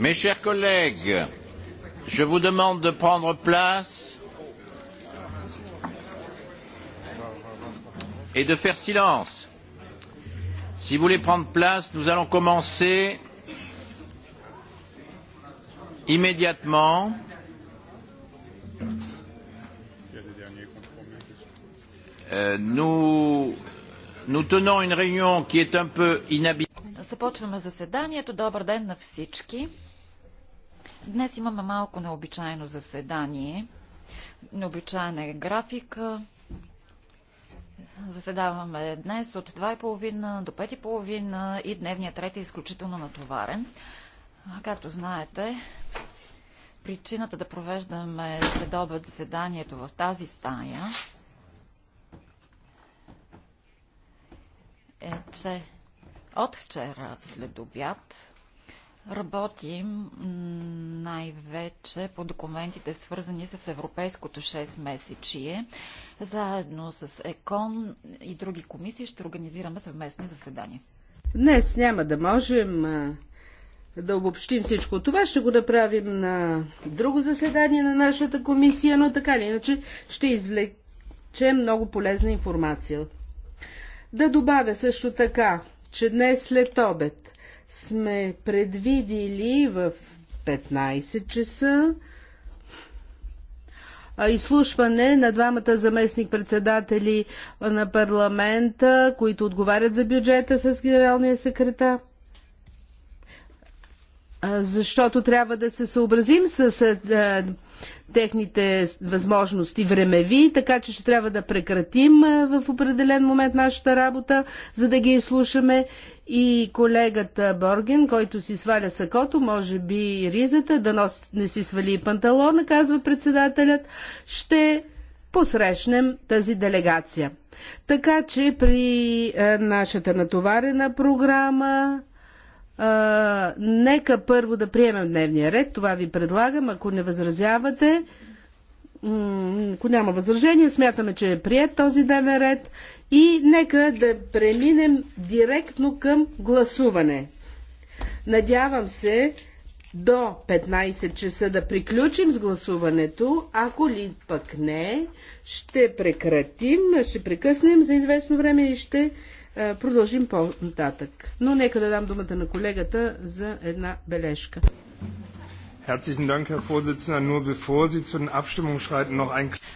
Mes chers collègues, je vous demande de prendre place et de faire silence. Si vous voulez prendre place, nous allons commencer immédiatement. Nous, nous tenons une réunion qui est un peu inhabituelle. Започваме заседанието. Добър ден на всички. Днес имаме малко необичайно заседание. Необичайен е график. Заседаваме днес от 2.30 до 5.30 и дневният ред е изключително натоварен. Както знаете, причината да провеждаме следобед заседанието в тази стая е, че от вчера след обяд Работим най-вече по документите, свързани с Европейското 6 месечие. Заедно с ЕКОН и други комисии ще организираме съвместни заседания. Днес няма да можем да обобщим всичко това. Ще го направим на друго заседание на нашата комисия, но така или иначе ще извлечем много полезна информация. Да добавя също така, че днес след обед сме предвидили в 15 часа изслушване на двамата заместник-председатели на парламента, които отговарят за бюджета с генералния секретар. Защото трябва да се съобразим с техните възможности времеви, така че ще трябва да прекратим в определен момент нашата работа, за да ги изслушаме. И колегата Борген, който си сваля сакото, може би и ризата, да носи, не си свали и панталона, казва председателят, ще посрещнем тази делегация. Така че при нашата натоварена програма а, нека първо да приемем дневния ред. Това ви предлагам. Ако не възразявате, ако няма възражение, смятаме, че е прият този дневен ред. И нека да преминем директно към гласуване. Надявам се до 15 часа да приключим с гласуването. Ако ли пък не, ще прекратим, ще прекъснем за известно време и ще е, продължим по-нататък. Но нека да дам думата на колегата за една бележка.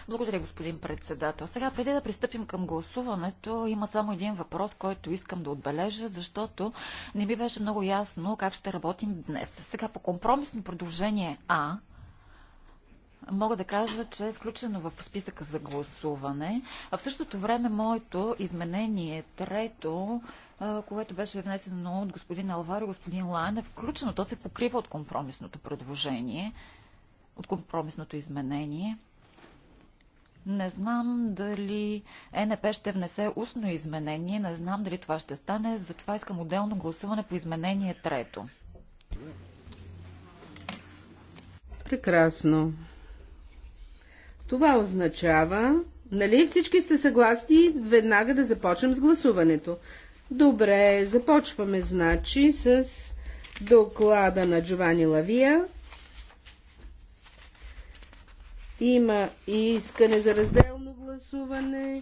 Благодаря, господин председател. Сега, преди да пристъпим към гласуването, има само един въпрос, който искам да отбележа, защото не ми беше много ясно как ще работим днес. Сега, по компромисно предложение А, мога да кажа, че е включено в списъка за гласуване, а в същото време моето изменение е трето, което беше внесено от господин Алвар и господин Лайн, е включено. То се покрива от компромисното предложение, от компромисното изменение. Не знам дали ЕНП ще внесе устно изменение, не знам дали това ще стане, затова искам отделно гласуване по изменение трето. Прекрасно. Това означава, нали всички сте съгласни веднага да започнем с гласуването. Добре, започваме значи с доклада на Джовани Лавия. Има и искане за разделно гласуване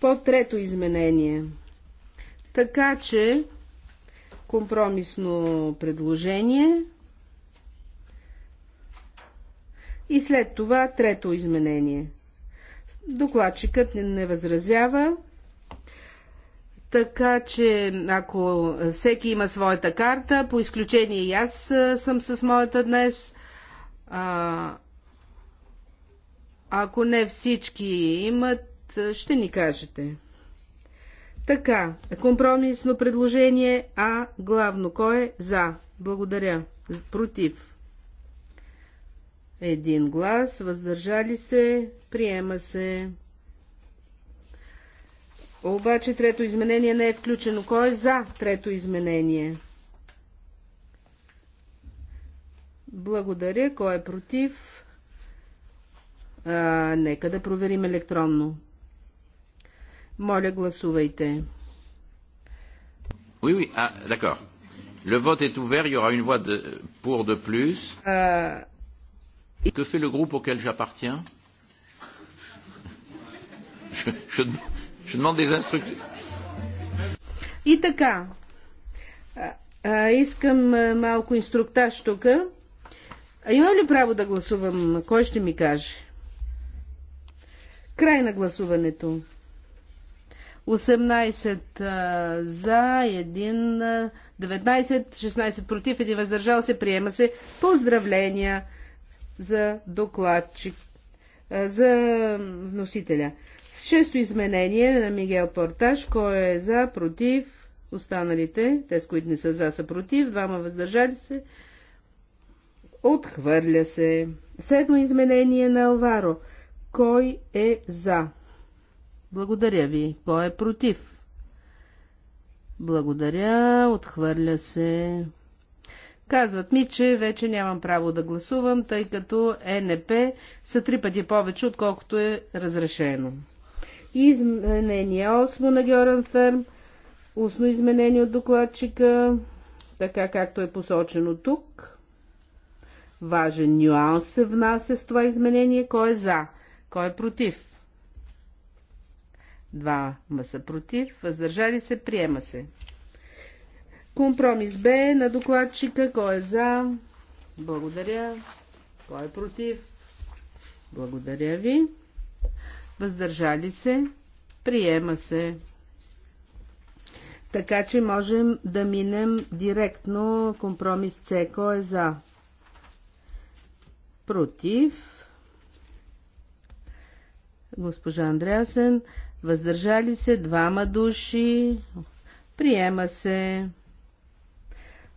по трето изменение. Така че компромисно предложение И след това трето изменение. Докладчикът не възразява, така че ако всеки има своята карта, по изключение и аз съм с моята днес, а, ако не всички имат, ще ни кажете. Така, компромисно предложение А, главно кой е за? Благодаря. Против един глас, въздържали се, приема се. Обаче трето изменение не е включено. Кой е за трето изменение? Благодаря. Кой е против? А, нека да проверим електронно. Моля, гласувайте. Oui, oui, ah, d'accord. Le vote est ouvert, il y aura une voix de, pour de plus. Que fait le groupe auquel j'appartiens je, je, je demande des instructions. И така, а, искам а, малко инструктаж тук. Имам ли право да гласувам? Кой ще ми каже? Край на гласуването. 18 а, за, 1, 19, 16 против, 1 въздържал се, приема се. Поздравления за докладчик, за вносителя. Шесто изменение на Мигел Порташ, кой е за, против, останалите, те, с които не са за, са против, двама въздържали се, отхвърля се. Седмо изменение на Алваро, кой е за? Благодаря ви, кой е против? Благодаря, отхвърля се. Казват ми, че вече нямам право да гласувам, тъй като НП са три пъти повече, отколкото е разрешено. Изменение 8 на Георан Ферм, устно изменение от докладчика, така както е посочено тук. Важен нюанс се внася с това изменение. Кой е за? Кой е против? Два са против. Въздържали се, приема се. Компромис Б на докладчика. Кой е за? Благодаря. Кой е против? Благодаря ви. Въздържали се? Приема се. Така че можем да минем директно компромис С. Кой е за? Против. Госпожа Андреасен. Въздържали се двама души. Приема се.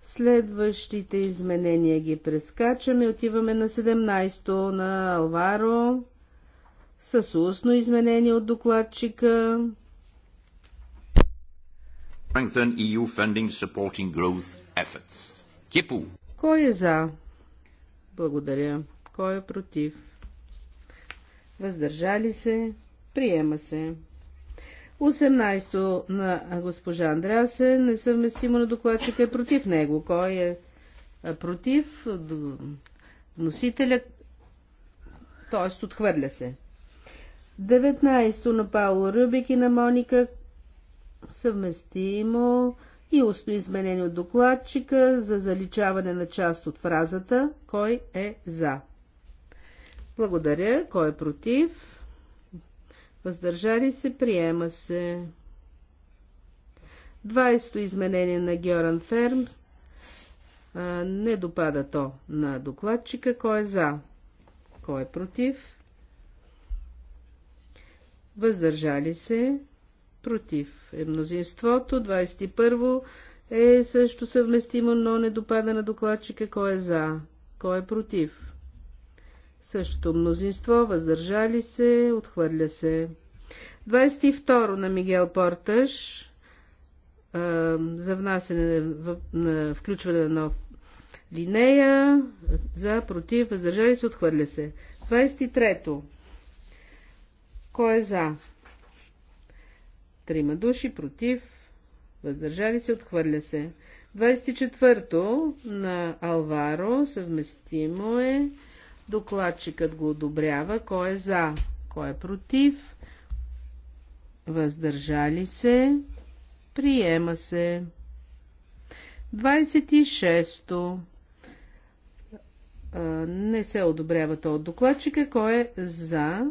Следващите изменения ги прескачаме. Отиваме на 17-то на Алваро с устно изменение от докладчика. E Кой е за? Благодаря. Кой е против? Въздържали се? Приема се. 18 то на госпожа е несъвместимо на докладчика е против него. Кой е против? Носителя, т.е. отхвърля се. 19 на Пауло Рубик и на Моника съвместимо и устно изменение от докладчика за заличаване на част от фразата «Кой е за?». Благодаря. Кой е против? въздържали се, приема се. 20-то изменение на Георан Ферм. А, не допада то на докладчика. Кой е за? Кой е против? Въздържали се. Против е мнозинството. 21 е също съвместимо, но не допада на докладчика. Кой е за? Кой е против? Същото мнозинство, въздържали се, отхвърля се. 22 на Мигел Порташ за внасене на включване на нов линея, за, против, въздържали се, отхвърля се. 23-то. Кой е за? Трима души, против, въздържали се, отхвърля се. 24-то на Алваро, съвместимо е Докладчикът го одобрява. Кой е за? Кой е против? Въздържали се? Приема се. 26-то. Не се одобрява то от докладчика. Кой е за?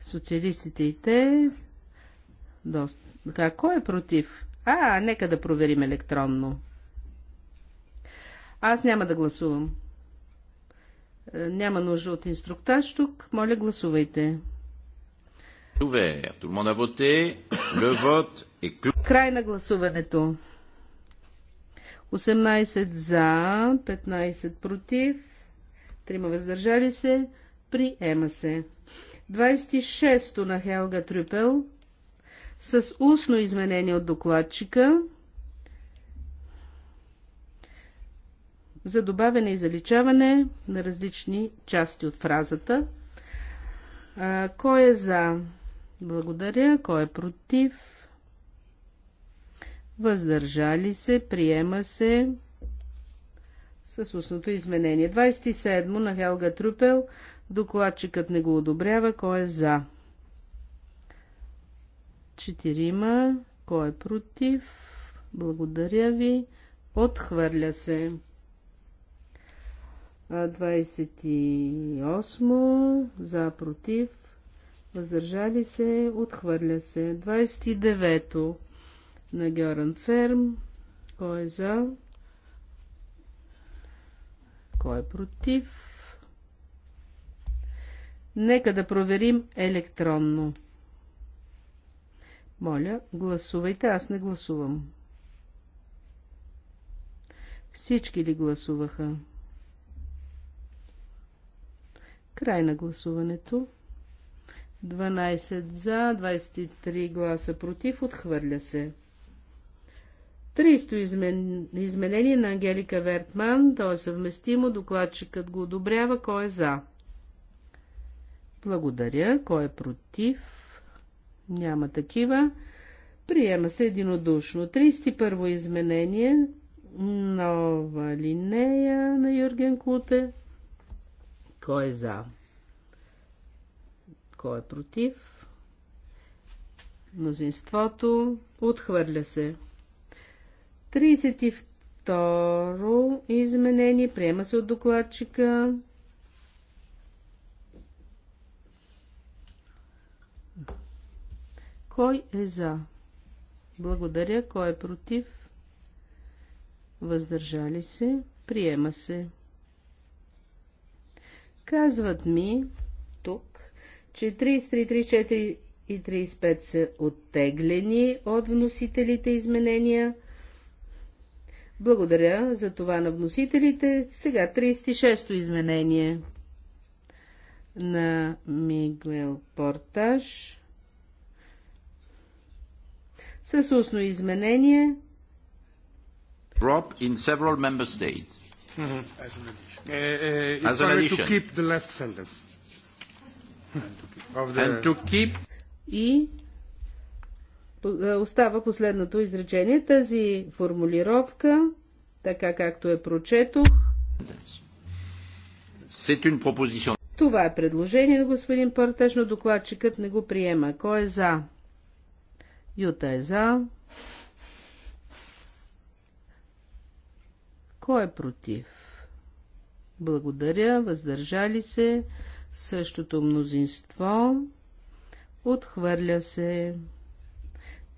Социалистите и те. Доста. кой е против? А, нека да проверим електронно. Аз няма да гласувам. Е, няма нужда от инструктаж тук. Моля, гласувайте. Край на гласуването. 18 за, 15 против, 3 въздържали се, приема се. 26 то на Хелга Трюпел с устно изменение от докладчика. за добавяне и заличаване на различни части от фразата. А, кой е за? Благодаря. Кой е против? Въздържали се. Приема се с устното изменение. 27 на Хелга Трупел. Докладчикът не го одобрява. Кой е за? Четирима. Кой е против? Благодаря ви. Отхвърля се. 28 за против, въздържали се, отхвърля се. 29 на Георан Ферм, кой е за, кой е против. Нека да проверим електронно. Моля, гласувайте, аз не гласувам. Всички ли гласуваха? Край на гласуването. 12 за, 23 гласа против, отхвърля се. 30 измен... изменение на Ангелика Вертман, то е съвместимо, докладчикът го одобрява, кой е за. Благодаря, кой е против? Няма такива. Приема се единодушно. 31 изменение, нова линея на Юрген Клуте, кой е за? Кой е против? Мнозинството отхвърля се. 32 изменение приема се от докладчика. Кой е за? Благодаря. Кой е против? Въздържали се. Приема се. Казват ми тук, че 33, 34 и 35 са оттеглени от вносителите изменения. Благодаря за това на вносителите. Сега 36-то изменение на Мигуел Порташ с устно изменение. Drop in several member states. Mm-hmm. Uh, uh, As an addition. To keep the last sentence. Of the... And to keep... И е, остава последното изречение. Тази формулировка, така както е прочетох, това е предложение на господин Партеш, но докладчикът не го приема. Кой е за? Юта е за. Кой е против? Благодаря. Въздържали се. Същото мнозинство. Отхвърля се.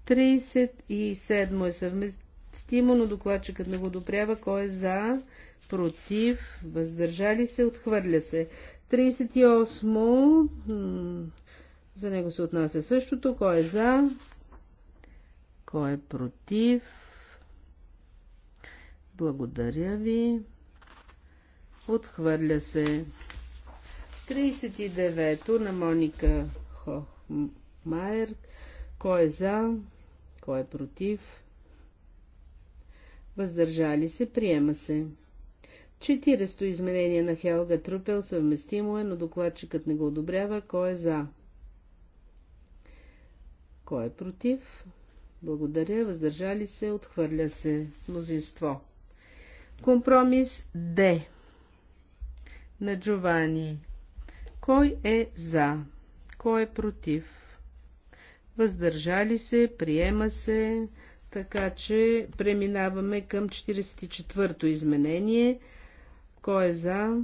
37 е съвместимо, но докладчикът не го допрява. Кой е за? Против? Въздържали се? Отхвърля се. 38. За него се отнася същото. Кой е за? Кой е против? Благодаря ви. Отхвърля се. 39-то на Моника Хохмайер. Кой е за? Кой е против? Въздържали се, приема се. 40-то изменение на Хелга Трупел съвместимо е, но докладчикът не го одобрява. Кой е за? Кой е против? Благодаря, въздържали се, отхвърля се с мнозинство. Компромис Д на Джовани. Кой е за? Кой е против? Въздържали се, приема се, така че преминаваме към 44-то изменение. Кой е за?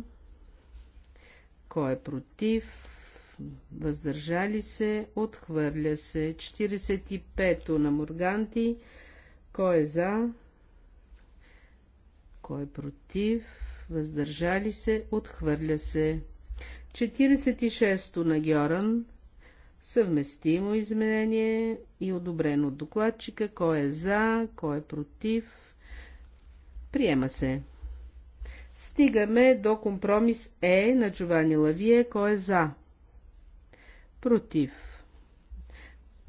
Кой е против? Въздържали се, отхвърля се. 45-то на Морганти. Кой е за? Кой е против? въздържали се, отхвърля се. 46-то на Гьоран, съвместимо изменение и одобрено от докладчика, кой е за, кой е против, приема се. Стигаме до компромис Е на Джовани Лавие, кой е за, против.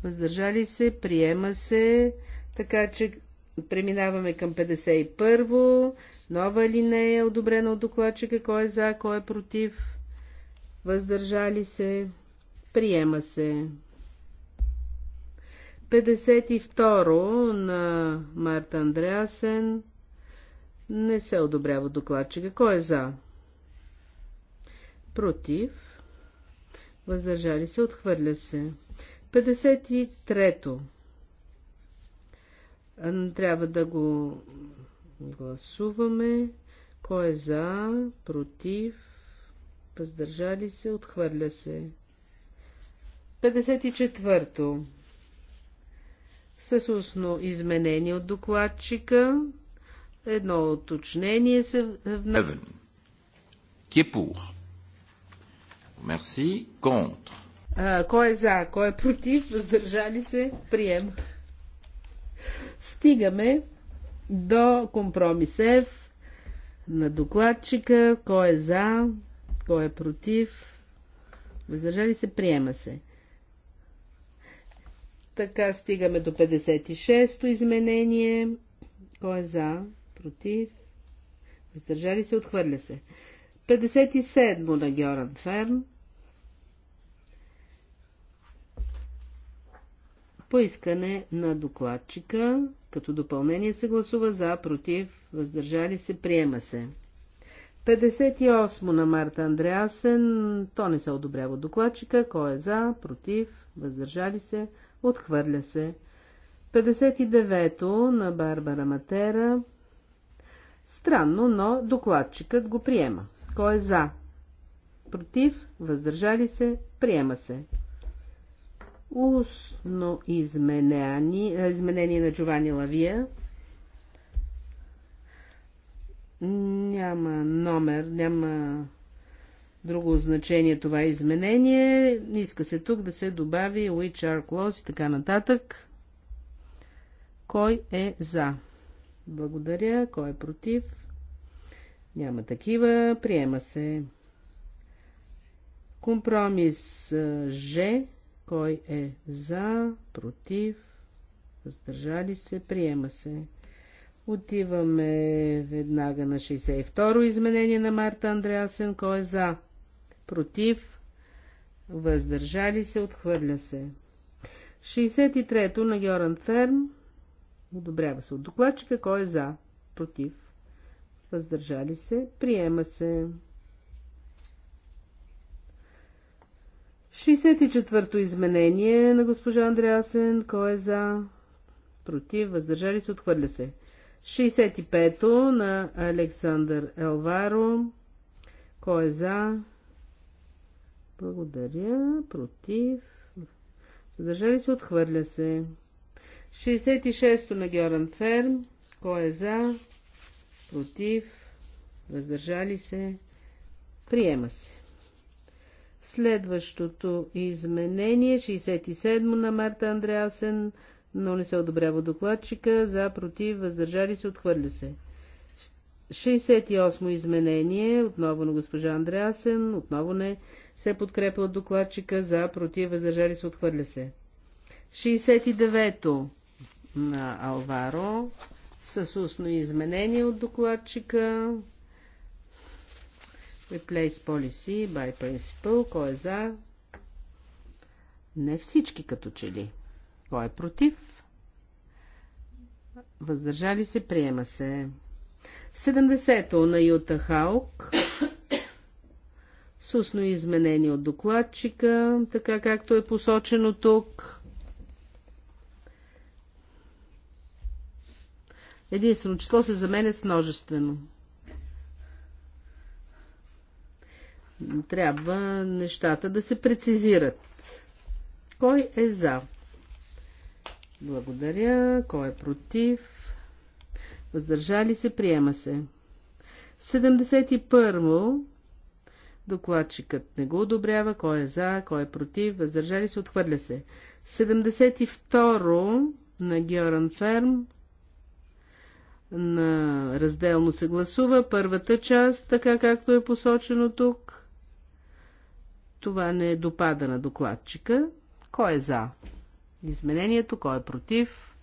Въздържали се, приема се, така че Преминаваме към 51-во. Нова линея, одобрена от докладчика. Кой е за, кой е против? Въздържали се. Приема се. 52 на Марта Андреасен. Не се одобрява докладчика. Кой е за? Против. Въздържали се. Отхвърля се. 53-то. Трябва да го гласуваме. Кой е за, против, въздържали се, отхвърля се. 54-то. С устно изменение от докладчика. Едно уточнение се внася. Е Мерси. Контр. Кой е за, кой е против, въздържали се, прием стигаме до F на докладчика, кой е за, кой е против, въздържали се, приема се. Така стигаме до 56-то изменение, кой е за, против, въздържали се, отхвърля се. 57-мо на Георан Ферм. Поискане на докладчика като допълнение се гласува за, против, въздържали се, приема се. 58 на Марта Андреасен, то не се одобрява докладчика, кой е за, против, въздържали се, отхвърля се. 59-то на Барбара Матера. Странно, но докладчикът го приема. Кой е за? Против, въздържали се, приема се устно изменение, изменение на Джовани Лавия. Няма номер, няма друго значение това изменение. Иска се тук да се добави which are close и така нататък. Кой е за? Благодаря. Кой е против? Няма такива. Приема се. Компромис Ж кой е за, против, въздържали се, приема се. Отиваме веднага на 62-ро изменение на Марта Андреасен. Кой е за? Против? Въздържали се? Отхвърля се. 63-то на Йоран Ферм. Одобрява се от докладчика. Кой е за? Против? Въздържали се? Приема се. 64-то изменение на госпожа Андреасен. Кой е за? Против. Въздържали се. Отхвърля се. 65-то на Александър Елваро. Кой е за? Благодаря. Против. Въздържали се. Отхвърля се. 66-то на Георан Ферм. Кой е за? Против. Въздържали се. Приема се. Следващото изменение, 67 на Марта Андреасен, но не се одобрява докладчика, за, против, въздържали се, отхвърля се. 68 изменение, отново на госпожа Андреасен, отново не се подкрепя от докладчика, за, против, въздържали се, отхвърля се. 69-то на Алваро, с устно изменение от докладчика, Replace policy by principle. Кой е за? Не всички като че ли. Кой е против? Въздържали се, приема се. 70-то на Юта Хаук. Сусно изменение от докладчика, така както е посочено тук. Единствено число се заменя с множествено. Трябва нещата да се прецизират. Кой е за? Благодаря. Кой е против? Въздържали се, приема се. 71. Докладчикът не го одобрява. Кой е за, кой е против, въздържали се, отхвърля се. 72 на Георан Ферм. На разделно се гласува първата част, така както е посочено тук. Това не е допада на докладчика. Кой е за? Изменението, кой е против?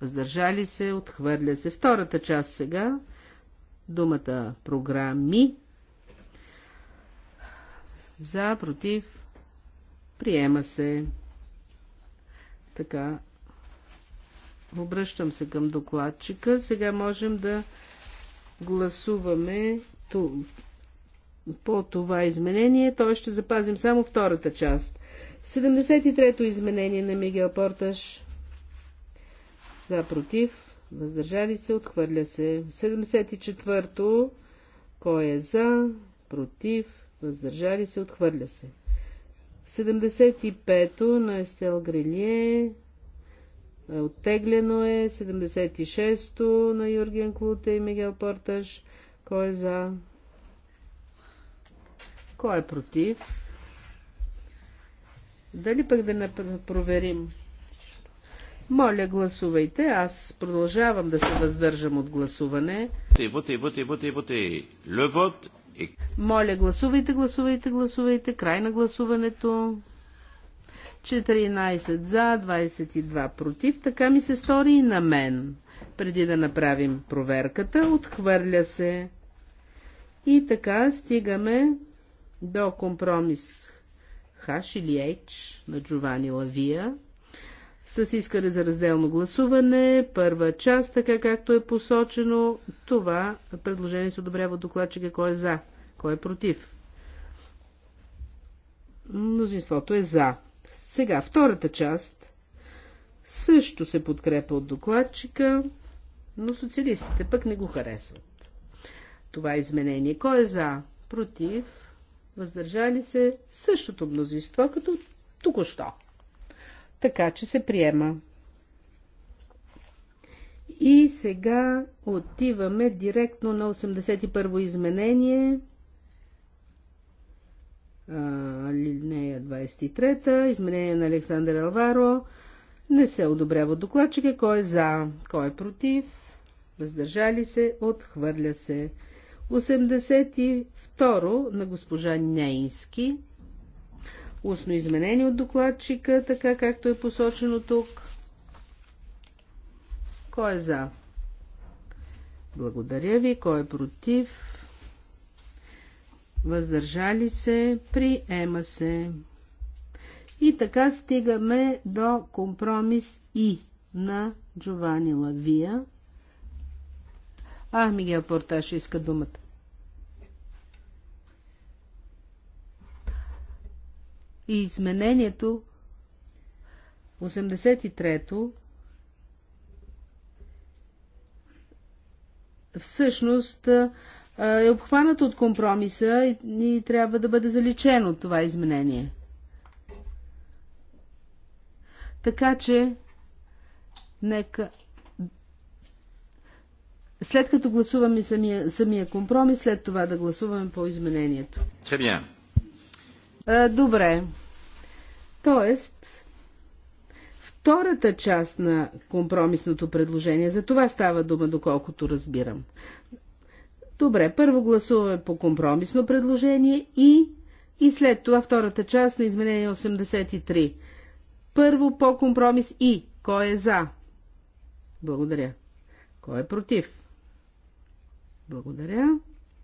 Въздържали се, отхвърля се. Втората част сега. Думата програми. За, против. Приема се. Така. Обръщам се към докладчика. Сега можем да гласуваме по това изменение, т.е. ще запазим само втората част. 73-то изменение на Мигел Порташ. За, против, въздържали се, отхвърля се. 74-то, кой е за, против, въздържали се, отхвърля се. 75-то на Естел Грилие, оттеглено е. 76-то на Юрген Клута и Мигел Порташ, кой е за, кой е против? Дали пък да не проверим? Моля, гласувайте. Аз продължавам да се въздържам от гласуване. Моля, гласувайте, гласувайте, гласувайте. Край на гласуването. 14 за, 22 против. Така ми се стори и на мен. Преди да направим проверката, отхвърля се. И така стигаме до компромис Хаш или H на Джовани Лавия с искане за разделно гласуване, първа част, така както е посочено. Това предложение се одобрява от докладчика кой е за, кой е против. Мнозинството е за. Сега, втората част също се подкрепа от докладчика, но социалистите пък не го харесват. Това е изменение. Кой е за? Против? въздържали се същото мнозинство, като току-що. Така че се приема. И сега отиваме директно на 81-во изменение. Линея 23-та, изменение на Александър Алваро. Не се одобрява докладчика. Кой е за, кой е против? Въздържали се, отхвърля се. 82 на госпожа Нейнски. Устно изменение от докладчика, така както е посочено тук. Кой е за? Благодаря ви. Кой е против? Въздържали се? Приема се. И така стигаме до компромис И на Джовани Лавия. А, Мигел Порташ иска думата. И изменението 83-то всъщност е обхванато от компромиса и, и трябва да бъде заличено това изменение. Така че, нека след като гласуваме самия, самия компромис, след това да гласуваме по изменението. Добре. Тоест, втората част на компромисното предложение, за това става дума, доколкото разбирам. Добре, първо гласуваме по компромисно предложение и, и след това втората част на изменение 83. Първо по компромис и. Кой е за? Благодаря. Кой е против? Благодаря.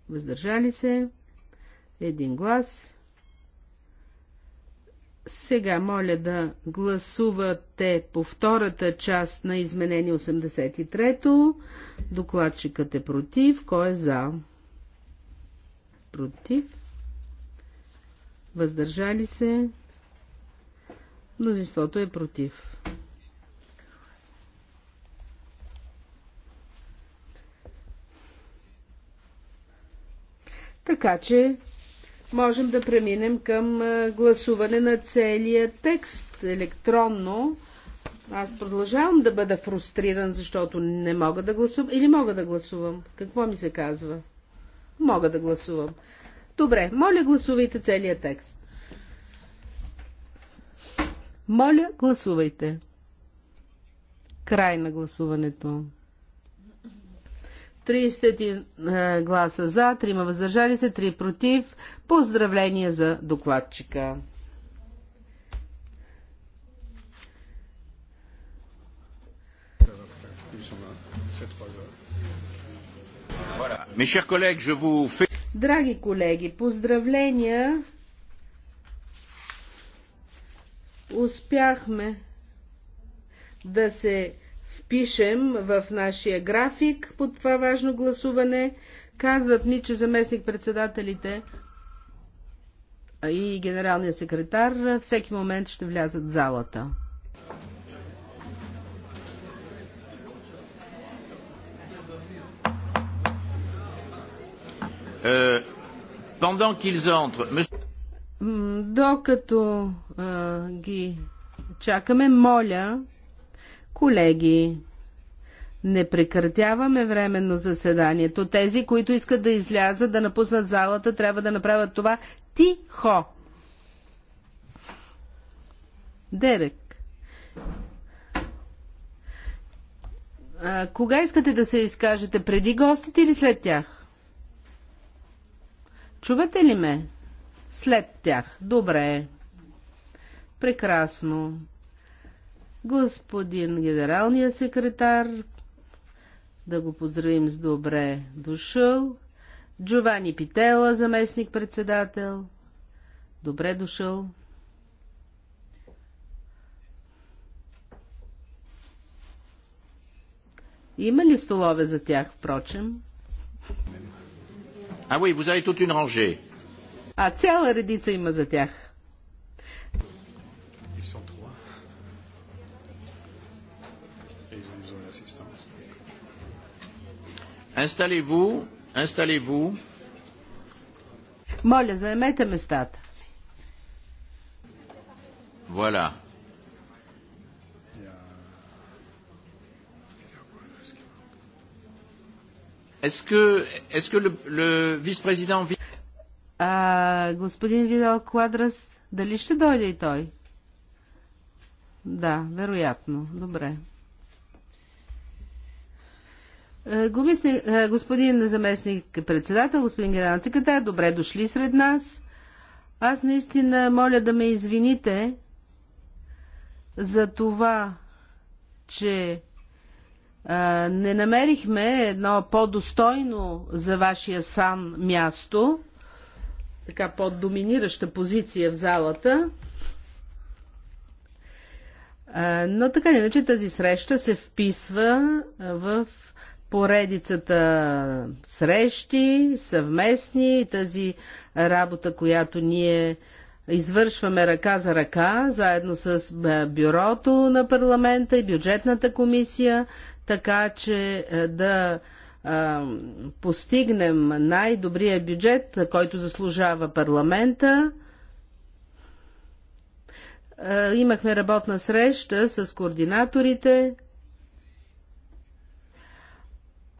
Въздържали се. Един глас. Сега моля да гласувате по втората част на изменение 83-то. Докладчикът е против. Кой е за? Против. Въздържали се. Мнозинството е против. Така че можем да преминем към гласуване на целия текст електронно. Аз продължавам да бъда фрустриран, защото не мога да гласувам или мога да гласувам. Какво ми се казва? Мога да гласувам. Добре, моля гласувайте целият текст. Моля гласувайте. Край на гласуването. 31 гласа за, 3 въздържали се, 3 против. Поздравления за докладчика. Драги колеги, поздравления. Успяхме да се впишем в нашия график по това важно гласуване. Казват ми, че заместник-председателите и генералния секретар всеки момент ще влязат в залата. Е, докато ги чакаме, моля Колеги, не прекратяваме временно заседанието. Тези, които искат да излязат, да напуснат залата, трябва да направят това тихо. Дерек. А, кога искате да се изкажете? Преди гостите или след тях? Чувате ли ме? След тях. Добре. Прекрасно господин генералния секретар, да го поздравим с добре дошъл, Джовани Питела, заместник-председател, добре дошъл. Има ли столове за тях, впрочем? А, oui, vous avez toute une rangée. А цяла редица има за тях. Installez-vous. Installez-vous. Моля, заемете местата си. Voilà. Est-ce que, est que le, le vice-président... господин Видал Квадрас, дали ще дойде и той? Да, вероятно. Добре. Е, е, господин заместник председател, господин генерален секретар, добре дошли сред нас. Аз наистина моля да ме извините за това, че а, не намерихме едно по-достойно за вашия сан място, така по-доминираща позиция в залата. А, но така не че тази среща се вписва в поредицата срещи, съвместни и тази работа, която ние извършваме ръка за ръка, заедно с е, бюрото на парламента и бюджетната комисия, така че е, да е, постигнем най-добрия бюджет, който заслужава парламента. имахме работна среща с координаторите,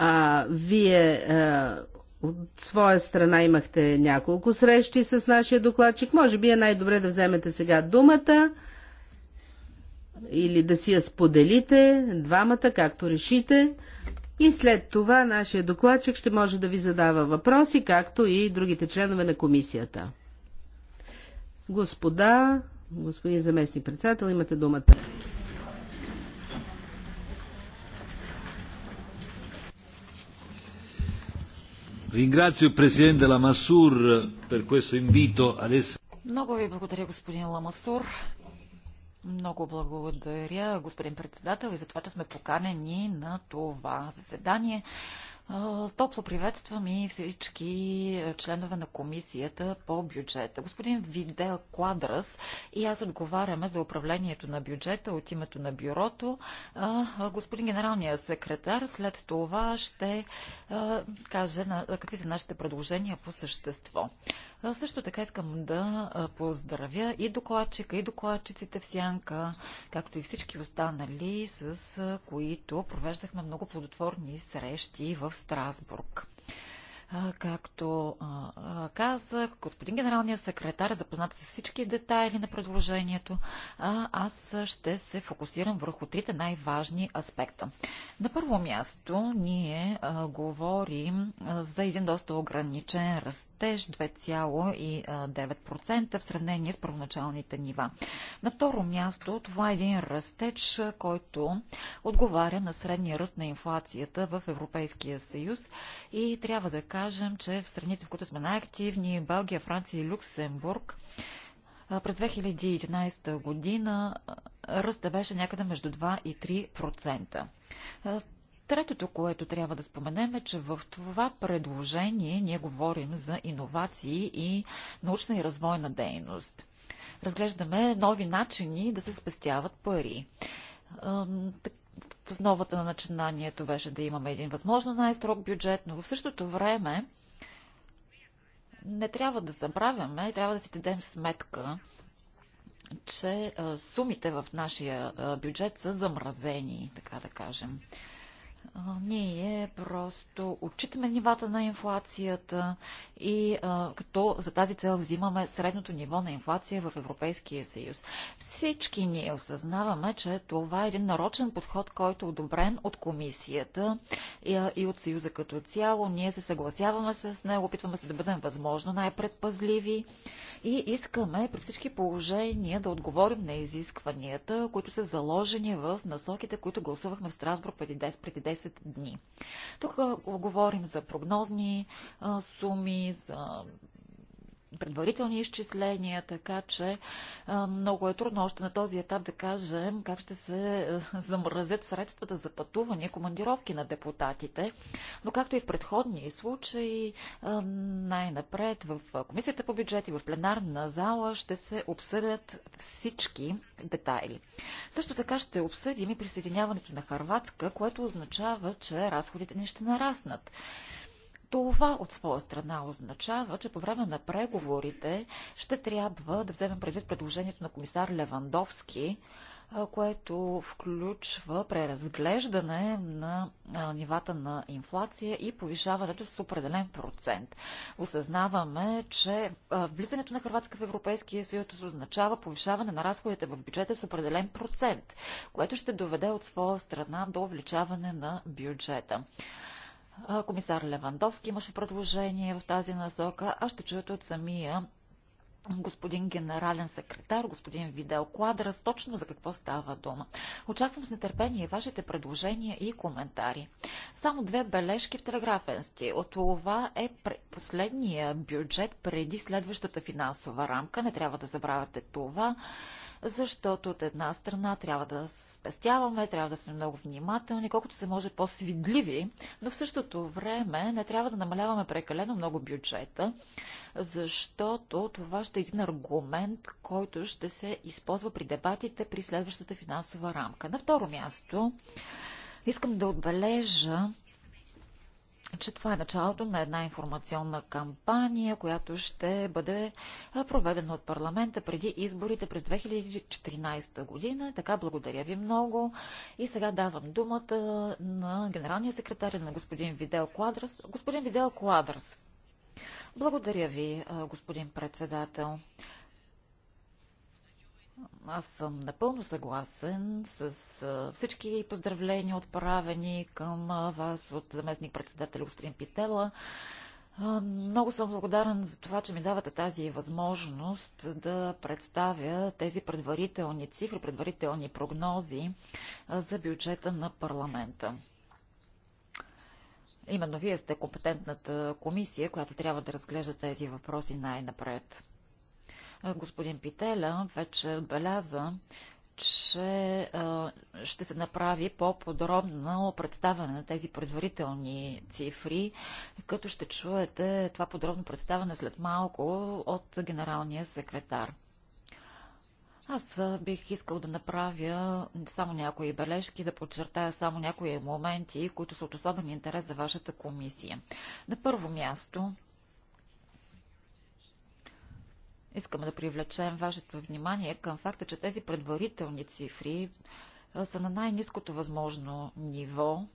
а вие а, от своя страна имахте няколко срещи с нашия докладчик. Може би е най-добре да вземете сега думата или да си я споделите, двамата, както решите. И след това нашия докладчик ще може да ви задава въпроси, както и другите членове на комисията. Господа, господин заместник председател, имате думата. Ringrazio il Presidente per questo invito ad essere... Много ви благодаря, господин Ламасур. Много благодаря, господин председател, и за това, че сме поканени на това заседание. Топло приветствам и всички членове на комисията по бюджета. Господин Видел Квадрас и аз отговаряме за управлението на бюджета от името на бюрото. Господин генералният секретар след това ще каже какви са нашите предложения по същество. Също така искам да поздравя и докладчика, и докладчиците в Сянка, както и всички останали, с които провеждахме много плодотворни срещи в Страсбург. Както казах, господин генералният секретар е запознат с всички детайли на предложението. Аз ще се фокусирам върху трите най-важни аспекта. На първо място ние говорим за един доста ограничен растеж 2,9% в сравнение с първоначалните нива. На второ място това е един растеж, който отговаря на средния ръст на инфлацията в Европейския съюз и трябва да кажа, кажем, че в страните, в които сме най-активни, Белгия, Франция и Люксембург, през 2011 година ръста беше някъде между 2 и 3%. Третото, което трябва да споменем е, че в това предложение ние говорим за иновации и научна и развойна дейност. Разглеждаме нови начини да се спестяват пари в основата на начинанието беше да имаме един възможно най-строг бюджет, но в същото време не трябва да забравяме и трябва да си дадем сметка, че сумите в нашия бюджет са замразени, така да кажем ние просто отчитаме нивата на инфлацията и а, като за тази цел взимаме средното ниво на инфлация в Европейския съюз. Всички ние осъзнаваме, че това е един нарочен подход, който е одобрен от комисията и, и от съюза като цяло. Ние се съгласяваме с него, опитваме се да бъдем възможно най-предпазливи и искаме при всички положения да отговорим на изискванията, които са заложени в насоките, които гласувахме в Страсбург преди 10, преди 10 дни. Тук говорим за прогнозни а, суми, за предварителни изчисления, така че много е трудно още на този етап да кажем как ще се замразят средствата за пътуване, командировки на депутатите. Но както и в предходни случаи, най-напред в Комисията по бюджет и в пленарна зала ще се обсъдят всички детайли. Също така ще обсъдим и присъединяването на Харватска, което означава, че разходите ни ще нараснат. Това от своя страна означава, че по време на преговорите ще трябва да вземем предвид предложението на комисар Левандовски, което включва преразглеждане на нивата на инфлация и повишаването с определен процент. Осъзнаваме, че влизането на Хрватска в Европейския съюз означава повишаване на разходите в бюджета с определен процент, което ще доведе от своя страна до увеличаване на бюджета. Комисар Левандовски имаше предложение в тази насока, а ще чуете от самия господин генерален секретар, господин Видел Квадрас, точно за какво става дума. Очаквам с нетърпение вашите предложения и коментари. Само две бележки в телеграфен стил. Това е последния бюджет преди следващата финансова рамка. Не трябва да забравяте това защото от една страна трябва да спестяваме, трябва да сме много внимателни, колкото се може по-свидливи, но в същото време не трябва да намаляваме прекалено много бюджета, защото това ще е един аргумент, който ще се използва при дебатите при следващата финансова рамка. На второ място, искам да отбележа, че това е началото на една информационна кампания, която ще бъде проведена от парламента преди изборите през 2014 година. Така, благодаря ви много. И сега давам думата на генералния секретар на господин Видел Квадрас. Господин Видел Квадрас, благодаря ви, господин председател. Аз съм напълно съгласен с всички поздравления, отправени към вас от заместник председателя господин Питела. Много съм благодарен за това, че ми давате тази възможност да представя тези предварителни цифри, предварителни прогнози за бюджета на парламента. Именно вие сте компетентната комисия, която трябва да разглежда тези въпроси най-напред. Господин Пителя вече отбеляза, че ще се направи по-подробно представяне на тези предварителни цифри, като ще чуете това подробно представяне след малко от генералния секретар. Аз бих искал да направя само някои бележки, да подчертая само някои моменти, които са от особен интерес за вашата комисия. На първо място, Искаме да привлечем вашето внимание към факта, че тези предварителни цифри са на най-низкото възможно ниво,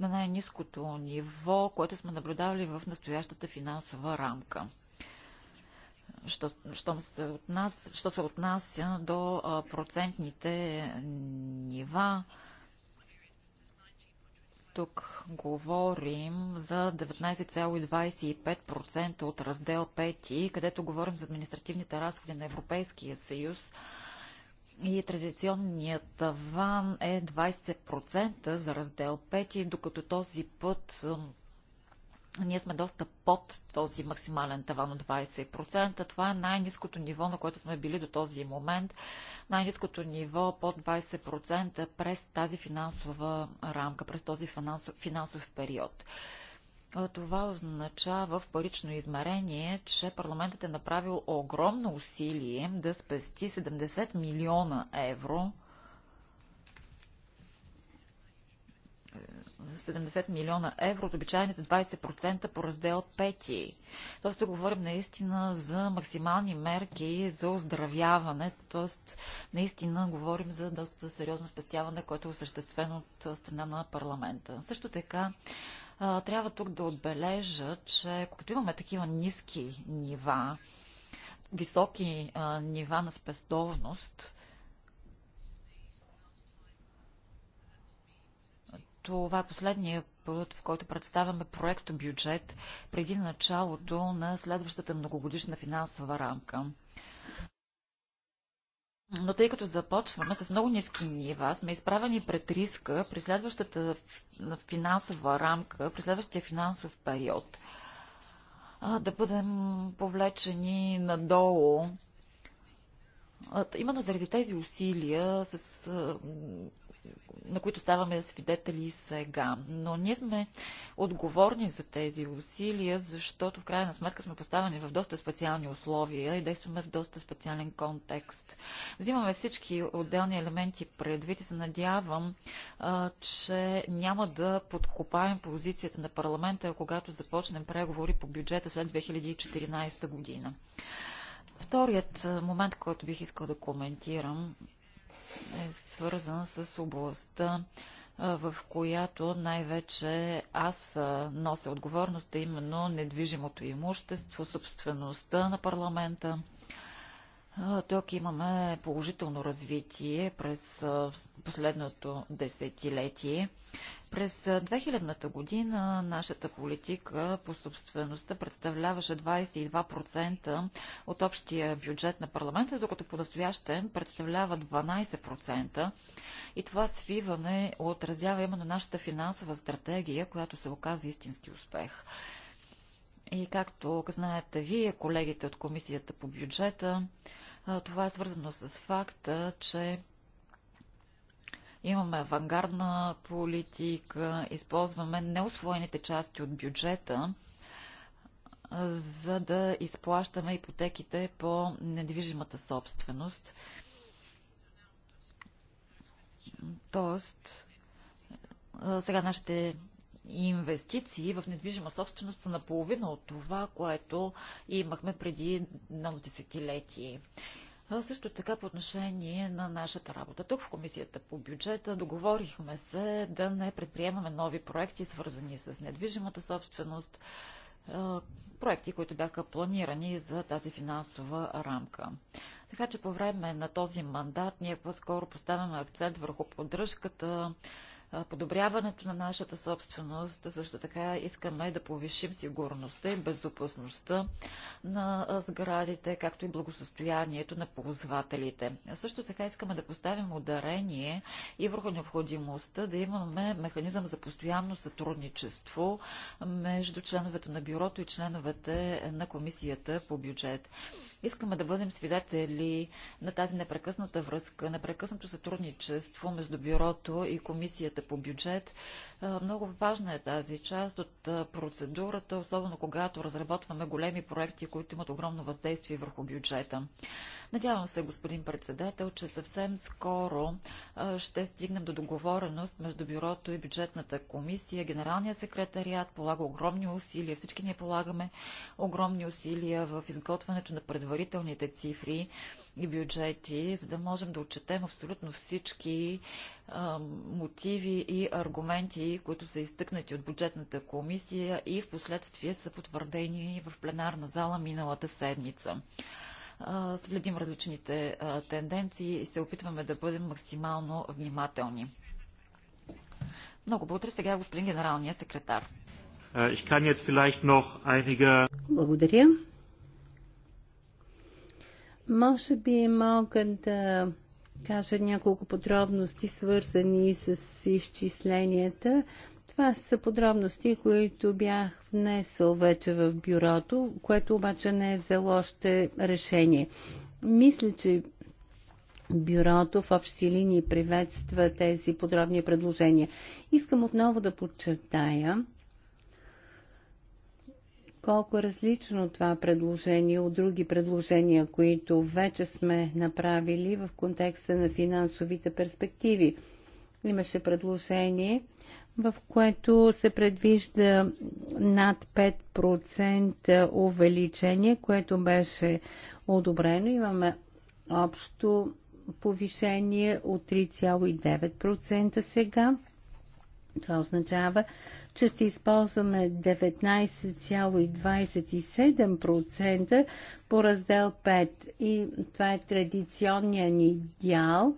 на най-низкото ниво, което сме наблюдавали в настоящата финансова рамка. Що, що, се, отнася, що се отнася до процентните нива, тук говорим за 19,25% от раздел 5, където говорим за административните разходи на Европейския съюз. И традиционният таван е 20% за раздел 5, докато този път ние сме доста под този максимален таван от 20%. Това е най-низкото ниво, на което сме били до този момент. Най-низкото ниво под 20% през тази финансова рамка, през този финансов, финансов период. Това означава в парично измерение, че парламентът е направил огромно усилие да спести 70 милиона евро 70 милиона евро от обичайните 20% по раздел 5. Тоест, тук говорим наистина за максимални мерки за оздравяване, т.е. наистина говорим за доста сериозно спестяване, което е осъществено от страна на парламента. Също така, трябва тук да отбележа, че когато имаме такива ниски нива, високи нива на спестовност, това е последния път, в който представяме проект бюджет преди началото на следващата многогодишна финансова рамка. Но тъй като започваме с много ниски нива, сме изправени пред риска при следващата финансова рамка, при следващия финансов период да бъдем повлечени надолу. Именно заради тези усилия с на които ставаме свидетели сега. Но ние сме отговорни за тези усилия, защото в крайна сметка сме поставени в доста специални условия и действаме в доста специален контекст. Взимаме всички отделни елементи предвид и се надявам, че няма да подкопаем позицията на парламента, когато започнем преговори по бюджета след 2014 година. Вторият момент, който бих искал да коментирам, е свързан с областта, в която най-вече аз нося отговорността, именно недвижимото имущество, собствеността на парламента. Тук имаме положително развитие през последното десетилетие. През 2000-та година нашата политика по собствеността представляваше 22% от общия бюджет на парламента, докато по настояще представлява 12%. И това свиване отразява именно нашата финансова стратегия, която се оказа истински успех. И както знаете вие, колегите от Комисията по бюджета, това е свързано с факта, че имаме авангардна политика, използваме неосвоените части от бюджета, за да изплащаме ипотеките по недвижимата собственост. Тоест, сега нашите инвестиции в недвижима собственост са наполовина от това, което имахме преди много десетилетие. също така по отношение на нашата работа. Тук в Комисията по бюджета договорихме се да не предприемаме нови проекти, свързани с недвижимата собственост, проекти, които бяха планирани за тази финансова рамка. Така че по време на този мандат ние по-скоро поставяме акцент върху поддръжката, подобряването на нашата собственост, също така искаме да повишим сигурността и безопасността на сградите, както и благосъстоянието на ползвателите. Също така искаме да поставим ударение и върху необходимостта да имаме механизъм за постоянно сътрудничество между членовете на бюрото и членовете на комисията по бюджет. Искаме да бъдем свидетели на тази непрекъсната връзка, непрекъснато сътрудничество между бюрото и комисията комисията по бюджет. Много важна е тази част от процедурата, особено когато разработваме големи проекти, които имат огромно въздействие върху бюджета. Надявам се, господин председател, че съвсем скоро ще стигнем до договореност между бюрото и бюджетната комисия. Генералният секретариат полага огромни усилия, всички ние полагаме огромни усилия в изготвянето на предварителните цифри и бюджети, за да можем да отчетем абсолютно всички а, мотиви и аргументи, които са изтъкнати от бюджетната комисия и в последствие са потвърдени в пленарна зала миналата седмица следим различните тенденции и се опитваме да бъдем максимално внимателни. Много благодаря. Сега господин генералния секретар. Е, einige... Благодаря. Може би мога да кажа няколко подробности, свързани с изчисленията. Това са подробности, които бях внесъл вече в бюрото, което обаче не е взело още решение. Мисля, че бюрото в общи линии приветства тези подробни предложения. Искам отново да подчертая, колко е различно това предложение от други предложения, които вече сме направили в контекста на финансовите перспективи. Имаше предложение, в което се предвижда над 5% увеличение, което беше одобрено. Имаме общо повишение от 3,9% сега. Това означава, че ще използваме 19,27% по раздел 5 и това е традиционният ни дял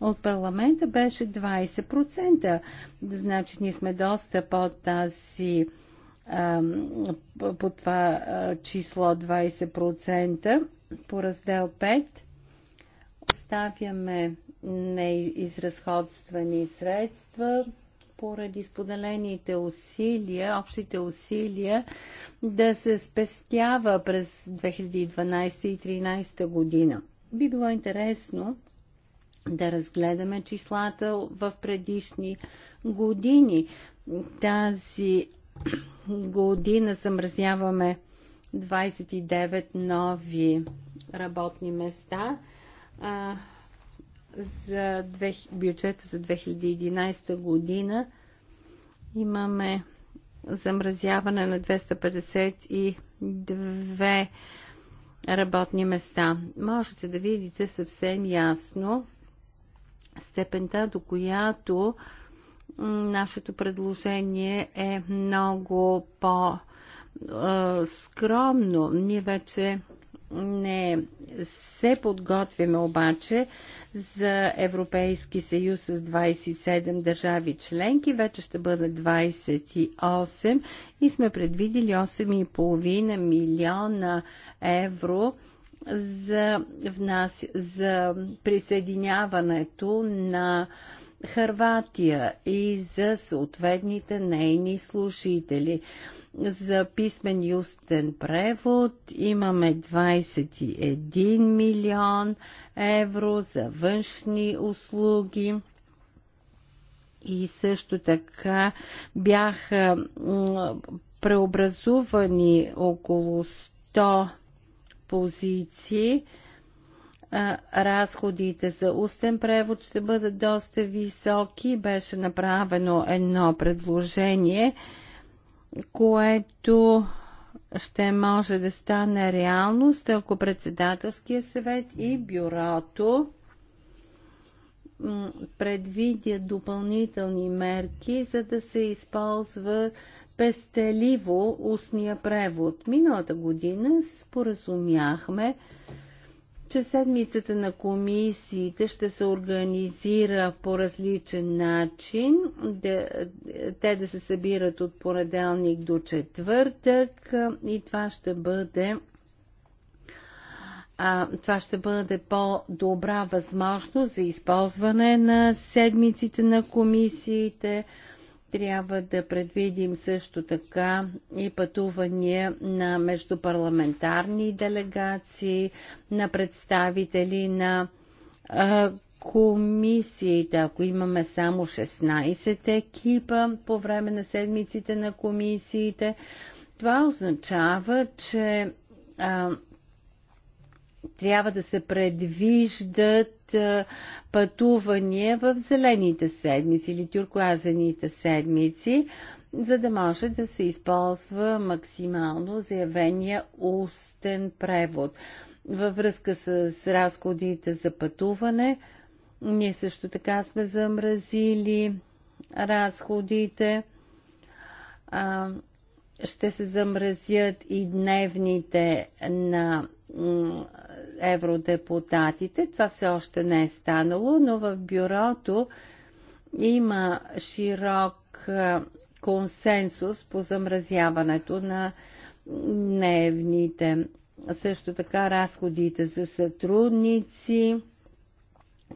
от парламента беше 20%. Значи ние сме доста под тази по това число 20% по раздел 5 оставяме неизразходствани средства поради споделените усилия, общите усилия да се спестява през 2012 и 2013 година. Би било интересно да разгледаме числата в предишни години. Тази година съмразяваме 29 нови работни места за бюджета за 2011 година имаме замразяване на 252 работни места. Можете да видите съвсем ясно степента, до която нашето предложение е много по-скромно. Ние вече не се подготвяме обаче за Европейски съюз с 27 държави членки. Вече ще бъде 28 и сме предвидили 8,5 милиона евро за, внас... за присъединяването на Харватия и за съответните нейни служители. За писмен и устен превод имаме 21 милион евро за външни услуги. И също така бяха преобразувани около 100 позиции разходите за устен превод ще бъдат доста високи. Беше направено едно предложение което ще може да стане реалност, ако председателския съвет и бюрото предвидят допълнителни мерки, за да се използва пестеливо устния превод. Миналата година се споразумяхме че седмицата на комисиите ще се организира по различен начин. те да се събират от понеделник до четвъртък и това ще бъде а, това ще бъде по-добра възможност за използване на седмиците на комисиите, трябва да предвидим също така и пътувания на междупарламентарни делегации, на представители на а, комисиите. Ако имаме само 16 екипа по време на седмиците на комисиите, това означава, че а, трябва да се предвиждат пътувания в зелените седмици или тюркуазените седмици, за да може да се използва максимално заявения устен превод. Във връзка с разходите за пътуване, ние също така сме замразили разходите. А, ще се замразят и дневните на евродепутатите. Това все още не е станало, но в бюрото има широк консенсус по замразяването на дневните. Също така разходите за сътрудници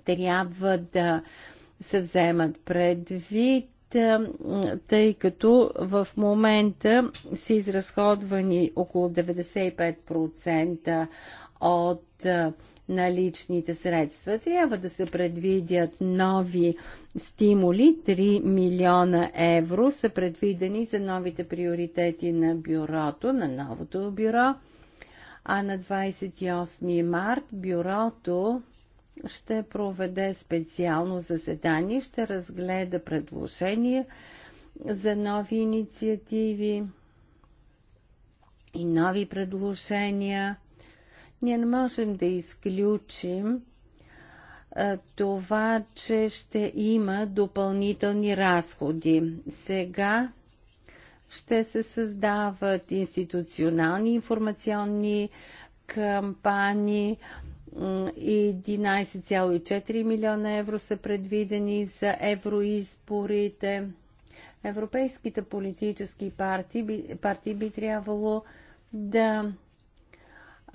трябва да се вземат предвид, тъй като в момента са изразходвани около 95% от наличните средства. Трябва да се предвидят нови стимули. 3 милиона евро са предвидени за новите приоритети на бюрото, на новото бюро. А на 28 март бюрото ще проведе специално заседание, ще разгледа предложения за нови инициативи и нови предложения ние не можем да изключим това, че ще има допълнителни разходи. Сега ще се създават институционални информационни кампании. 11,4 милиона евро са предвидени за евроизборите. Европейските политически партии би, партии би трябвало да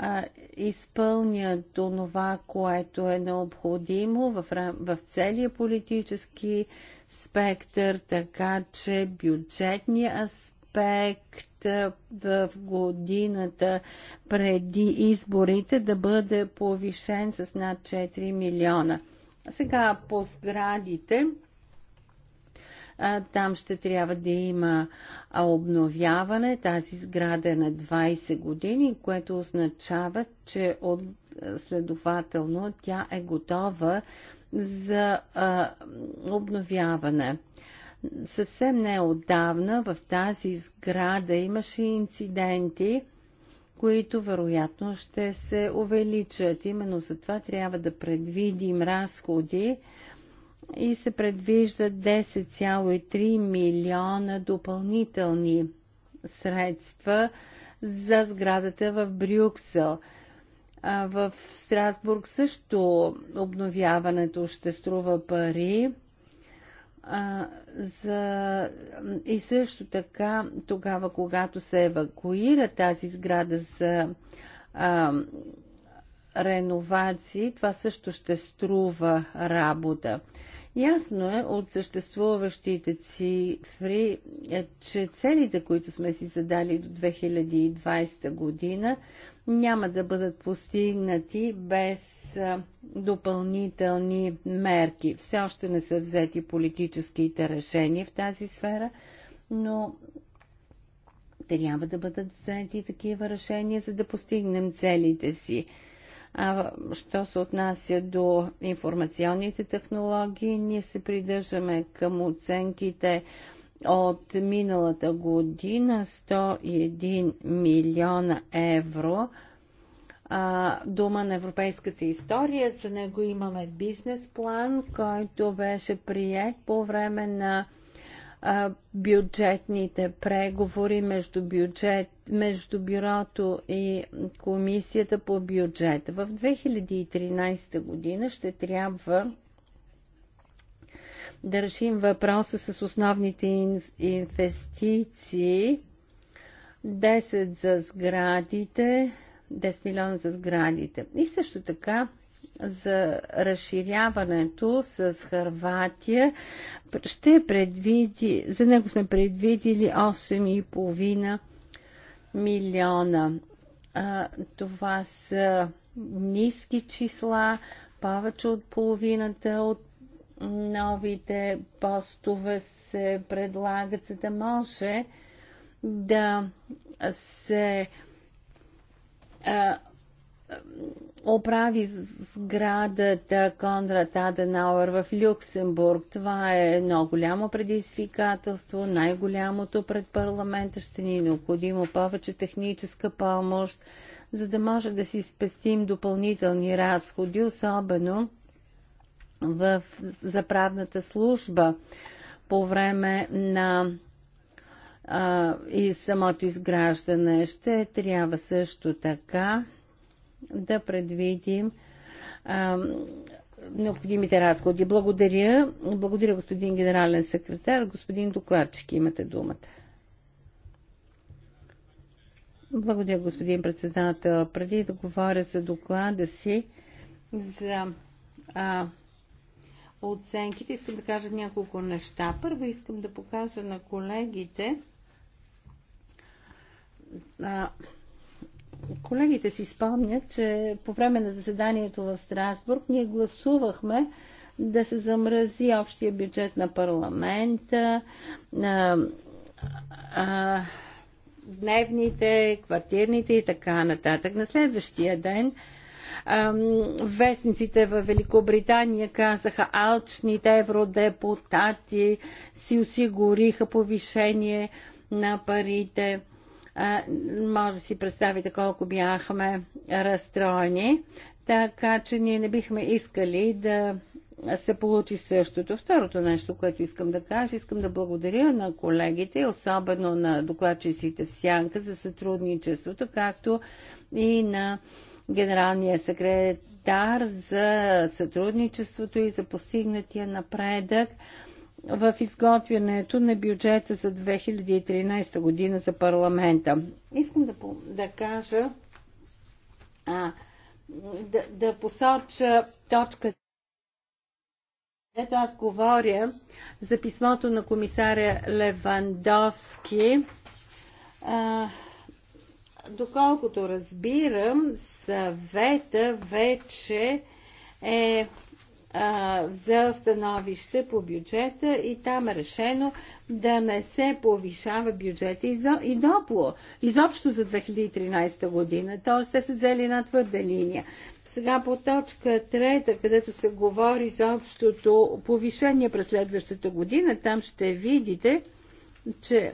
а, изпълнят онова, което е необходимо в, в целия политически спектър, така че бюджетния аспект в годината преди изборите да бъде повишен с над 4 милиона. Сега по сградите. Там ще трябва да има обновяване. Тази сграда е на 20 години, което означава, че от, следователно тя е готова за а, обновяване. Съвсем не отдавна в тази сграда имаше инциденти, които вероятно ще се увеличат. Именно за това трябва да предвидим разходи и се предвиждат 10,3 милиона допълнителни средства за сградата в Брюксел. В Страсбург също обновяването ще струва пари. А, за... И също така, тогава, когато се евакуира тази сграда за а, реновации, това също ще струва работа. Ясно е от съществуващите цифри, е, че целите, които сме си задали до 2020 година, няма да бъдат постигнати без допълнителни мерки. Все още не са взети политическите решения в тази сфера, но трябва да бъдат взети такива решения, за да постигнем целите си. А, що се отнася до информационните технологии, ние се придържаме към оценките от миналата година 101 милиона евро. А, дума на европейската история. За него имаме бизнес план, който беше прият по време на бюджетните преговори между, бюджет, между бюрото и комисията по бюджета. В 2013 година ще трябва да решим въпроса с основните инвестиции. 10 за сградите, 10 милиона за сградите. И също така за разширяването с Харватия ще предвиди, за него сме предвидили 8,5 милиона. А, това са ниски числа, повече от половината от новите постове се предлагат, за да може да се а, оправи сградата Конрад Аденауер в Люксембург. Това е едно голямо предизвикателство, най-голямото пред парламента. Ще ни е необходимо повече техническа помощ, за да може да си спестим допълнителни разходи, особено в заправната служба по време на а, и самото изграждане. Ще трябва също така да предвидим а, необходимите разходи. Благодаря. Благодаря, господин генерален секретар. Господин докладчик, имате думата. Благодаря, господин председател. Преди да говоря за доклада си, за а, оценките, искам да кажа няколко неща. Първо искам да покажа на колегите а, Колегите си спомнят, че по време на заседанието в Страсбург ние гласувахме да се замрази общия бюджет на парламента, а, а, дневните, квартирните и така нататък. На следващия ден вестниците в Великобритания казаха, алчните евродепутати си осигуриха повишение на парите може да си представите колко бяхме разстроени, така че ние не бихме искали да се получи същото. Второто нещо, което искам да кажа, искам да благодаря на колегите, особено на докладчиците в Сянка за сътрудничеството, както и на генералния секретар за сътрудничеството и за постигнатия напредък в изготвянето на бюджета за 2013 година за парламента. Искам да, да кажа, а, да, да посоча точка. където аз говоря за писмото на комисаря Левандовски. А, доколкото разбирам, съвета вече е взел становище по бюджета и там е решено да не се повишава бюджета и допло, изобщо за 2013 година. Тоест те са взели една твърда линия. Сега по точка трета, където се говори за общото повишение през следващата година, там ще видите, че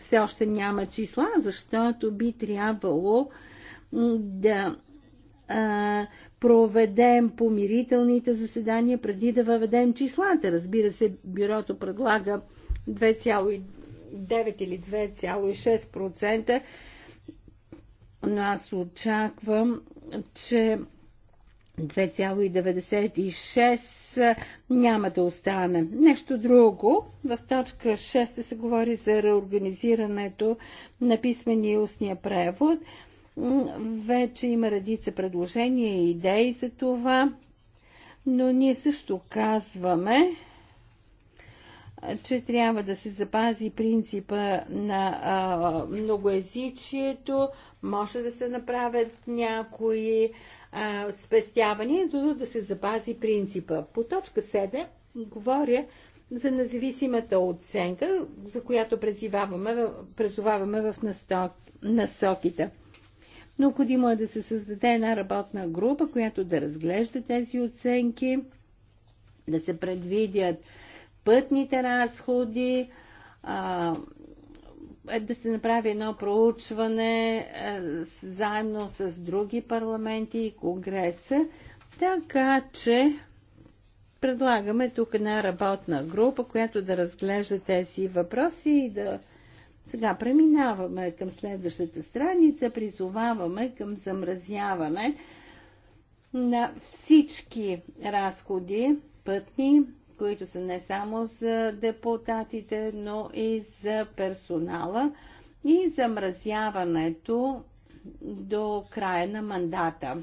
все още няма числа, защото би трябвало да проведем помирителните заседания преди да въведем числата. Разбира се, бюрото предлага 2,9 или 2,6%, но аз очаквам, че 2,96 няма да остане. Нещо друго. В точка 6 се говори за реорганизирането на писмения и устния превод. Вече има редица предложения и идеи за това, но ние също казваме, че трябва да се запази принципа на а, многоязичието, може да се направят някои а, спестявания, но да се запази принципа. По точка 7 говоря за независимата оценка, за която презоваваме в насоките. Необходимо е да се създаде една работна група, която да разглежда тези оценки, да се предвидят пътните разходи, а, е, да се направи едно проучване а, е, заедно с други парламенти и Конгреса, така че предлагаме тук една работна група, която да разглежда тези въпроси и да сега преминаваме към следващата страница, призоваваме към замразяване на всички разходи пътни, които са не само за депутатите, но и за персонала и замразяването до края на мандата.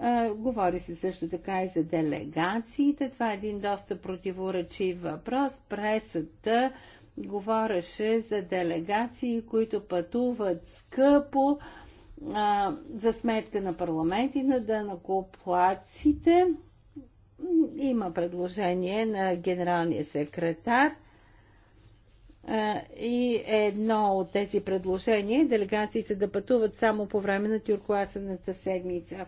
А, говори се също така и за делегациите. Това е един доста противоречив въпрос. Пресата говореше за делегации, които пътуват скъпо а, за сметка на парламенти на дънакоплаците. Има предложение на генералния секретар а, и едно от тези предложения е делегациите да пътуват само по време на тюркоасената седмица.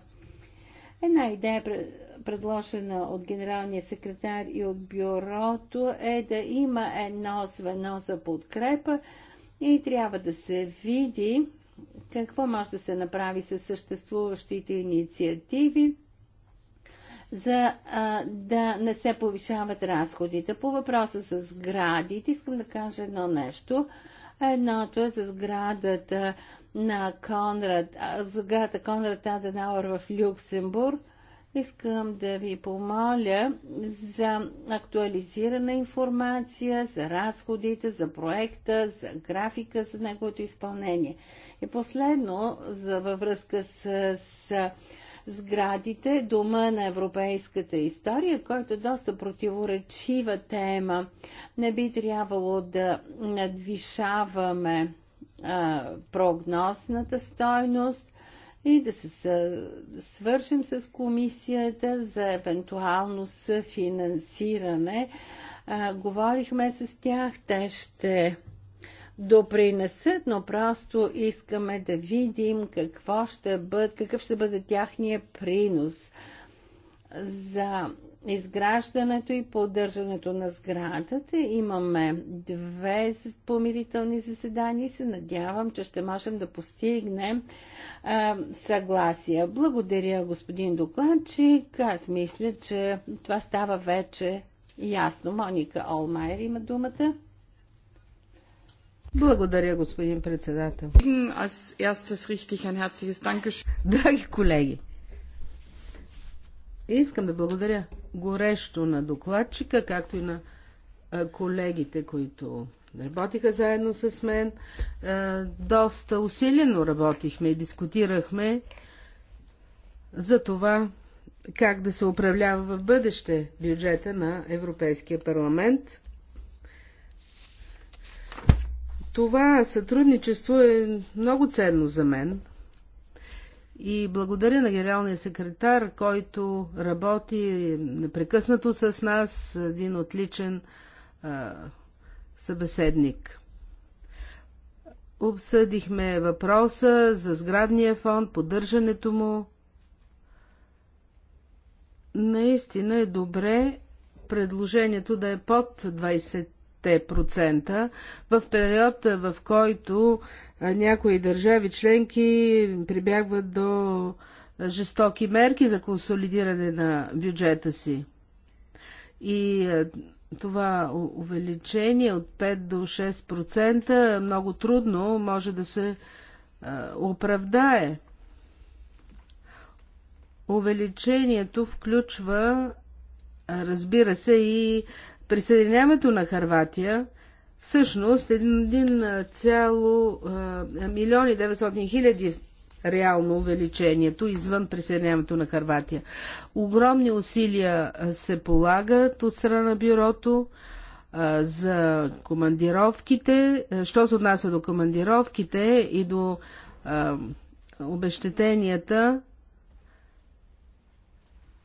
Една идея, предложена от генералния секретар и от бюрото, е да има едно звено за подкрепа и трябва да се види какво може да се направи с съществуващите инициативи, за а, да не се повишават разходите. По въпроса за сградите искам да кажа едно нещо. Едното е за сградата на Конрад, сградата Конрад Аденауер в Люксембург. Искам да ви помоля за актуализирана информация за разходите, за проекта, за графика, за неговото изпълнение. И последно, за, във връзка с, с сградите, Дома на европейската история, който е доста противоречива тема. Не би трябвало да надвишаваме а, прогнозната стойност и да се свършим с комисията за евентуално съфинансиране. А, говорихме с тях, те ще допринесат, но просто искаме да видим какво ще бъд, какъв ще бъде тяхния принос за изграждането и поддържането на сградата. Имаме две помирителни заседания и се надявам, че ще можем да постигнем а, съгласие. Благодаря, господин докладчик. Аз мисля, че това става вече ясно. Моника Олмайер има думата. Благодаря, господин председател. Аз аз, колеги, Искам да благодаря горещо на докладчика, както и на колегите, които работиха заедно с мен. Доста усилено работихме и дискутирахме за това как да се управлява в бъдеще бюджета на Европейския парламент. Това сътрудничество е много ценно за мен, и благодаря на генералния секретар, който работи непрекъснато с нас, един отличен а, събеседник. Обсъдихме въпроса за сградния фонд, поддържането му. Наистина е добре предложението да е под 20 в период, в който някои държави членки прибягват до жестоки мерки за консолидиране на бюджета си. И това увеличение от 5 до 6% много трудно може да се оправдае. Увеличението включва, разбира се, и Присъединяването на Харватия всъщност е цяло милион и 900 хиляди реално увеличението извън присъединяването на Харватия. Огромни усилия се полагат от страна на бюрото за командировките. Що се отнася до командировките и до обещетенията,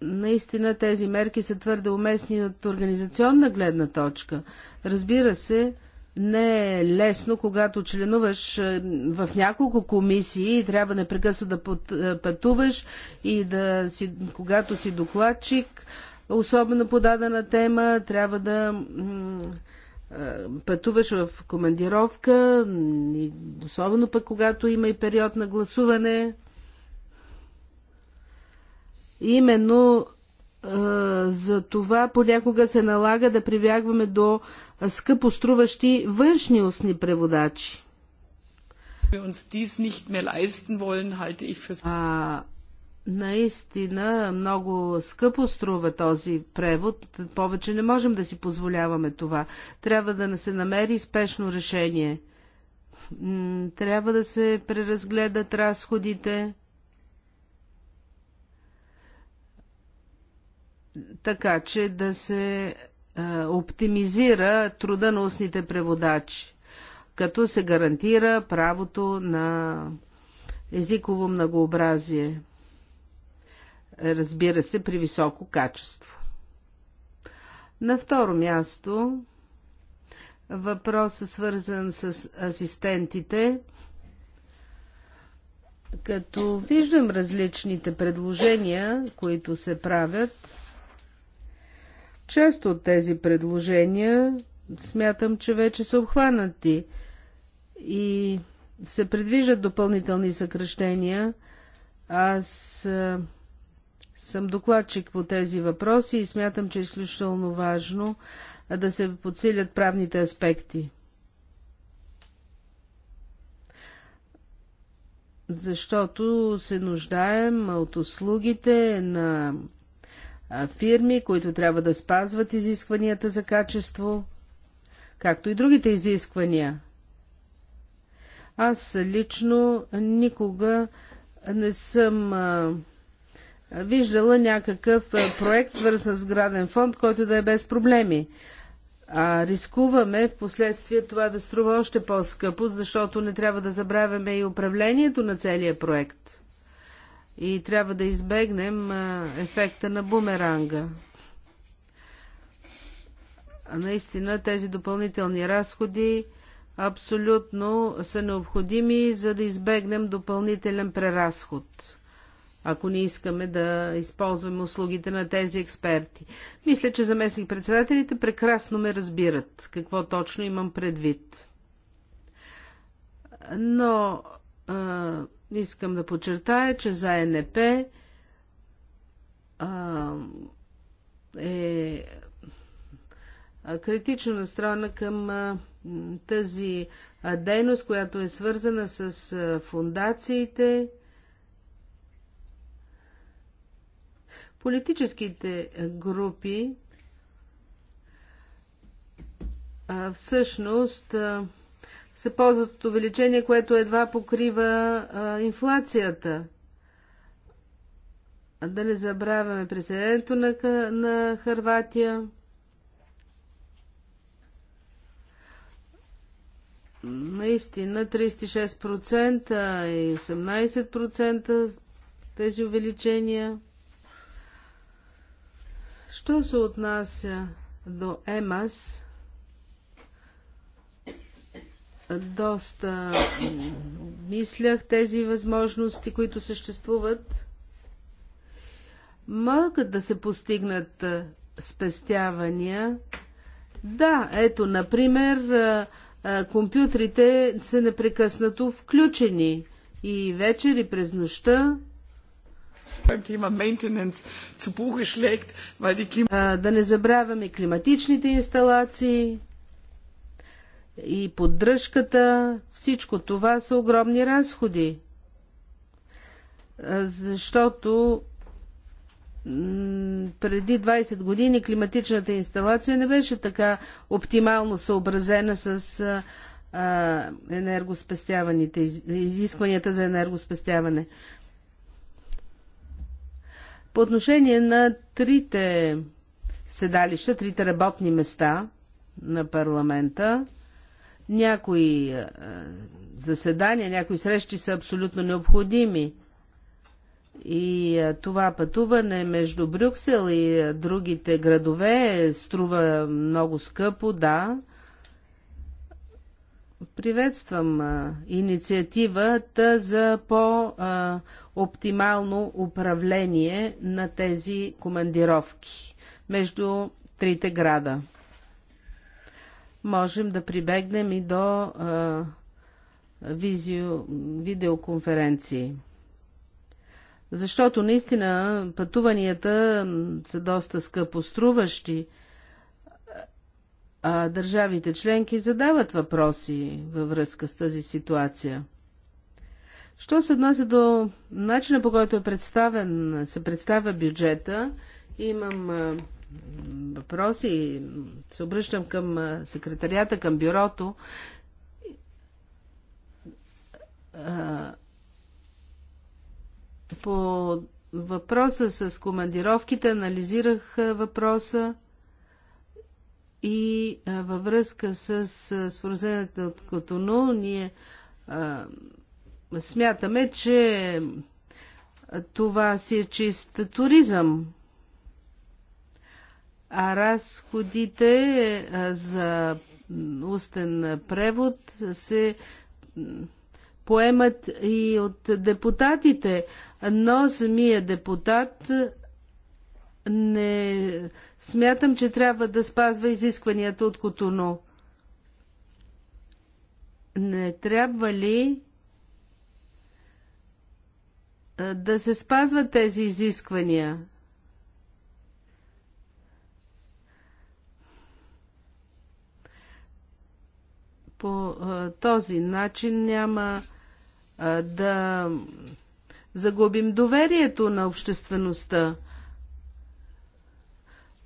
наистина тези мерки са твърде уместни от организационна гледна точка. Разбира се, не е лесно, когато членуваш е, в няколко комисии и трябва непрекъсно да е, пътуваш и да си, когато си докладчик, особено по дадена тема, трябва да е, пътуваш в командировка, особено пък когато има и период на гласуване. Именно за това понякога се налага да прибягваме до скъпо струващи външни устни преводачи. А, наистина много скъпо струва този превод. Повече не можем да си позволяваме това. Трябва да не се намери спешно решение. Трябва да се преразгледат разходите така че да се е, оптимизира труда на устните преводачи, като се гарантира правото на езиково многообразие. Разбира се, при високо качество. На второ място въпросът свързан с асистентите. Като виждам различните предложения, които се правят, Част от тези предложения смятам, че вече са обхванати и се предвиждат допълнителни съкръщения. Аз съм докладчик по тези въпроси и смятам, че е изключително важно да се подсилят правните аспекти. Защото се нуждаем от услугите на фирми, които трябва да спазват изискванията за качество, както и другите изисквания. Аз лично никога не съм а, виждала някакъв проект, свързан с граден фонд, който да е без проблеми. А рискуваме в последствие това да струва още по-скъпо, защото не трябва да забравяме и управлението на целия проект и трябва да избегнем ефекта на бумеранга. Наистина тези допълнителни разходи абсолютно са необходими, за да избегнем допълнителен преразход, ако не искаме да използваме услугите на тези експерти. Мисля, че заместник председателите прекрасно ме разбират какво точно имам предвид. Но Искам да подчертая, че за НП а, е критично настроена към а, тази а, дейност, която е свързана с а, фундациите. Политическите групи всъщност се ползват от увеличение, което едва покрива а, инфлацията. А да не забравяме преселението на, на Харватия. Наистина 36% и 18% тези увеличения. Що се отнася до ЕМАС, доста мислях тези възможности, които съществуват. Могат да се постигнат спестявания. Да, ето, например, компютрите са непрекъснато включени и вечер и през нощта. Да не забравяме климатичните инсталации и поддръжката, всичко това са огромни разходи. Защото преди 20 години климатичната инсталация не беше така оптимално съобразена с енергоспестяваните, изискванията за енергоспестяване. По отношение на трите седалища, трите работни места на парламента, някои заседания, някои срещи са абсолютно необходими. И това пътуване между Брюксел и другите градове струва много скъпо, да. Приветствам инициативата за по-оптимално управление на тези командировки между трите града можем да прибегнем и до а, визио, видеоконференции. Защото наистина пътуванията са доста скъпоструващи, а държавите членки задават въпроси във връзка с тази ситуация. Що се отнася до начина по който е представен, се представя бюджета, имам въпроси, се обръщам към секретарията, към бюрото. По въпроса с командировките анализирах въпроса и във връзка с споразумението от Котону ние смятаме, че това си е чист туризъм а разходите за устен превод се поемат и от депутатите, но самия депутат не смятам, че трябва да спазва изискванията от Котуно. Не трябва ли да се спазват тези изисквания? по този начин няма да загубим доверието на обществеността,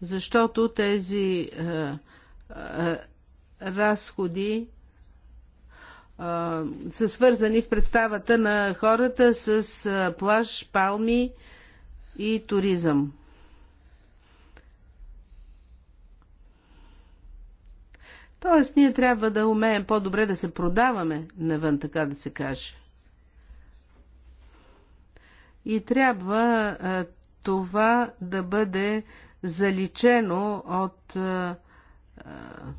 защото тези разходи са свързани в представата на хората с плаж, палми и туризъм. Тоест, ние трябва да умеем по-добре да се продаваме навън, така да се каже. И трябва а, това да бъде заличено от а, а,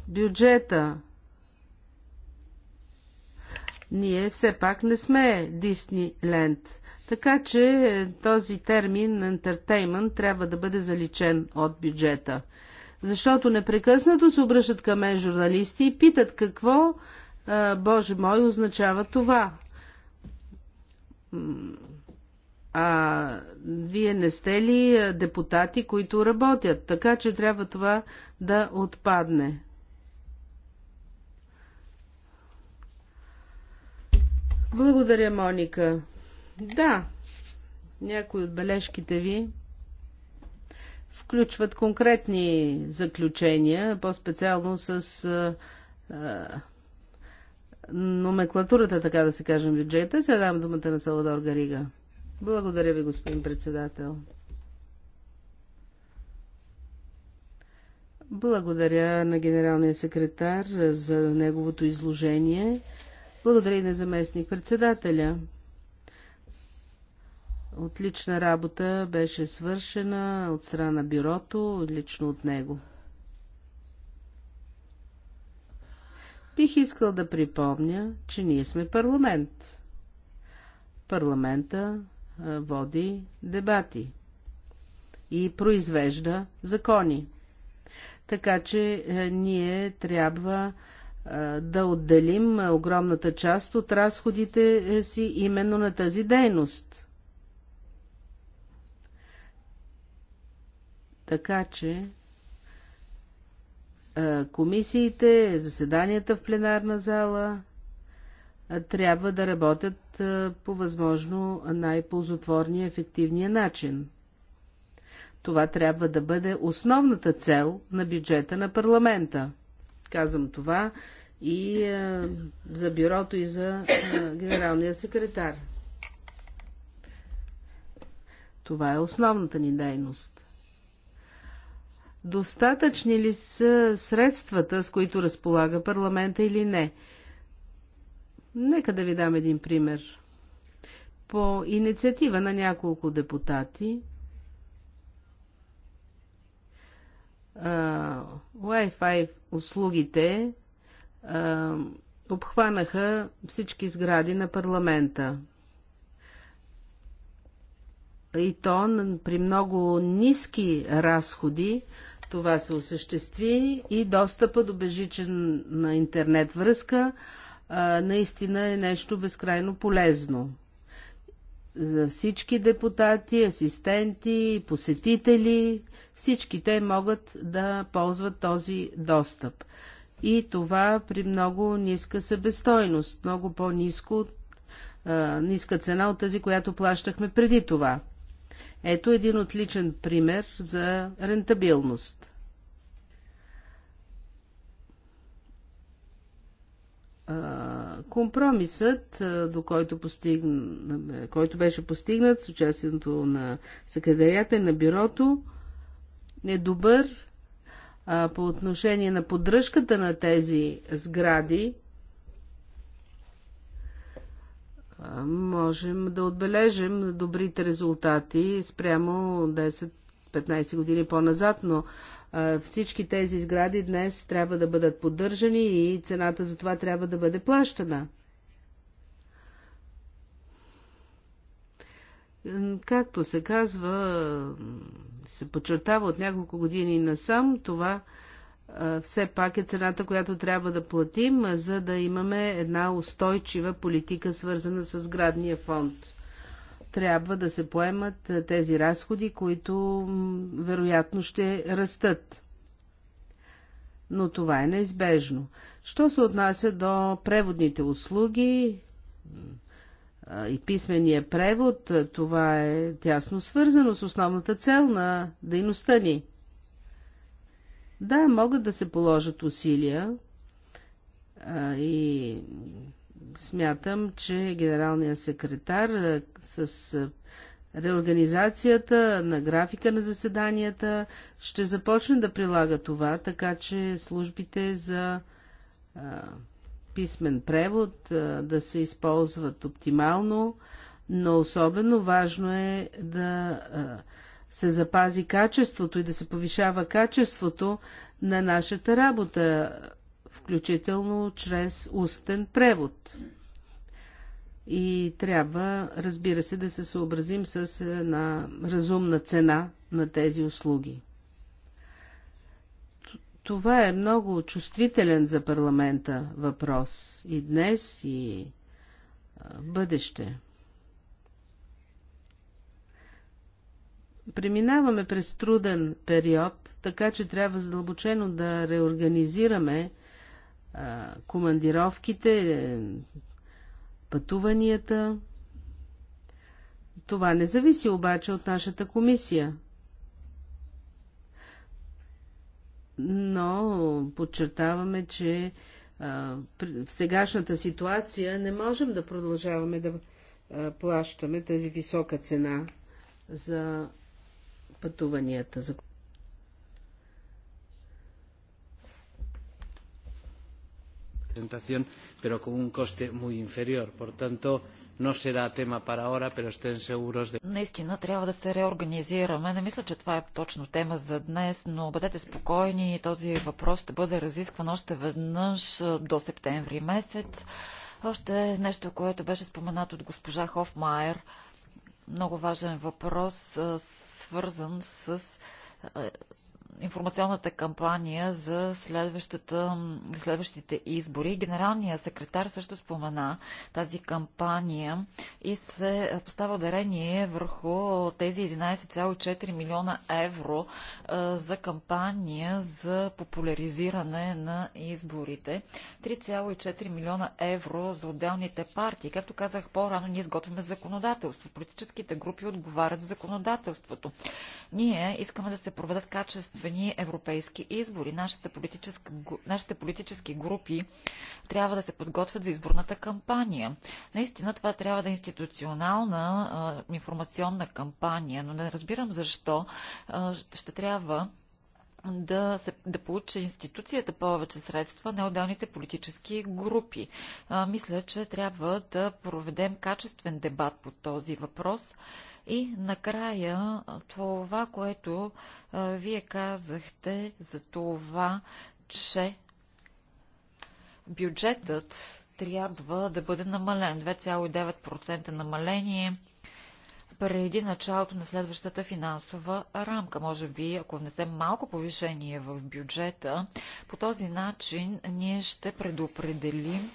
бюджета. Ние все пак не сме Дисниленд. Така че е, този термин ентертеймент трябва да бъде заличен от бюджета. Защото непрекъснато се обръщат към мен журналисти и питат какво, Боже мой, означава това. А вие не сте ли депутати, които работят? Така че трябва това да отпадне. Благодаря, Моника. Да, някои от бележките ви включват конкретни заключения, по-специално с а, а, номенклатурата, така да се кажем, бюджета. Сега дам думата на Саладор Гарига. Благодаря ви, господин председател. Благодаря на генералния секретар за неговото изложение. Благодаря и на заместник председателя. Отлична работа беше свършена от страна на бюрото, лично от него. Бих искал да припомня, че ние сме парламент. Парламента води дебати и произвежда закони. Така че ние трябва да отделим огромната част от разходите е, си именно на тази дейност – Така че комисиите, заседанията в пленарна зала трябва да работят по възможно най-ползотворния ефективния начин. Това трябва да бъде основната цел на бюджета на парламента. Казвам това и за бюрото, и за генералния секретар. Това е основната ни дейност достатъчни ли са средствата, с които разполага парламента или не. Нека да ви дам един пример. По инициатива на няколко депутати, uh, Wi-Fi услугите uh, обхванаха всички сгради на парламента. И то при много ниски разходи, това се осъществи и достъпа до бежичен на интернет връзка а, наистина е нещо безкрайно полезно. За всички депутати, асистенти, посетители, всички те могат да ползват този достъп. И това при много ниска себестойност, много по-ниско, ниска цена от тази, която плащахме преди това. Ето един отличен пример за рентабилност. компромисът, до който, постигна, е, който беше постигнат с участието на секретарията на бюрото, е добър по отношение на поддръжката на тези сгради, можем да отбележим добрите резултати спрямо 10-15 години по-назад, но всички тези сгради днес трябва да бъдат поддържани и цената за това трябва да бъде плащана. Както се казва, се подчертава от няколко години насам, това все пак е цената, която трябва да платим, за да имаме една устойчива политика, свързана с градния фонд. Трябва да се поемат тези разходи, които вероятно ще растат. Но това е неизбежно. Що се отнася до преводните услуги и писмения превод, това е тясно свързано с основната цел на дейността ни – да, могат да се положат усилия а, и смятам, че генералният секретар а, с а, реорганизацията на графика на заседанията ще започне да прилага това, така че службите за а, писмен превод а, да се използват оптимално, но особено важно е да. А, се запази качеството и да се повишава качеството на нашата работа, включително чрез устен превод. И трябва, разбира се, да се съобразим с една разумна цена на тези услуги. Това е много чувствителен за парламента въпрос и днес, и в бъдеще. Преминаваме през труден период, така че трябва задълбочено да реорганизираме а, командировките, пътуванията. Това не зависи обаче от нашата комисия. Но подчертаваме, че а, в сегашната ситуация не можем да продължаваме да а, плащаме тази висока цена за пътуванията, за presentación, pero con un coste muy inferior. Por tanto, no será tema para ahora, pero estén seguros de... Наистина трябва да се реорганизираме. Не мисля, че това е точно тема за днес, но бъдете спокойни. и Този въпрос ще бъде разискван още веднъж до септември месец. Още нещо, което беше споменато от госпожа Хофмайер. Много важен въпрос с свързан с информационната кампания за следващите избори. Генералният секретар също спомена тази кампания и се поставя дарение върху тези 11,4 милиона евро за кампания за популяризиране на изборите. 3,4 милиона евро за отделните партии. Както казах по-рано, ние изготвяме законодателство. Политическите групи отговарят за законодателството. Ние искаме да се проведат качествени собствени европейски избори. Нашите политически, нашите политически групи трябва да се подготвят за изборната кампания. Наистина това трябва да е институционална а, информационна кампания, но не разбирам защо а, ще трябва да, се, да получи институцията повече средства на отделните политически групи. А, мисля, че трябва да проведем качествен дебат по този въпрос. А, и накрая това, което а, вие казахте за това, че бюджетът трябва да бъде намален. 2,9% намаление преди началото на следващата финансова рамка. Може би, ако внесем малко повишение в бюджета, по този начин ние ще предопределим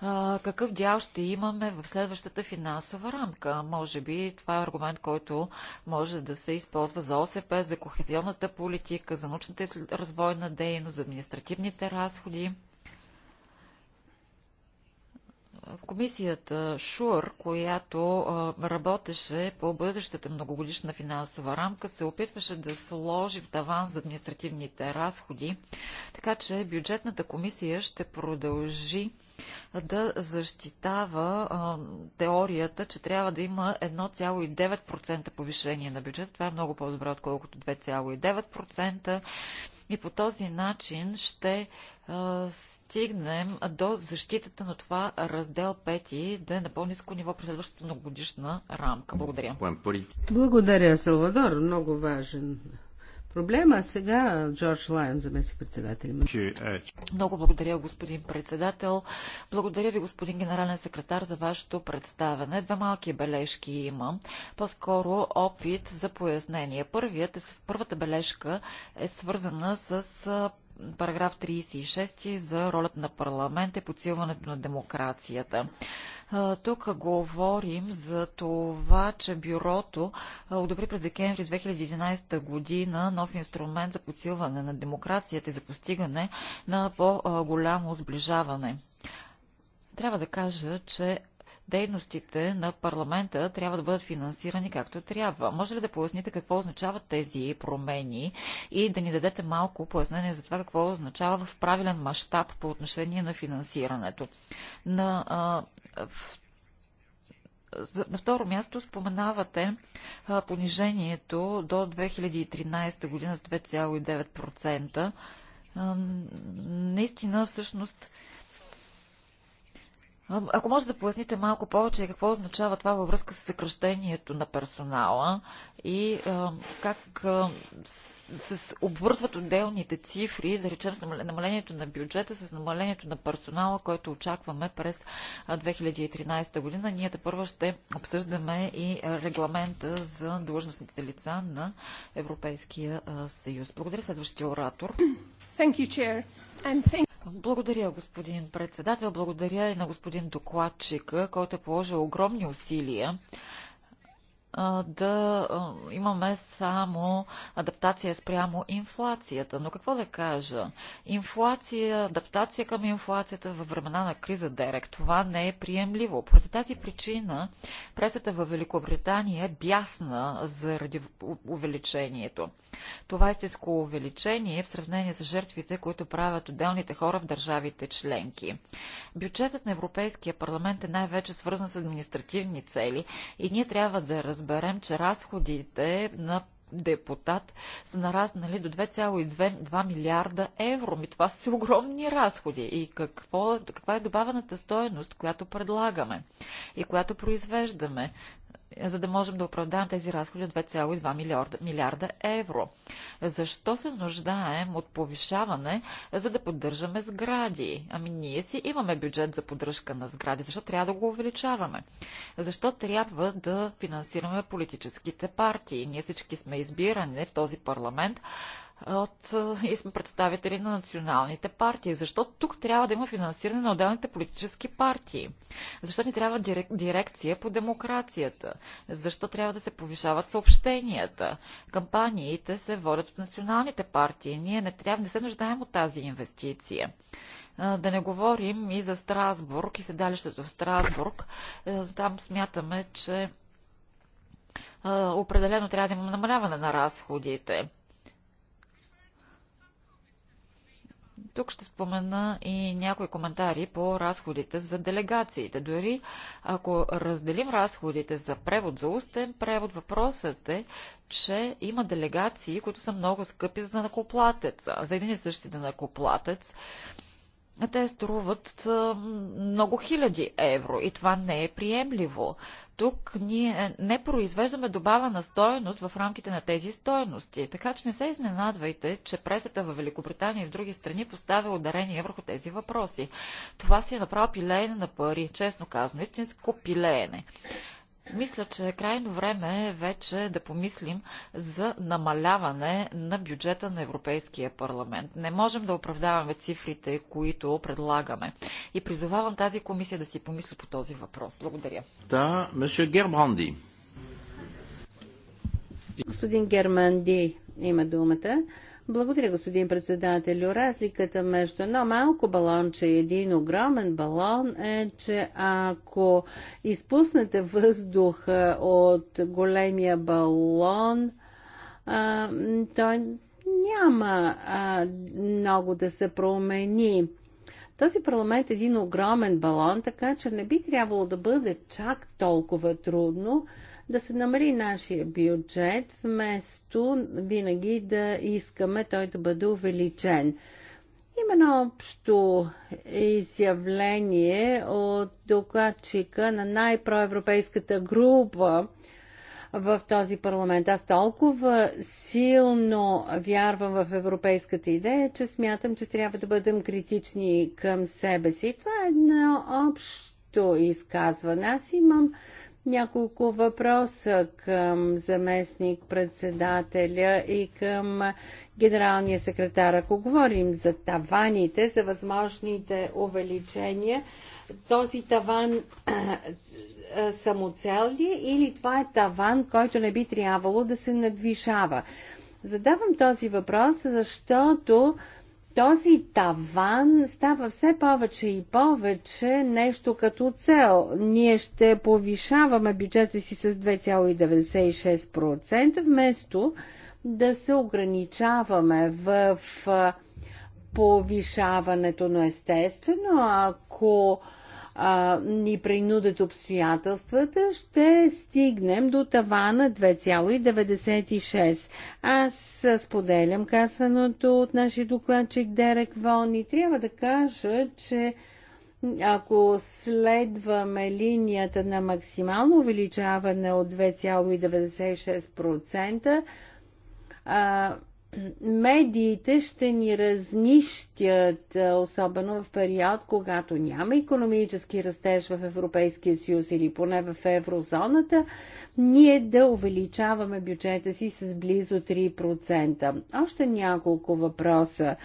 а, какъв дял ще имаме в следващата финансова рамка. Може би това е аргумент, който може да се използва за ОСП, за кохезионната политика, за научната развойна дейност, за административните разходи. Комисията ШУР, която работеше по бъдещата многогодишна финансова рамка, се опитваше да сложи в таван за административните разходи, така че бюджетната комисия ще продължи да защитава а, теорията, че трябва да има 1,9% повишение на бюджет. Това е много по-добре, отколкото 2,9%. И по този начин ще стигнем до защитата на това раздел 5 да е на по-низко ниво при следващата многогодишна рамка. Благодаря. Благодаря, Салвадор. Много важен проблема. Сега Джордж Лайон, заместник председател. Много благодаря, господин председател. Благодаря ви, господин генерален секретар, за вашето представяне. Две малки бележки имам. По-скоро опит за пояснение. Първият, е първата бележка е свързана с параграф 36 за ролята на парламент и подсилването на демокрацията. Тук говорим за това, че бюрото одобри през декември 2011 година нов инструмент за подсилване на демокрацията и за постигане на по-голямо сближаване. Трябва да кажа, че дейностите на парламента трябва да бъдат финансирани както трябва. Може ли да поясните какво означават тези промени и да ни дадете малко пояснение за това какво означава в правилен мащаб по отношение на финансирането? На а, на второ място споменавате а, понижението до 2013 година с 2,9%. Наистина, всъщност, ако може да поясните малко повече какво означава това във връзка с съкръщението на персонала и а, как а, с, с обвързват отделните цифри, да речем с намалението на бюджета, с намалението на персонала, който очакваме през 2013 година. Ние да първо ще обсъждаме и регламента за длъжностните лица на Европейския съюз. Благодаря следващия оратор. Thank you, chair. And thank благодаря, господин председател. Благодаря и на господин докладчика, който е положил огромни усилия да имаме само адаптация спрямо инфлацията. Но какво да кажа? Инфлация, адаптация към инфлацията във времена на криза, Дерек, това не е приемливо. Поради тази причина пресата във Великобритания е бясна заради увеличението. Това стиско увеличение е в сравнение с жертвите, които правят отделните хора в държавите членки. Бюджетът на Европейския парламент е най-вече свързан с административни цели и ние трябва да разберем разберем, че разходите на депутат са нараснали до 2,2 милиарда евро. Ми това са огромни разходи. И какво, каква е добавената стоеност, която предлагаме и която произвеждаме? за да можем да оправдаем тези разходи от 2,2 милиарда, милиарда евро. Защо се нуждаем от повишаване, за да поддържаме сгради? Ами ние си имаме бюджет за поддръжка на сгради. Защо трябва да го увеличаваме? Защо трябва да финансираме политическите партии? Ние всички сме избирани в този парламент от е, представители на националните партии. Защо тук трябва да има финансиране на отделните политически партии? Защо ни трябва дирекция по демокрацията? Защо трябва да се повишават съобщенията? Кампаниите се водят от националните партии. Ние не трябва, не се нуждаем от тази инвестиция. Е, да не говорим и за Страсбург и седалището в Страсбург. Е, там смятаме, че определено трябва да има намаляване на разходите. Тук ще спомена и някои коментари по разходите за делегациите. Дори ако разделим разходите за превод, за устен превод, въпросът е, че има делегации, които са много скъпи за накоплатеца, за един и същи накоплатец те струват много хиляди евро и това не е приемливо. Тук ние е, не произвеждаме добавена стоеност в рамките на тези стоености, така че не се изненадвайте, че пресата в Великобритания и в други страни поставя ударение върху тези въпроси. Това си е направо пилеене на пари, честно казано, истинско пилеене. Мисля, че е крайно време вече да помислим за намаляване на бюджета на Европейския парламент. Не можем да оправдаваме цифрите, които предлагаме. И призовавам тази комисия да си помисли по този въпрос. Благодаря. Да, месье Германди. Господин Германди има думата. Благодаря, господин председател. Разликата между едно малко балонче и един огромен балон е, че ако изпуснете въздух от големия балон, то той няма много да се промени. Този парламент е един огромен балон, така че не би трябвало да бъде чак толкова трудно да се намали нашия бюджет, вместо винаги да искаме той да бъде увеличен. Има едно общо изявление от докладчика на най-проевропейската група в този парламент. Аз толкова силно вярвам в европейската идея, че смятам, че трябва да бъдем критични към себе си. Това е едно общо изказване. Аз имам няколко въпроса към заместник председателя и към генералния секретар. Ако говорим за таваните, за възможните увеличения, този таван самоцел ли е или това е таван, който не би трябвало да се надвишава? Задавам този въпрос, защото този таван става все повече и повече нещо като цел. Ние ще повишаваме бюджета си с 2,96% вместо да се ограничаваме в повишаването, но естествено, ако а, а, ни принудят обстоятелствата, ще стигнем до тавана 2,96. Аз споделям казваното от нашия докладчик Дерек Вон и трябва да кажа, че ако следваме линията на максимално увеличаване от 2,96%, медиите ще ни разнищят, е, особено в период, когато няма економически растеж в Европейския съюз или поне в еврозоната, ние да увеличаваме бюджета си с близо 3%. Още няколко въпроса.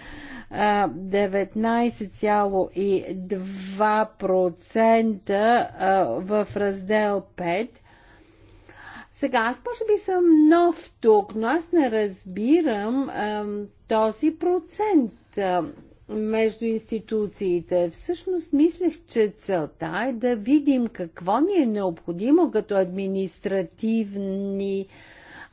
19,2% е, е, в раздел 5 сега, аз може би съм нов тук, но аз не разбирам а, този процент а, между институциите. Всъщност мислех, че целта е да видим какво ни е необходимо като административни а,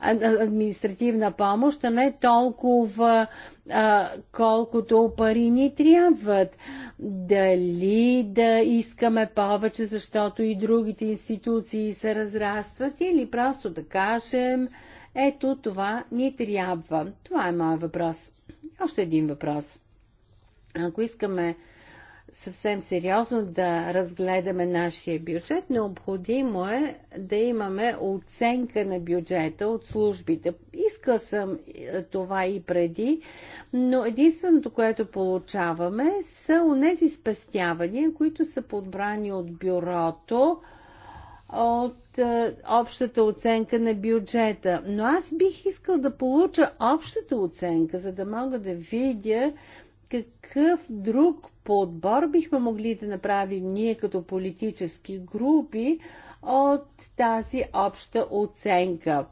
административна помощ, а не толкова а, колкото пари ни трябват. Дали да искаме повече, защото и другите институции се разрастват или просто да кажем, ето това ни трябва. Това е моят въпрос. Още един въпрос. Ако искаме съвсем сериозно да разгледаме нашия бюджет, необходимо е да имаме оценка на бюджета от службите. Искал съм е, това и преди, но единственото, което получаваме са онези спестявания, които са подбрани от бюрото от е, общата оценка на бюджета. Но аз бих искал да получа общата оценка, за да мога да видя какъв друг подбор бихме могли да направим ние като политически групи от тази обща оценка?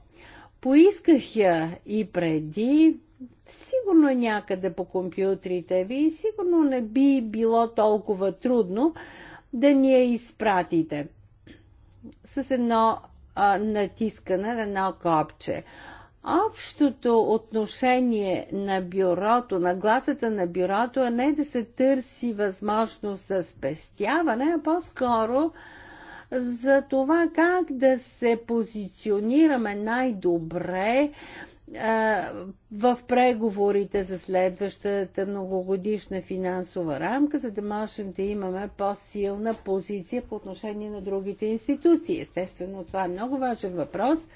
Поисках я и преди, сигурно е някъде по компютрите ви, сигурно не би било толкова трудно да ни я изпратите с едно а, натискане на едно копче. Общото отношение на бюрото, на гласата на бюрото е не да се търси възможност за спестяване, а по-скоро за това как да се позиционираме най-добре е, в преговорите за следващата многогодишна финансова рамка, за да можем да имаме по-силна позиция по отношение на другите институции. Естествено, това е много важен въпрос –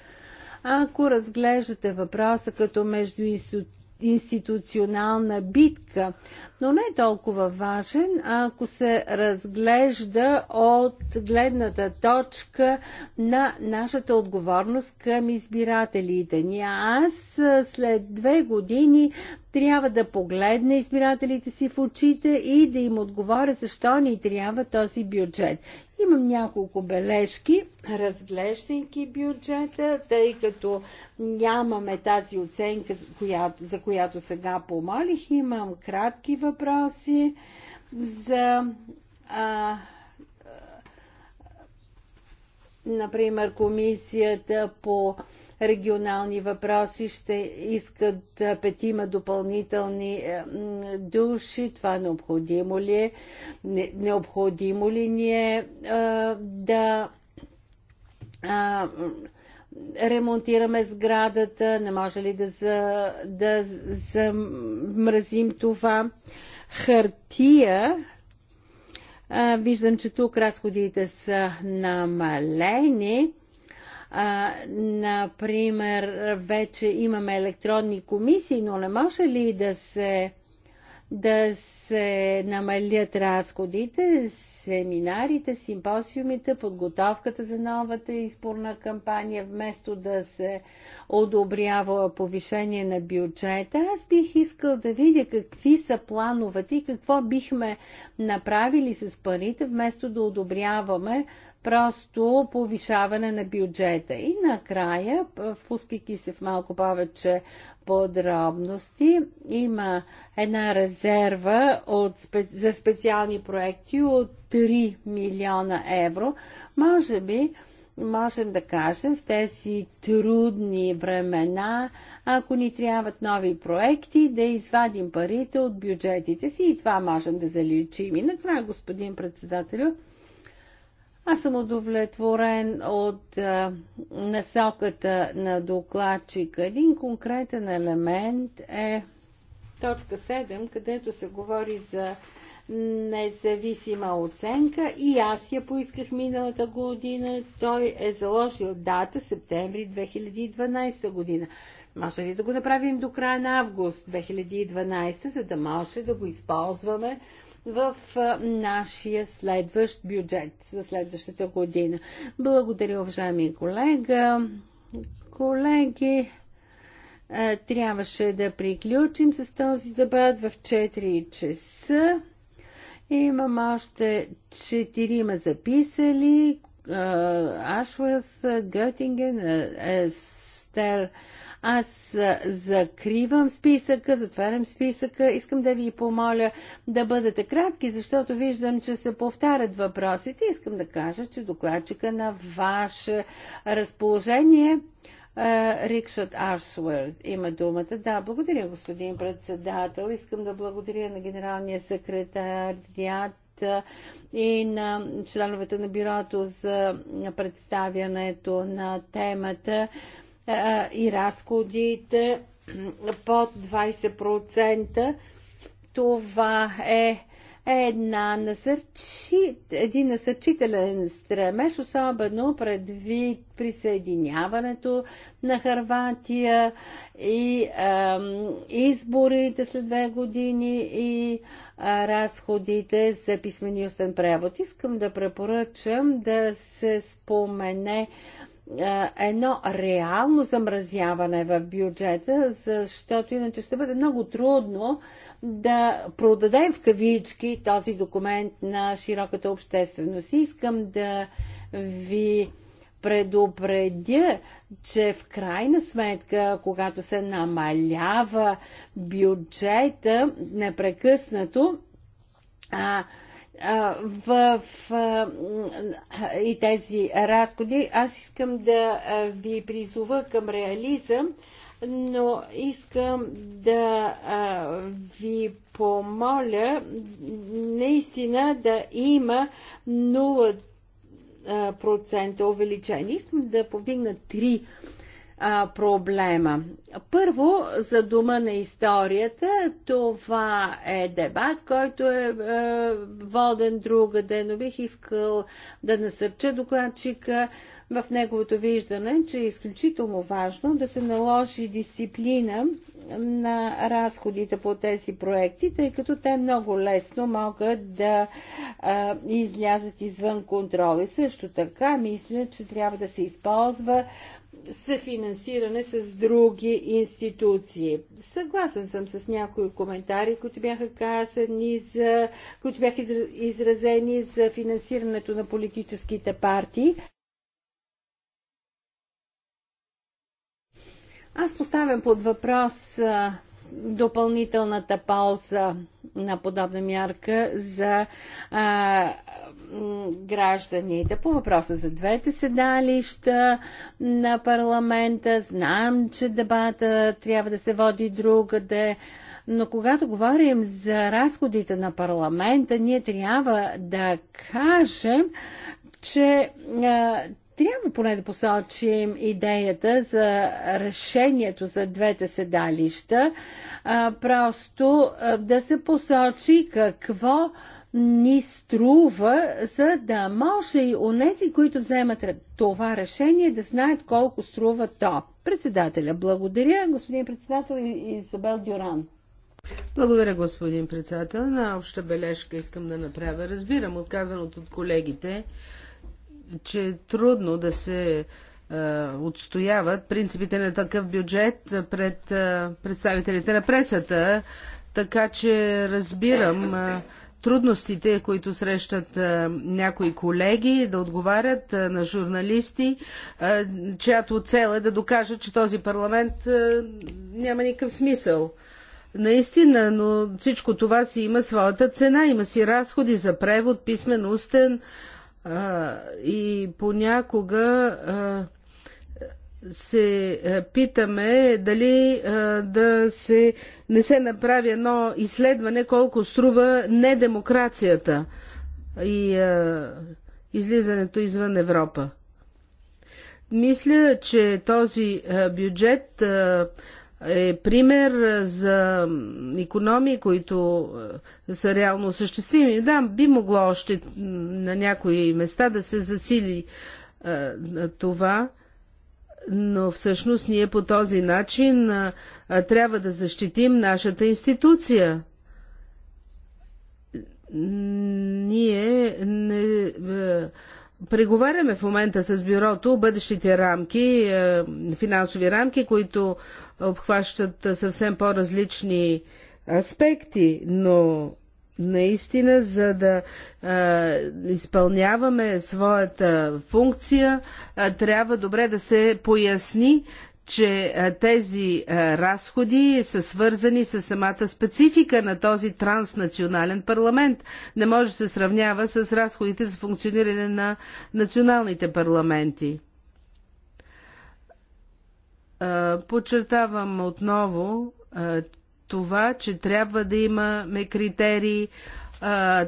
ако разглеждате въпроса като междуинституционална битка, но не е толкова важен, ако се разглежда от гледната точка на нашата отговорност към избирателите ни. Аз след две години трябва да погледна избирателите си в очите и да им отговоря защо ни трябва този бюджет. Имам няколко бележки, разглеждайки бюджета, тъй като нямаме тази оценка, която, за която сега помолих. Имам кратки въпроси за. А, например, комисията по регионални въпроси. Ще искат петима допълнителни е, души. Това необходимо ли е? Необходимо ли ни е да ремонтираме сградата, не може ли да, за, да замразим това. Хартия, виждам, че тук разходите са намалени. А, например, вече имаме електронни комисии, но не може ли да се да се намалят разходите семинарите, симпозиумите, подготовката за новата изборна кампания, вместо да се одобрява повишение на бюджета. Аз бих искал да видя какви са плановете и какво бихме направили с парите, вместо да одобряваме просто повишаване на бюджета. И накрая, впускайки се в малко повече подробности, има една резерва от, за специални проекти от 3 милиона евро. Може би можем да кажем в тези трудни времена, ако ни трябват нови проекти, да извадим парите от бюджетите си и това можем да заличим. И накрая, господин председателю, аз съм удовлетворен от а, насоката на докладчика. Един конкретен елемент е точка 7, където се говори за независима оценка и аз я поисках миналата година. Той е заложил дата септември 2012 година. Може ли да го направим до края на август 2012, за да може да го използваме в нашия следващ бюджет за следващата година? Благодаря, уважаеми колега. Колеги, трябваше да приключим с този дебат в 4 часа. Имам още четирима записали. Ашвърс, Гъртинген, Естер. Аз закривам списъка, затварям списъка. Искам да ви помоля да бъдете кратки, защото виждам, че се повтарят въпросите. Искам да кажа, че докладчика на ваше разположение Рикшат Арсуърд има думата. Да, благодаря, господин председател. Искам да благодаря на генералния секретар, Диат и на членовете на бюрото за представянето на темата и разходите под 20%. Това е една насърчи, един насърчителен стремеж, особено предвид присъединяването на Харватия и ам, изборите след две години и а, разходите за писмени устен превод. Искам да препоръчам да се спомене едно реално замразяване в бюджета, защото иначе ще бъде много трудно да продадем в кавички този документ на широката общественост. Искам да ви предупредя, че в крайна сметка, когато се намалява бюджета непрекъснато, а, а, в, в а, и тези разходи, аз искам да ви призова към реализъм, но искам да а, ви помоля наистина да има 0% увеличение. Искам да повдигна три а, проблема. Първо, за дума на историята. Това е дебат, който е, е воден другаде, но бих искал да насърча докладчика в неговото виждане, че е изключително важно да се наложи дисциплина на разходите по тези проекти, тъй като те много лесно могат да а, излязат извън контрол. И също така мисля, че трябва да се използва съфинансиране с други институции. Съгласен съм с някои коментари, които бяха казани за, които бяха изразени за финансирането на политическите партии. Аз поставям под въпрос а, допълнителната полза на подобна мярка за а, гражданите. По въпроса за двете седалища на парламента, знам, че дебата трябва да се води другаде. Но когато говорим за разходите на парламента, ние трябва да кажем, че а, трябва поне да посочим идеята за решението за двете седалища, а, просто а, да се посочи какво ни струва, за да може и нези, които вземат това решение, да знаят колко струва то. Председателя, благодаря, господин председател Изобел Дюран. Благодаря, господин председател. На обща бележка искам да направя. Разбирам отказаното от колегите че е трудно да се е, отстояват принципите на такъв бюджет пред е, представителите на пресата, така че разбирам е, трудностите, които срещат някои колеги да отговарят на журналисти, чиято цел е да докажат, че този парламент няма никакъв смисъл. Наистина, но всичко това си има своята цена, има си разходи за превод, писмен, устен, а, и понякога а, се питаме дали а, да се, не се направи едно изследване колко струва недемокрацията и а, излизането извън Европа. Мисля, че този бюджет а, е пример за економии, които е, са реално осъществими. Да, би могло още на някои места да се засили е, това, но всъщност ние по този начин е, трябва да защитим нашата институция. Ние не Преговаряме в момента с бюрото бъдещите рамки, е, финансови рамки, които обхващат съвсем по-различни аспекти, но наистина, за да е, изпълняваме своята функция, е, трябва добре да се поясни че тези разходи са свързани с самата специфика на този транснационален парламент. Не може да се сравнява с разходите за функциониране на националните парламенти. Подчертавам отново това, че трябва да имаме критерии,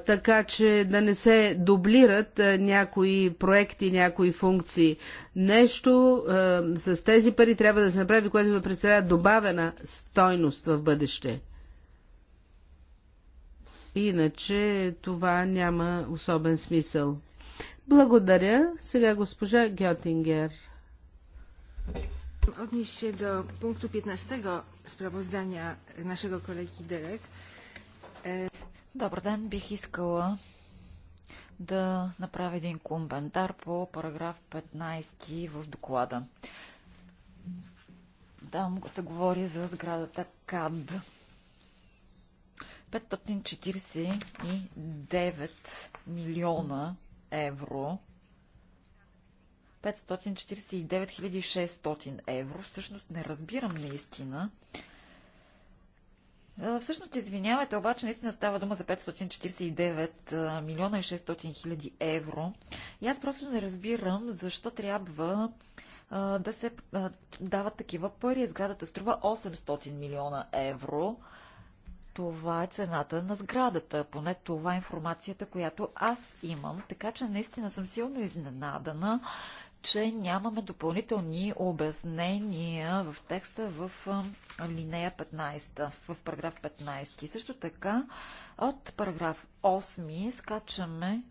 така че да не се дублират някои проекти, някои функции. Нещо а, с тези пари трябва да се направи, което да представлява добавена стойност в бъдеще. Иначе това няма особен смисъл. Благодаря. Сега госпожа Гьотингер. Odnieść się do punktu 15 sprawozdania naszego kolegi Derek. Добър ден, бих искала да направя един коментар по параграф 15 в доклада. Там се говори за сградата КАД. 549 милиона евро 549 600 евро. Всъщност не разбирам наистина е, всъщност, извинявайте, обаче наистина става дума за 549 е, милиона и 600 хиляди евро. И аз просто не разбирам защо трябва е, да се дават такива пари. Сградата струва 800 милиона евро. Това е цената на сградата. Поне това е информацията, която аз имам. Така че наистина съм силно изненадана че нямаме допълнителни обяснения в текста в линея 15, в параграф 15. И също така, от параграф 8 скачаме,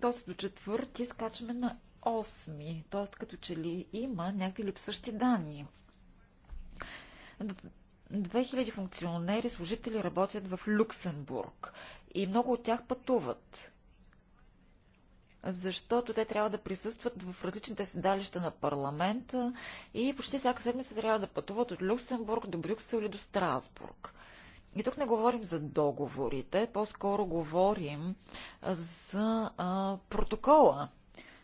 т.е. до четвърти скачаме на 8, т.е. като че ли има някакви липсващи данни. 2000 функционери, служители работят в Люксембург и много от тях пътуват защото те трябва да присъстват в различните седалища на парламента и почти всяка седмица трябва да пътуват от Люксембург до Брюксел или до Страсбург. И тук не говорим за договорите, по-скоро говорим за а, протокола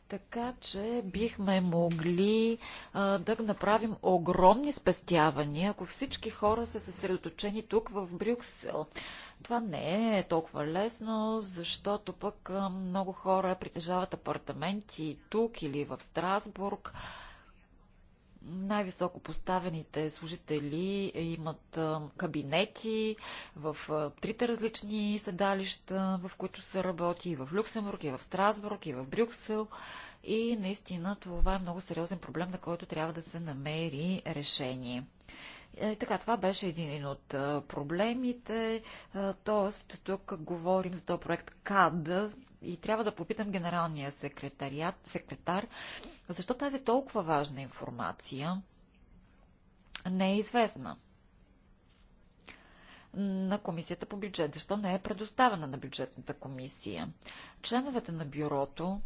така че бихме могли а, да направим огромни спестявания, ако всички хора са съсредоточени тук в Брюксел. Това не е толкова лесно, защото пък а, много хора притежават апартаменти тук или в Страсбург. А, най-високо поставените служители имат кабинети в трите различни седалища, в които се работи и в Люксембург, и в Страсбург, и в Брюксел. И наистина това е много сериозен проблем, на който трябва да се намери решение. Е, така, това беше един от проблемите. Тоест, тук говорим за този проект КАД, и трябва да попитам генералния секретариат, секретар, защо тази толкова важна информация не е известна на комисията по бюджет, защо не е предоставена на бюджетната комисия. Членовете на бюрото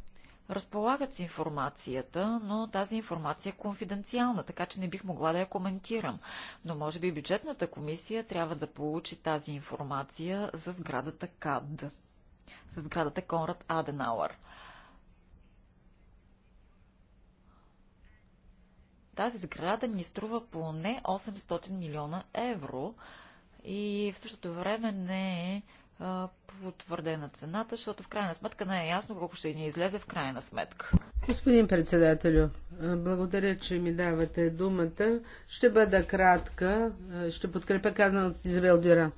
разполагат с информацията, но тази информация е конфиденциална, така че не бих могла да я коментирам. Но може би бюджетната комисия трябва да получи тази информация за сградата КАД с сградата е Конрад Аденауър. Тази сграда ни струва поне 800 милиона евро и в същото време не е потвърдена цената, защото в крайна сметка не е ясно колко ще ни излезе в крайна сметка. Господин председателю, благодаря, че ми давате думата. Ще бъда кратка. Ще подкрепя казаното от Изабел Дюран.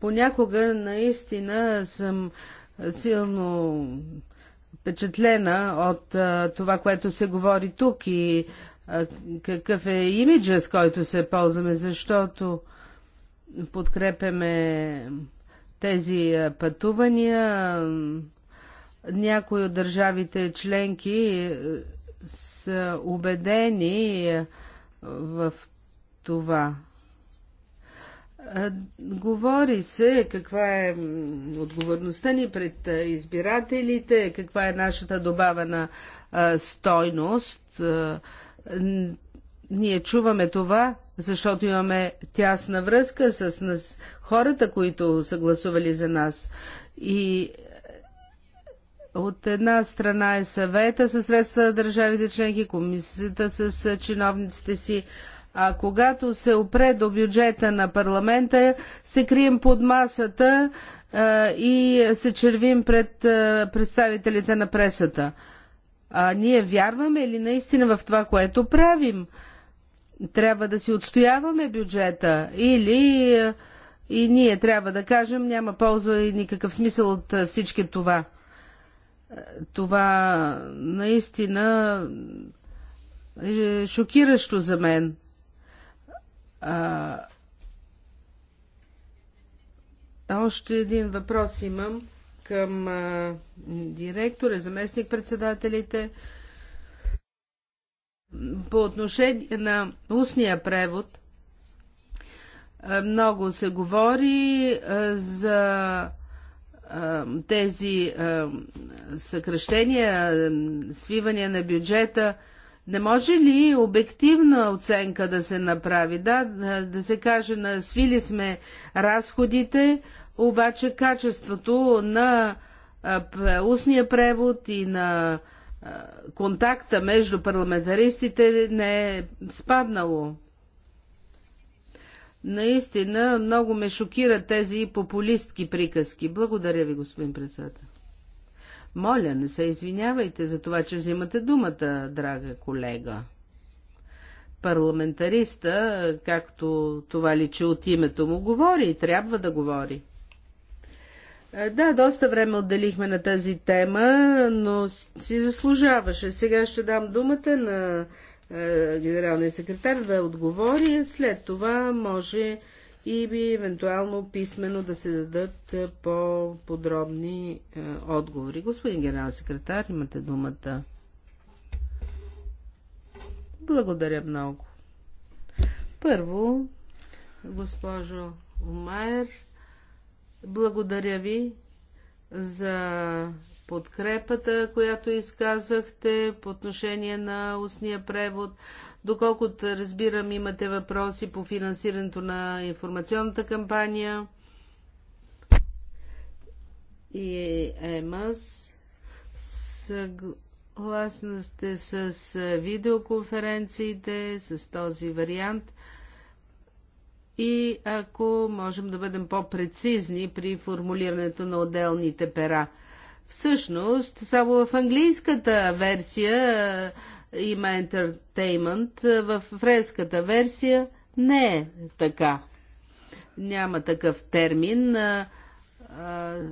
Понякога наистина съм силно впечатлена от а, това, което се говори тук и а, какъв е имиджа, с който се ползваме, защото подкрепяме тези пътувания. Някои от държавите членки са убедени в това. Говори се каква е отговорността ни пред избирателите, каква е нашата добавена стойност. Ние чуваме това, защото имаме тясна връзка с нас, хората, които са гласували за нас. И от една страна е съвета със средства на държавите членки, комисията с чиновниците си, а когато се опре до бюджета на парламента, се крием под масата а, и се червим пред а, представителите на пресата. А ние вярваме ли наистина в това, което правим? Трябва да си отстояваме бюджета или и ние трябва да кажем, няма полза и никакъв смисъл от всички това. Това наистина е шокиращо за мен. А, още един въпрос имам към а, директора, заместник-председателите. По отношение на устния превод, много се говори за тези съкръщения, свивания на бюджета – не може ли обективна оценка да се направи? Да, да се каже, на свили сме разходите, обаче качеството на устния превод и на контакта между парламентаристите не е спаднало. Наистина много ме шокират тези популистки приказки. Благодаря ви, господин председател. Моля, не се извинявайте за това, че взимате думата, драга колега. Парламентариста, както това личи от името му, говори и трябва да говори. Е, да, доста време отделихме на тази тема, но си заслужаваше. Сега ще дам думата на е, генералния секретар да отговори, след това може и би евентуално писменно да се дадат е, по-подробни е, отговори. Господин генерал секретар, имате думата. Благодаря много. Първо, госпожо Умайер, благодаря ви за подкрепата, която изказахте по отношение на устния превод. Доколкото разбирам, имате въпроси по финансирането на информационната кампания и ЕМАС. Съгласна сте с видеоконференциите, с този вариант. И ако можем да бъдем по-прецизни при формулирането на отделните пера. Всъщност, само в английската версия има ентертеймент. В френската версия не е така. Няма такъв термин.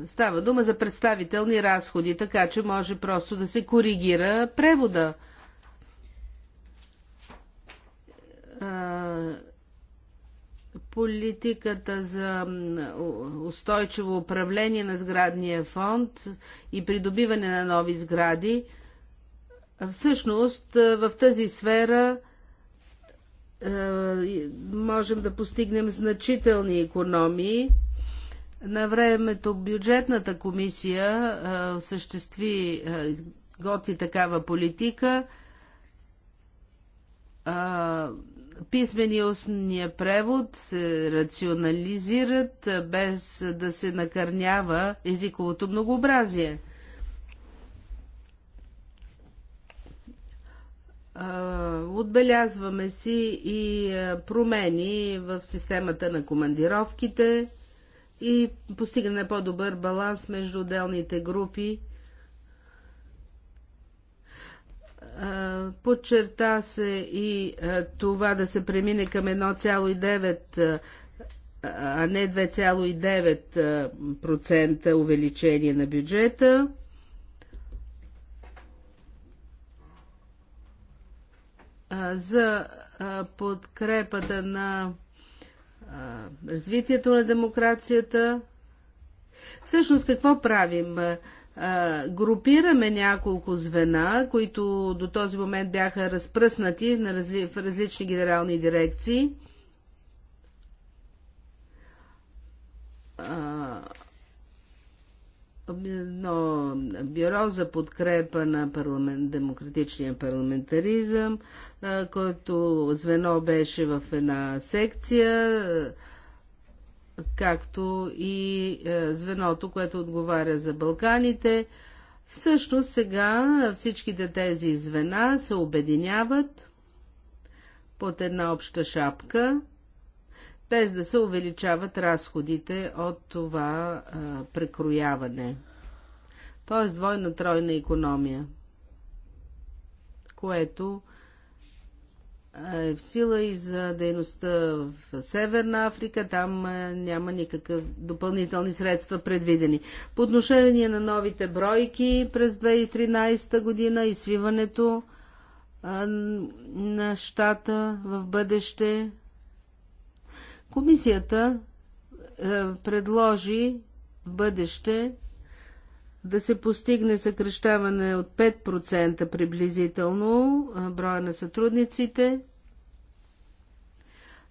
Става дума за представителни разходи, така че може просто да се коригира превода. Политиката за устойчиво управление на сградния фонд и придобиване на нови сгради – Всъщност в тази сфера можем да постигнем значителни економии. На времето бюджетната комисия осъществи, готви такава политика. Писмени основния превод се рационализират без да се накърнява езиковото многообразие – Отбелязваме си и промени в системата на командировките и постигане по-добър баланс между отделните групи. Подчерта се и това да се премине към 1,9, а не 2,9% увеличение на бюджета. за подкрепата на развитието на демокрацията. Всъщност какво правим? Групираме няколко звена, които до този момент бяха разпръснати в различни генерални дирекции едно бюро за подкрепа на парламент, демократичния парламентаризъм, който звено беше в една секция, както и звеното, което отговаря за Балканите. Също сега всичките тези звена се обединяват под една обща шапка – без да се увеличават разходите от това а, прекрояване. Тоест двойна-тройна економия, което е в сила и за дейността в Северна Африка. Там няма никакъв допълнителни средства предвидени. По отношение на новите бройки през 2013 година и свиването на щата в бъдеще Комисията е, предложи в бъдеще да се постигне съкрещаване от 5% приблизително е, броя на сътрудниците,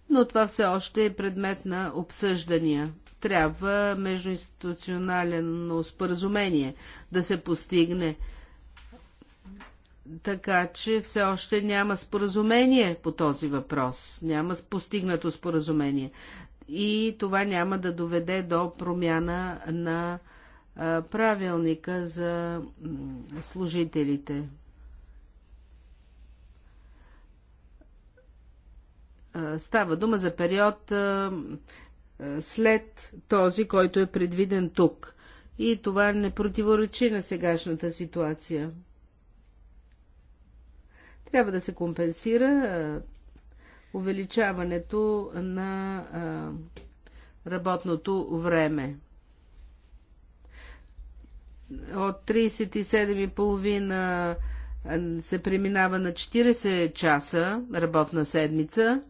но това все още е предмет на обсъждания. Трябва междуинституционално споразумение да се постигне така че все още няма споразумение по този въпрос, няма постигнато споразумение. И това няма да доведе до промяна на правилника за служителите. Става дума за период след този, който е предвиден тук. И това не противоречи на сегашната ситуация. Трябва да се компенсира увеличаването на работното време. От 37,5 се преминава на 40 часа работна седмица,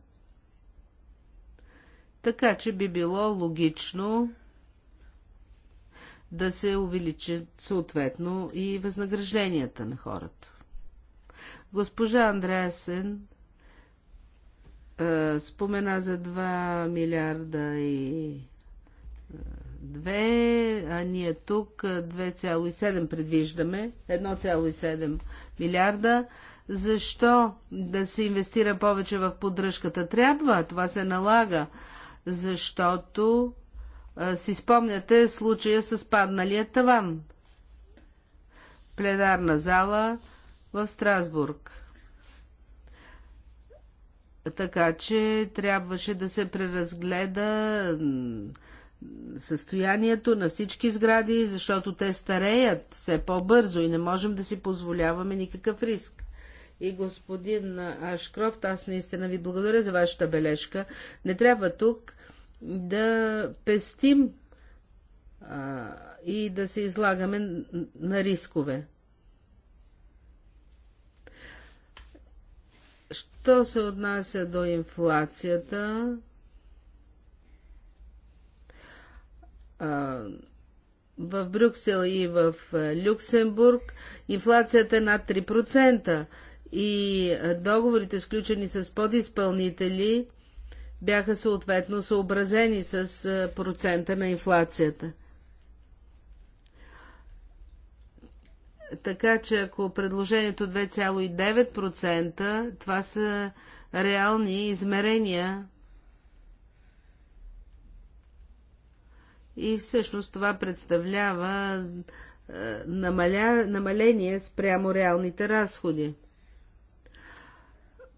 така че би било логично да се увеличат съответно и възнагражденията на хората. Госпожа Андреасен е, спомена за 2 милиарда и 2, а ние тук 2,7 предвиждаме, 1,7 милиарда. Защо да се инвестира повече в поддръжката? Трябва, това се налага, защото си спомняте случая с падналия таван. Пленарна зала в Страсбург. Така че трябваше да се преразгледа състоянието на всички сгради, защото те стареят все по-бързо и не можем да си позволяваме никакъв риск. И господин Ашкрофт, аз наистина ви благодаря за вашата бележка. Не трябва тук да пестим а, и да се излагаме на рискове. Що се отнася до инфлацията, в Брюксел и в Люксембург инфлацията е над 3% и договорите, сключени с подизпълнители, бяха съответно съобразени с процента на инфлацията. Така че ако предложението 2,9%, това са реални измерения. И всъщност това представлява е, намаля, намаление спрямо реалните разходи.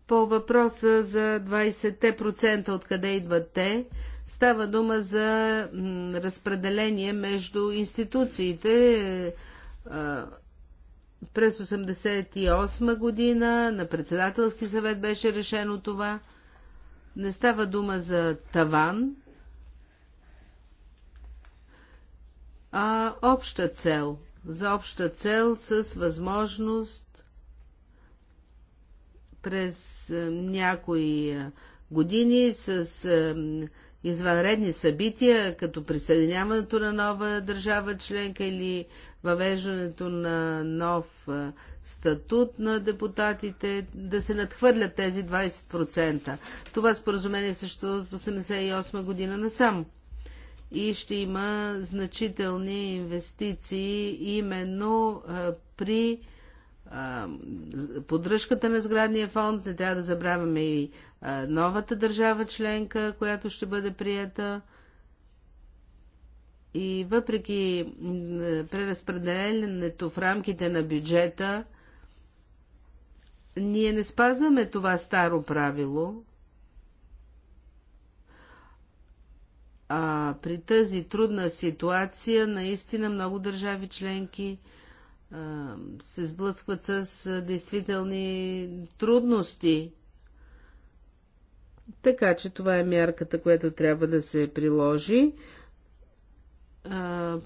По въпроса за 20% откъде идват те, става дума за разпределение между институциите. Е, през 1988 година на председателски съвет беше решено това. Не става дума за таван, а обща цел. За обща цел с възможност през е, някои е, години с е, извънредни събития, като присъединяването на нова държава членка или въвеждането на нов статут на депутатите, да се надхвърлят тези 20%. Това споразумение също от 1988 година насам. И ще има значителни инвестиции именно при поддръжката на сградния фонд, не трябва да забравяме и новата държава членка, която ще бъде прията. И въпреки преразпределението в рамките на бюджета, ние не спазваме това старо правило. А при тази трудна ситуация, наистина много държави членки – се сблъскват с действителни трудности. Така че това е мярката, която трябва да се приложи.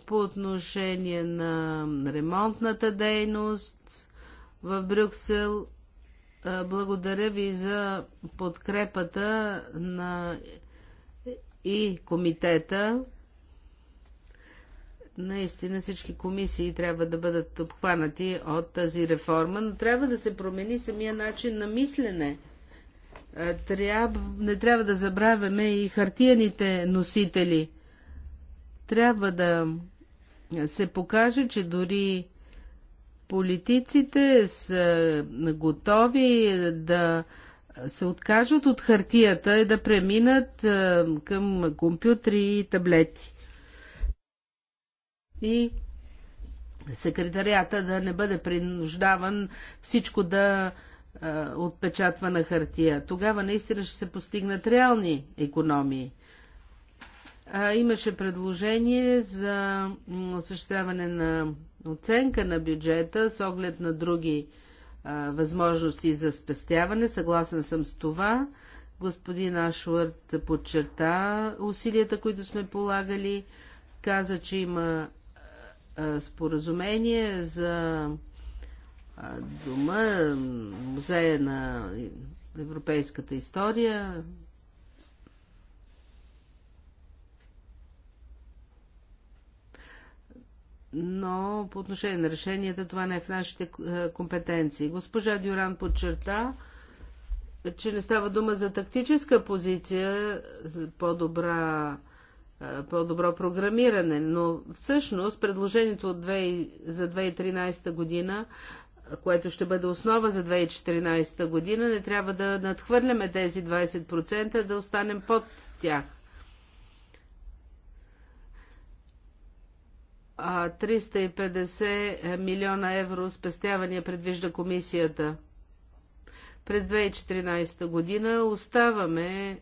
По отношение на ремонтната дейност в Брюксел, благодаря ви за подкрепата на и комитета наистина всички комисии трябва да бъдат обхванати от тази реформа, но трябва да се промени самия начин на мислене. Тряб, не трябва да забравяме и хартияните носители. Трябва да се покаже, че дори политиците са готови да се откажат от хартията и да преминат към компютри и таблети и секретарията да не бъде принуждаван всичко да а, отпечатва на хартия. Тогава наистина ще се постигнат реални економии. А, имаше предложение за осъществяване на оценка на бюджета с оглед на други а, възможности за спестяване. Съгласен съм с това. Господин Ашвард подчерта усилията, които сме полагали. Каза, че има споразумение за дома, музея на европейската история. Но по отношение на решенията това не е в нашите компетенции. Госпожа Дюран подчерта, че не става дума за тактическа позиция, по-добра по-добро програмиране, но всъщност предложението от 2, за 2013 година, което ще бъде основа за 2014 година, не трябва да надхвърляме тези 20%, да останем под тях. А 350 милиона евро спестявания предвижда комисията. През 2014 година оставаме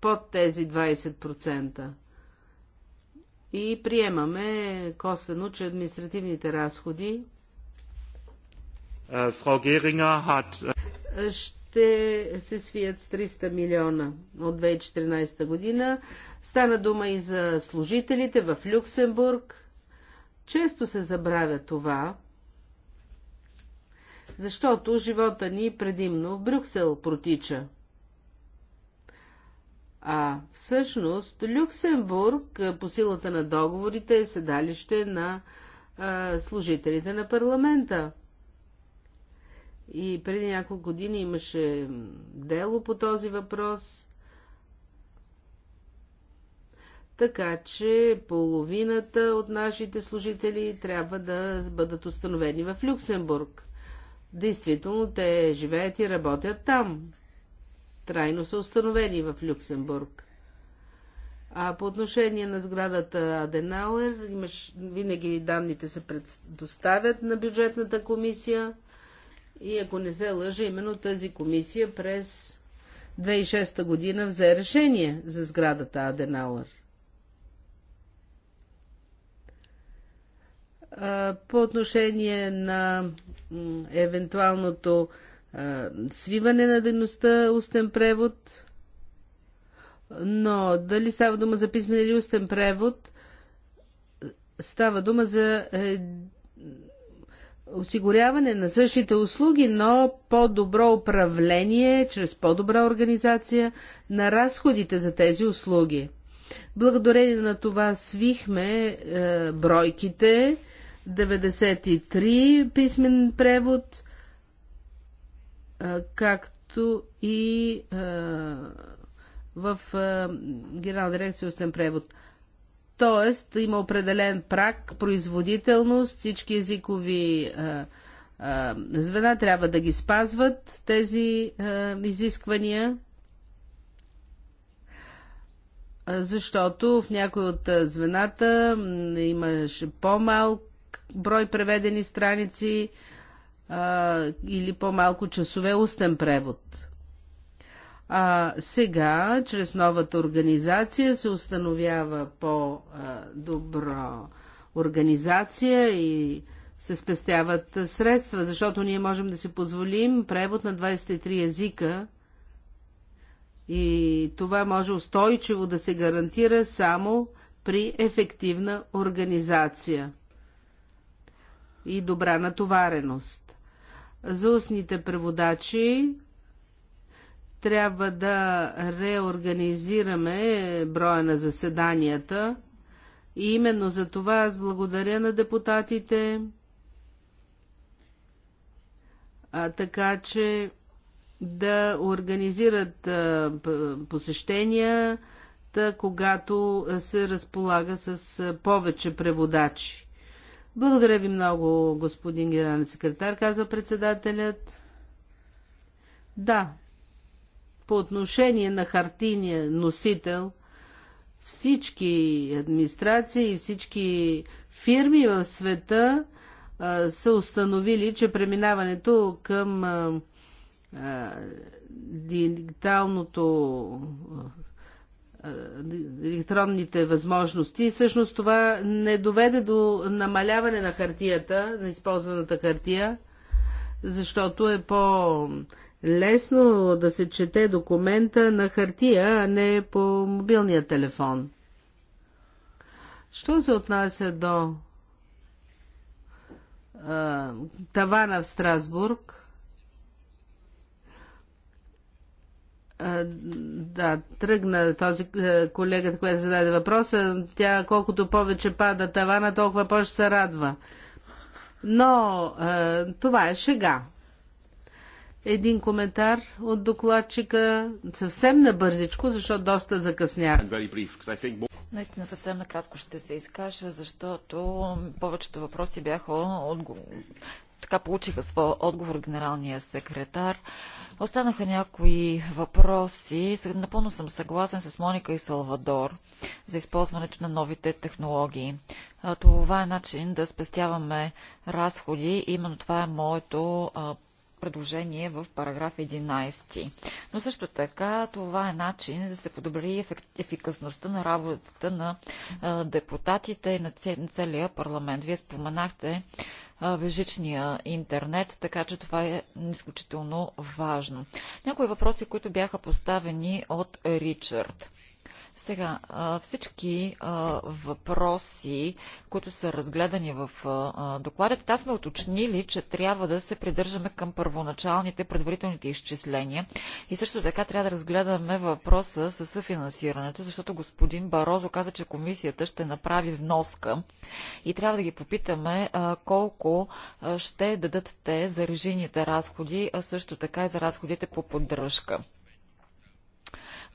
под тези 20%. И приемаме косвено, че административните разходи е, hat... Е, ще се свият с 300 милиона от 2014 година. Стана дума и за служителите в Люксембург. Често се забравя това, защото живота ни предимно в Брюксел протича. А всъщност Люксембург по силата на договорите е седалище на а, служителите на парламента. И преди няколко години имаше дело по този въпрос. Така че половината от нашите служители трябва да бъдат установени в Люксембург. Действително, те живеят и работят там трайно са установени в Люксембург. А по отношение на сградата Аденауер, имаш, винаги данните се предоставят на бюджетната комисия и ако не се лъжа, именно тази комисия през 2006 година взе решение за сградата Аденауер. По отношение на евентуалното свиване на дейността, устен превод. Но дали става дума за писмен или устен превод, става дума за е, осигуряване на същите услуги, но по-добро управление, чрез по-добра организация на разходите за тези услуги. Благодарение на това свихме е, бройките 93 писмен превод както и в Генерална дирекция Остен превод. Тоест, има определен прак, производителност, всички езикови звена трябва да ги спазват тези изисквания защото в някои от звената имаше по-малък брой преведени страници, а, или по-малко часове устен превод. А сега, чрез новата организация, се установява по-добра организация и се спестяват средства, защото ние можем да си позволим превод на 23 езика и това може устойчиво да се гарантира само при ефективна организация и добра натовареност. За устните преводачи трябва да реорганизираме броя на заседанията и именно за това аз благодаря на депутатите, а, така че да организират а, посещенията, когато се разполага с повече преводачи. Благодаря ви много, господин генерален секретар, казва председателят. Да, по отношение на хартиния носител, всички администрации и всички фирми в света а, са установили, че преминаването към а, а, дигиталното е, електронните възможности. Всъщност това не доведе до намаляване на хартията, на използваната хартия, защото е по лесно да се чете документа на хартия, а не по мобилния телефон. Що се отнася до а, тавана в Страсбург? да, тръгна този е, колегата, която зададе въпроса. Тя колкото повече пада тавана, толкова повече се радва. Но е, това е шега. Един коментар от докладчика, съвсем набързичко, защото доста закъснях. Наистина съвсем накратко ще се изкажа, защото повечето въпроси бяха от така получиха своя отговор генералния секретар. Останаха някои въпроси. Напълно съм съгласен с Моника и Салвадор за използването на новите технологии. Това е начин да спестяваме разходи. Именно това е моето предложение в параграф 11. Но също така това е начин да се подобри ефикасността на работата на депутатите и на целия парламент. Вие споменахте бежичния интернет, така че това е изключително важно. Някои въпроси, които бяха поставени от Ричард. Сега, всички въпроси, които са разгледани в докладите, та сме уточнили, че трябва да се придържаме към първоначалните предварителните изчисления и също така трябва да разгледаме въпроса с съфинансирането, защото господин Барозо каза, че комисията ще направи вноска и трябва да ги попитаме колко ще дадат те за режийните разходи, а също така и за разходите по поддръжка.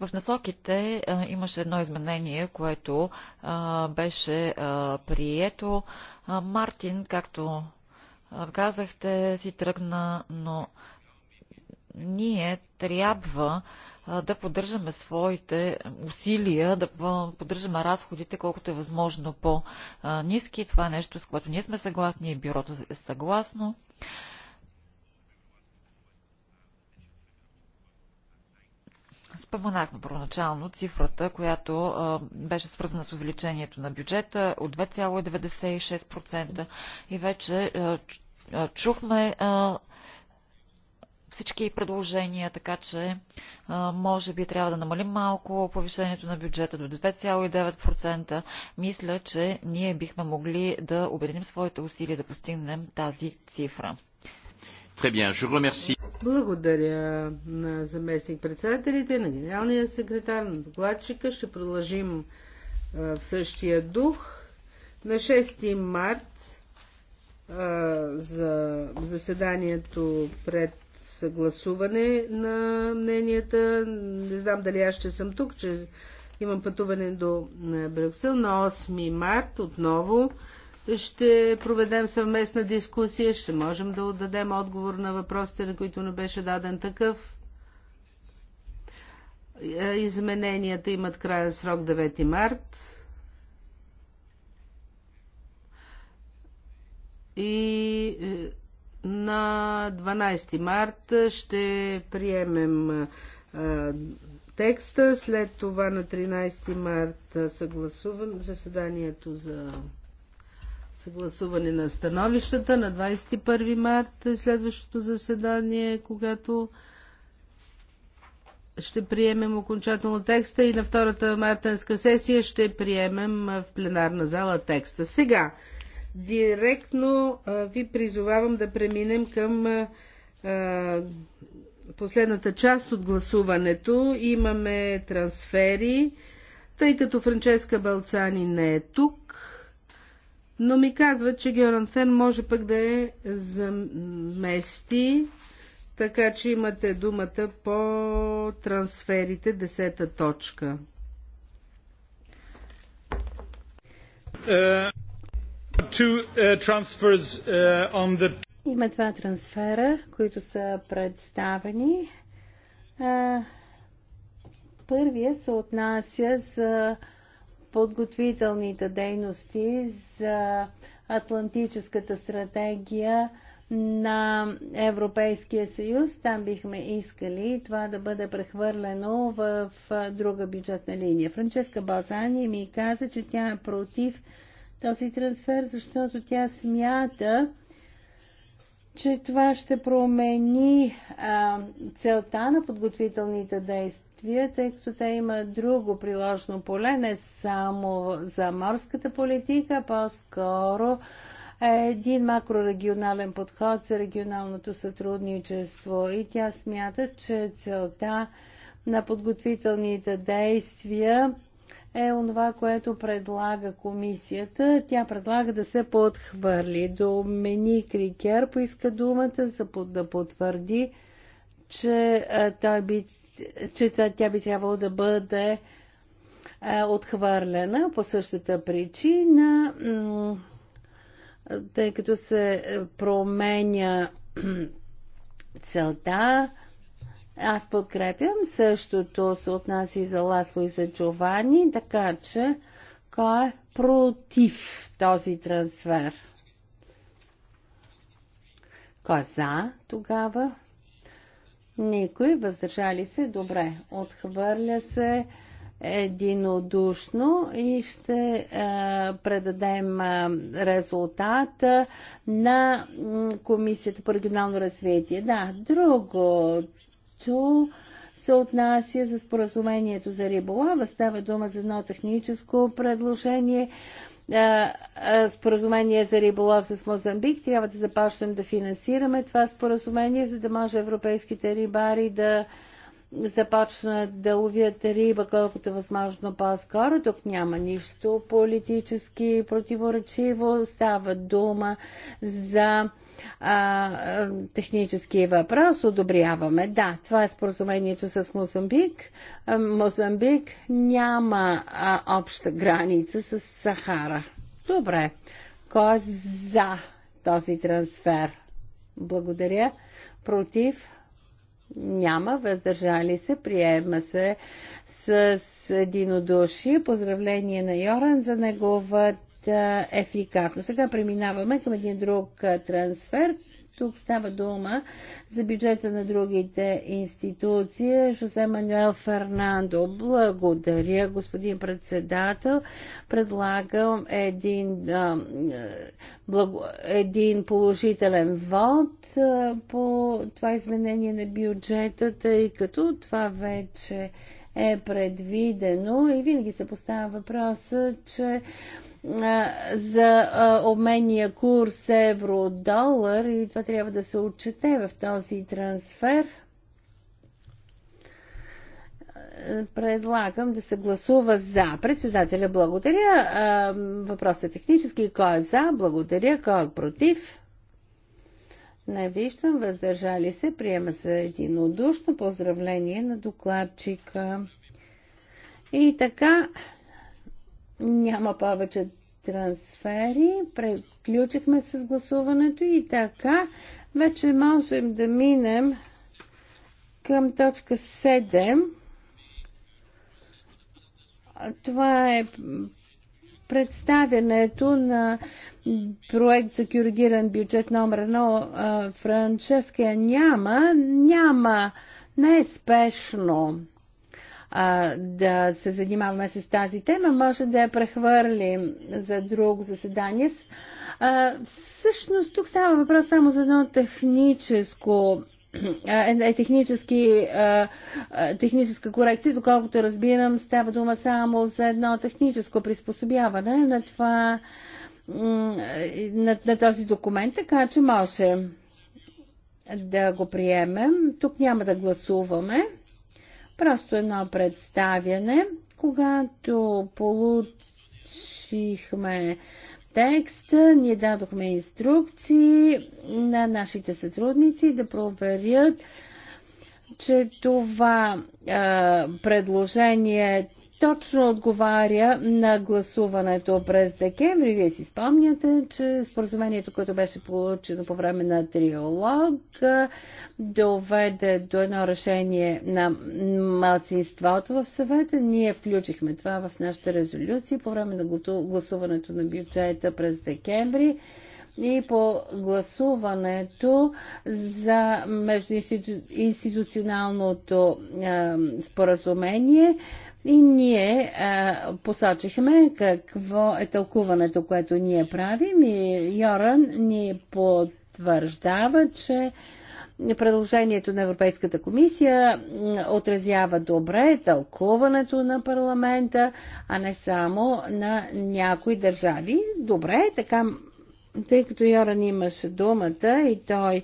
В насоките а, имаше едно изменение, което а, беше а, прието. А, Мартин, както а, казахте, си тръгна, но ние трябва да поддържаме своите усилия, да поддържаме разходите колкото е възможно по-низки. Това е нещо, с което ние сме съгласни и бюрото е съгласно. Споменахме първоначално цифрата, която а, беше свързана с увеличението на бюджета от 2,96% и вече а, чухме а, всички предложения, така че а, може би трябва да намалим малко повишението на бюджета до 2,9%. Мисля, че ние бихме могли да обединим своите усилия да постигнем тази цифра. Благодаря на заместник-председателите, на генералния секретар, на докладчика. Ще продължим в същия дух. На 6 март за заседанието пред съгласуване на мненията. Не знам дали аз ще съм тук, че имам пътуване до Брюксел. На 8 март отново ще проведем съвместна дискусия, ще можем да отдадем отговор на въпросите, на които не беше даден такъв. Е, измененията имат крайен срок 9 март. И е, на 12 март ще приемем е, текста, след това на 13 март съгласуван заседанието за съгласуване на становищата на 21 март е следващото заседание, когато ще приемем окончателно текста и на втората мартенска сесия ще приемем в пленарна зала текста. Сега, директно ви призовавам да преминем към последната част от гласуването. Имаме трансфери, тъй като Франческа Балцани не е тук но ми казват, че Георанфен може пък да е замести, така че имате думата по трансферите, десета точка. Е, е, е, Има два трансфера, които са представени. Първия се отнася за подготвителните дейности за Атлантическата стратегия на Европейския съюз. Там бихме искали това да бъде прехвърлено в друга бюджетна линия. Франческа Балзани ми каза, че тя е против този трансфер, защото тя смята, че това ще промени а, целта на подготвителните действия действия, тъй като те имат друго приложно поле, не само за морската политика, по-скоро един макрорегионален подход за регионалното сътрудничество. И тя смята, че целта на подготвителните действия е онова, което предлага комисията. Тя предлага да се подхвърли. Домени Крикер поиска думата за да потвърди, че той би че това, тя би трябвало да бъде е, отхвърлена по същата причина, тъй като се променя целта. Аз подкрепям същото се отнася и за Ласло и за Джовани, така че кой е против този трансфер? Кой е за тогава? Никой. Въздържали се? Добре. Отхвърля се единодушно и ще е, предадем е, резултата на Комисията по регионално развитие. Да, другото се отнася за споразумението за риболова. Става дума за едно техническо предложение споразумение за риболов с Мозамбик. Трябва да започнем да финансираме това споразумение, за да може европейските рибари да започнат да ловят риба колкото е възможно по-скоро. Тук няма нищо политически противоречиво. Става дума за а, технически въпрос одобряваме. Да, това е споразумението с Мозамбик. Мозамбик няма а, обща граница с Сахара. Добре. Кой е за този трансфер? Благодаря. Против? Няма. Въздържали се. Приема се с единодушие. Поздравление на Йоран за неговата е, ефикасно. Сега преминаваме към един друг е, трансфер. Тук става дума за бюджета на другите институции. Жозе Мануел Фернандо, благодаря, господин председател. Предлагам един, а, е, благо, един положителен вод а, по това изменение на бюджета, тъй като това вече е предвидено и винаги се поставя въпроса, че за обменния курс евро-долар и това трябва да се отчете в този трансфер. Предлагам да се гласува за. Председателя, благодаря. Въпросът е технически. Кой е за? Благодаря. Кой е против? Не виждам. Въздържали се. Приема се единодушно. Поздравление на докладчика. И така, няма повече трансфери. преключихме с гласуването и така вече можем да минем към точка 7. Това е представянето на проект за коригиран бюджет номер 1. Франческа няма. Няма. Не е спешно а, да се занимаваме с тази тема, може да я прехвърлим за друго заседание. А, всъщност тук става въпрос само за едно техническо е, е технически, техническа корекция, доколкото разбирам, става дума само за едно техническо приспособяване на това на, на този документ, така че може да го приемем. Тук няма да гласуваме. Просто едно представяне. Когато получихме текста, ние дадохме инструкции на нашите сътрудници да проверят, че това е, предложение точно отговаря на гласуването през декември. Вие си спомняте, че споразумението, което беше получено по време на триолог, доведе до едно решение на малцинството в съвета. Ние включихме това в нашата резолюция по време на гласуването на бюджета през декември и по гласуването за междуинституционалното е, споразумение и ние а, посочихме какво е тълкуването, което ние правим и Йоран ни потвърждава, че предложението на Европейската комисия отразява добре тълкуването на парламента, а не само на някои държави. Добре, така, тъй като Йоран имаше думата и той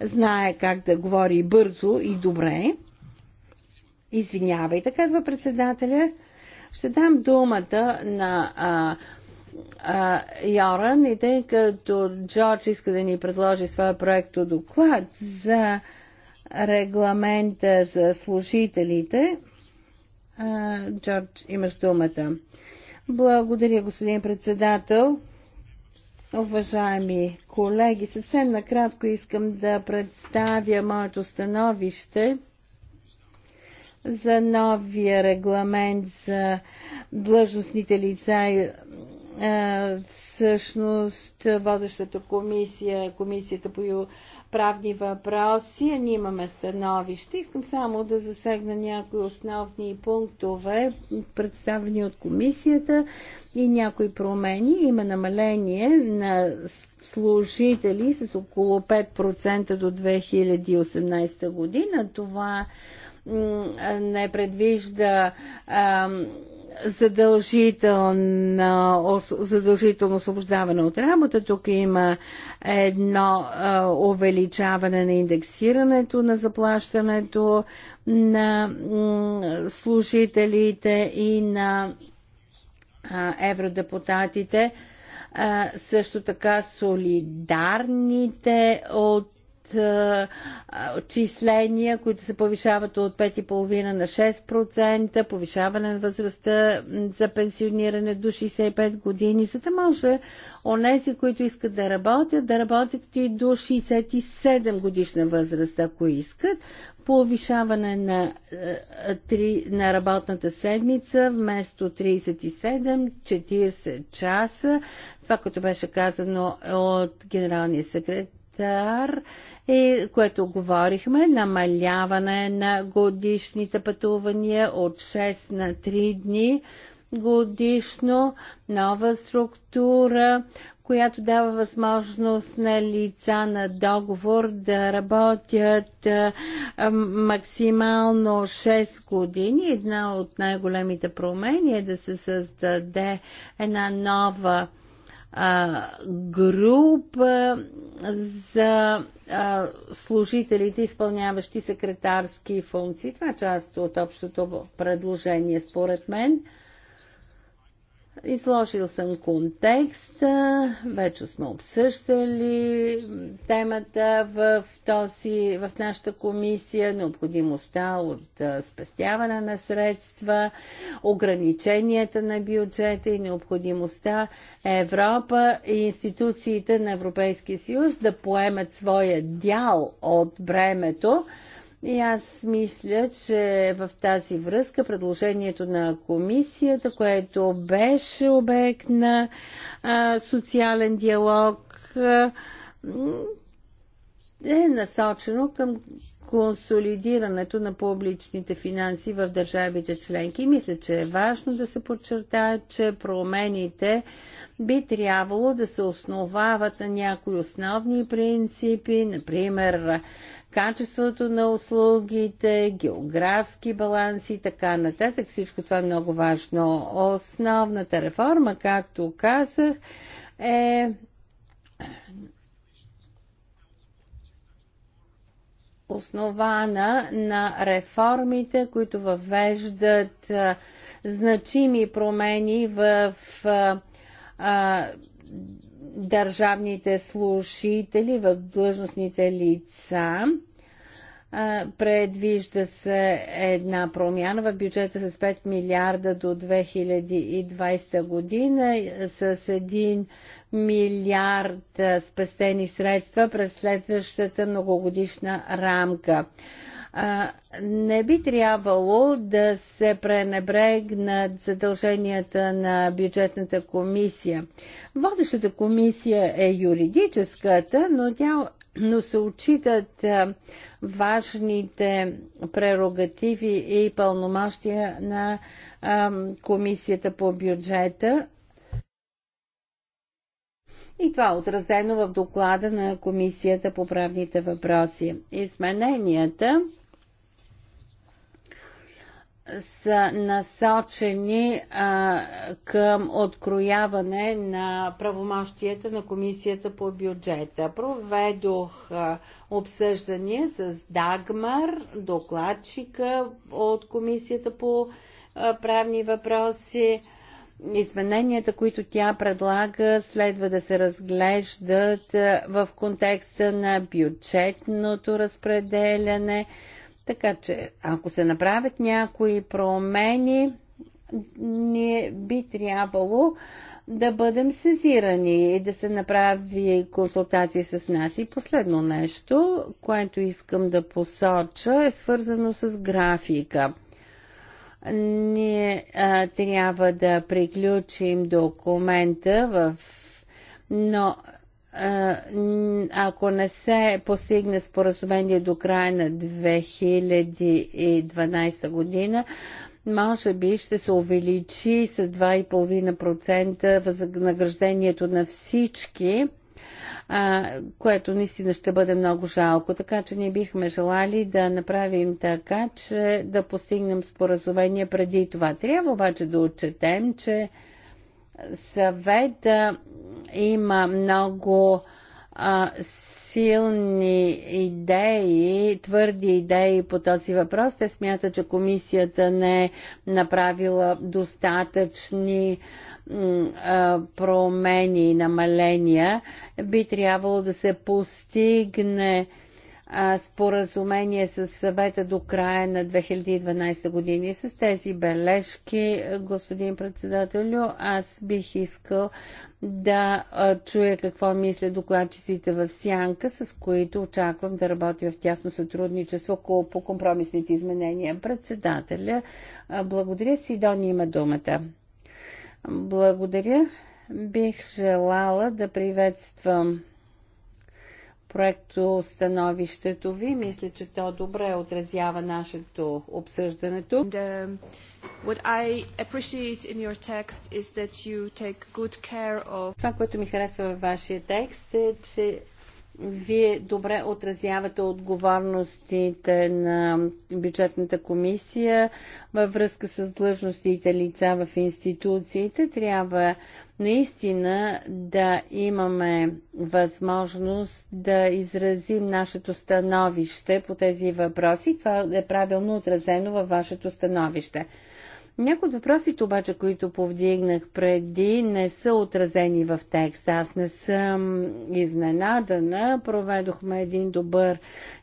знае как да говори бързо и добре, Извинявайте, казва председателя. Ще дам думата на а, а, Йоран и тъй като Джордж иска да ни предложи своя проект доклад за регламента за служителите, а, Джордж, имаш думата. Благодаря, господин председател. Уважаеми колеги, съвсем накратко искам да представя моето становище – за новия регламент за длъжностните лица и е, всъщност водещата комисия, комисията по правни въпроси, ние имаме становище. Искам само да засегна някои основни пунктове, представени от комисията и някои промени. Има намаление на служители с около 5% до 2018 година. Това е не предвижда задължително, задължително освобождаване от работа. Тук има едно а, увеличаване на индексирането на заплащането на служителите и на а, евродепутатите. А, също така солидарните от отчисления, които се повишават от 5,5 на 6%, повишаване на възрастта за пенсиониране до 65 години, за да може онези, които искат да работят, да работят и до 67 годишна възраст, ако искат. Повишаване на, на работната седмица вместо 37-40 часа. Това, което беше казано от генералния секретар, и което говорихме, намаляване на годишните пътувания от 6 на 3 дни годишно, нова структура, която дава възможност на лица на договор да работят максимално 6 години. Една от най-големите промени е да се създаде една нова а, група за а, служителите, изпълняващи секретарски функции. Това е част от общото предложение, според мен. Изложил съм контекста, вече сме обсъждали темата в, този, в нашата комисия, необходимостта от спестяване на средства, ограниченията на бюджета и необходимостта Европа и институциите на Европейския съюз да поемат своя дял от бремето и аз мисля, че в тази връзка предложението на комисията, което беше обект на а, социален диалог, а, е насочено към консолидирането на публичните финанси в държавите членки. мисля, че е важно да се подчертая, че промените би трябвало да се основават на някои основни принципи, например качеството на услугите, географски баланси и така нататък. Всичко това е много важно. Основната реформа, както казах, е основана на реформите, които въвеждат значими промени в а, а, държавните служители в длъжностните лица. Предвижда се една промяна в бюджета с 5 милиарда до 2020 година, с 1 милиард спестени средства през следващата многогодишна рамка не би трябвало да се пренебрегнат задълженията на бюджетната комисия. Водещата комисия е юридическата, но тя но се отчитат важните прерогативи и пълномощия на комисията по бюджета. И това е отразено в доклада на Комисията по правните въпроси. Измененията са насочени а, към открояване на правомощията на Комисията по бюджета. Проведох а, обсъждане с Дагмар, докладчика от Комисията по а, правни въпроси. Измененията, които тя предлага, следва да се разглеждат а, в контекста на бюджетното разпределяне така че, ако се направят някои промени, ние би трябвало да бъдем сезирани и да се направи консултации с нас. И последно нещо, което искам да посоча, е свързано с графика. Ние а, трябва да приключим документа в но ако не се постигне споразумение до края на 2012 година, може би ще се увеличи с 2,5% възнаграждението на всички, а, което наистина ще бъде много жалко. Така че ние бихме желали да направим така, че да постигнем споразумение преди това. Трябва обаче да отчетем, че съвета има много а, силни идеи, твърди идеи по този въпрос. Те смятат, че комисията не е направила достатъчни промени и намаления. Би трябвало да се постигне споразумение с съвета до края на 2012 година. И с тези бележки, господин председателю, аз бих искал да чуя какво мисля докладчиците в Сянка, с които очаквам да работя в тясно сътрудничество по компромисните изменения. Председателя, благодаря. Сидони има думата. Благодаря. Бих желала да приветствам проекто становището ви. Мисля, че то добре отразява нашето обсъждането. And, um, what I appreciate in your text is that you take good care of... Това, което ми харесва във вашия текст е, че вие добре отразявате отговорностите на бюджетната комисия във връзка с длъжностите лица в институциите. Трябва наистина да имаме възможност да изразим нашето становище по тези въпроси. Това е правилно отразено във вашето становище. Някои от въпросите обаче, които повдигнах преди, не са отразени в текста. Аз не съм изненадана. Проведохме един добър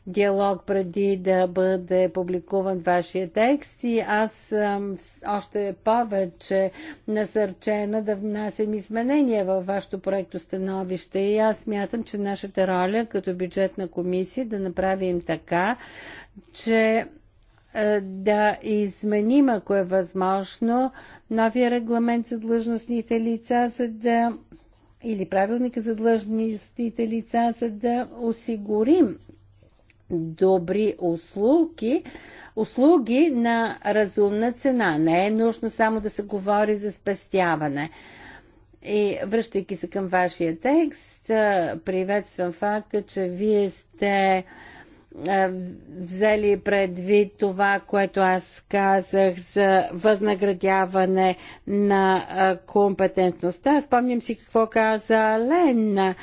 диалог преди да бъде публикуван вашия текст и аз съм още повече насърчена да внасям изменения във вашето проекто становище и аз смятам, че нашата роля като бюджетна комисия е да направим така, че е, да изменим, ако е възможно, новия регламент за длъжностните лица, за да или правилника за длъжностните лица, за да осигурим добри услуги, услуги на разумна цена. Не е нужно само да се говори за спестяване. И връщайки се към вашия текст, е, приветствам факта, че вие сте взели предвид това, което аз казах за възнаградяване на компетентността. Спомням си какво каза Лен,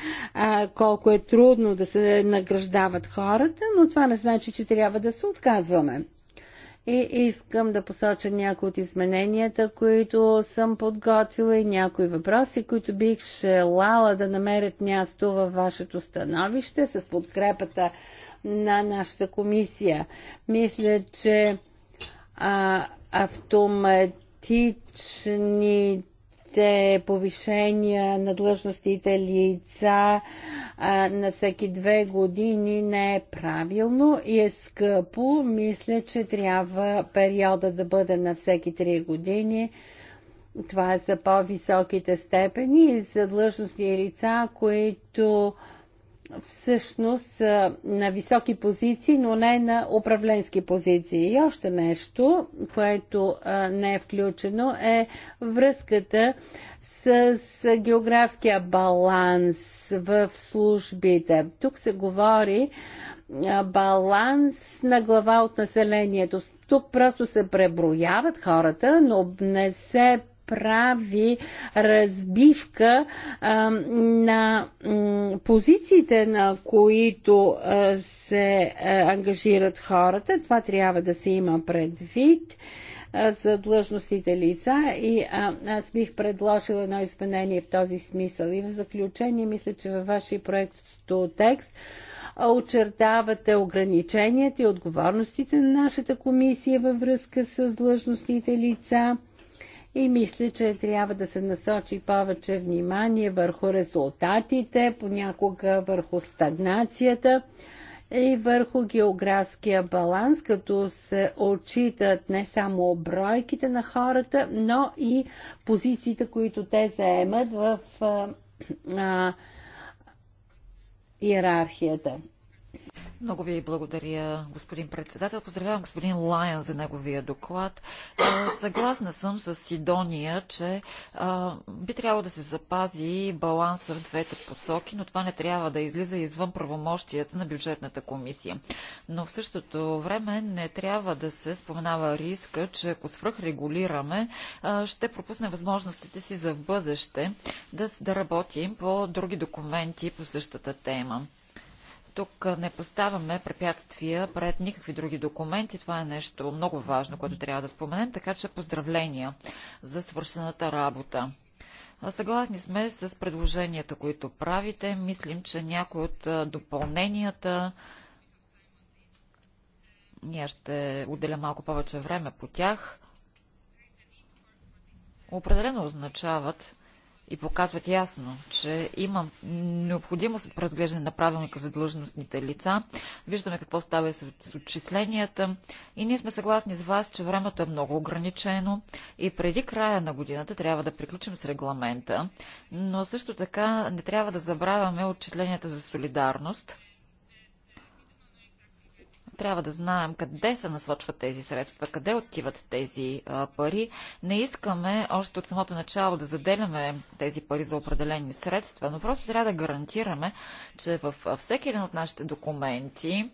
колко е трудно да се награждават хората, но това не значи, че трябва да се отказваме. И искам да посоча някои от измененията, които съм подготвила и някои въпроси, които бих желала да намерят място във вашето становище с подкрепата на нашата комисия. Мисля, че а, автоматичните повишения на длъжностите лица а, на всеки две години не е правилно и е скъпо. Мисля, че трябва периода да бъде на всеки три години. Това са е по-високите степени за длъжностни лица, които всъщност на високи позиции, но не на управленски позиции. И още нещо, което не е включено, е връзката с, географския баланс в службите. Тук се говори баланс на глава от населението. Тук просто се преброяват хората, но не се прави разбивка а, на м, позициите, на които а, се а, ангажират хората. Това трябва да се има предвид за длъжностите лица и а, аз бих предложила едно изменение в този смисъл. И в заключение, мисля, че във вашия проект текст очертавате ограниченията и отговорностите на нашата комисия във връзка с длъжностите лица и мисля, че трябва да се насочи повече внимание върху резултатите, понякога върху стагнацията и върху географския баланс, като се отчитат не само бройките на хората, но и позициите, които те заемат в а, а, иерархията. Много ви благодаря, господин председател. Поздравявам господин Лайън за неговия доклад. Съгласна съм с Сидония, че би трябвало да се запази баланса в двете посоки, но това не трябва да излиза извън правомощията на бюджетната комисия. Но в същото време не трябва да се споменава риска, че ако свръхрегулираме, ще пропусне възможностите си за в бъдеще да, да работим по други документи по същата тема. Тук не поставяме препятствия пред никакви други документи. Това е нещо много важно, което трябва да споменем, така че поздравления за свършената работа. Съгласни сме с предложенията, които правите. Мислим, че някои от допълненията ние ще отделя малко повече време по тях. Определено означават и показват ясно, че има необходимост от разглеждане на правилника за длъжностните лица. Виждаме какво става с, с отчисленията и ние сме съгласни с вас, че времето е много ограничено и преди края на годината трябва да приключим с регламента, но също така не трябва да забравяме отчисленията за солидарност – трябва да знаем къде се насочват тези средства, къде отиват тези а, пари. Не искаме още от самото начало да заделяме тези пари за определени средства, но просто трябва да гарантираме, че във всеки един от нашите документи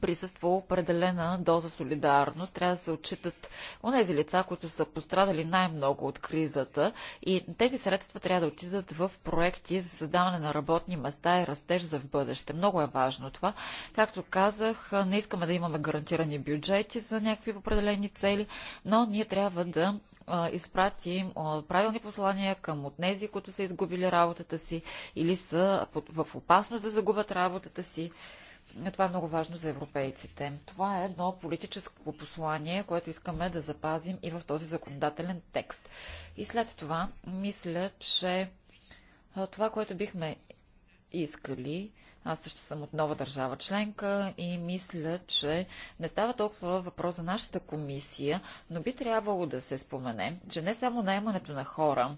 присъства определена доза солидарност. Трябва да се отчитат онези лица, които са пострадали най-много от кризата и тези средства трябва да отидат в проекти за създаване на работни места и растеж за в бъдеще. Много е важно това. Както казах, не искаме да имаме гарантирани бюджети за някакви определени цели, но ние трябва да изпратим правилни послания към отнези, които са изгубили работата си или са в опасност да загубят работата си това е много важно за европейците. Това е едно политическо послание, което искаме да запазим и в този законодателен текст. И след това, мисля, че това, което бихме искали, аз също съм от нова държава членка и мисля, че не става толкова въпрос за нашата комисия, но би трябвало да се спомене, че не само наемането на хора,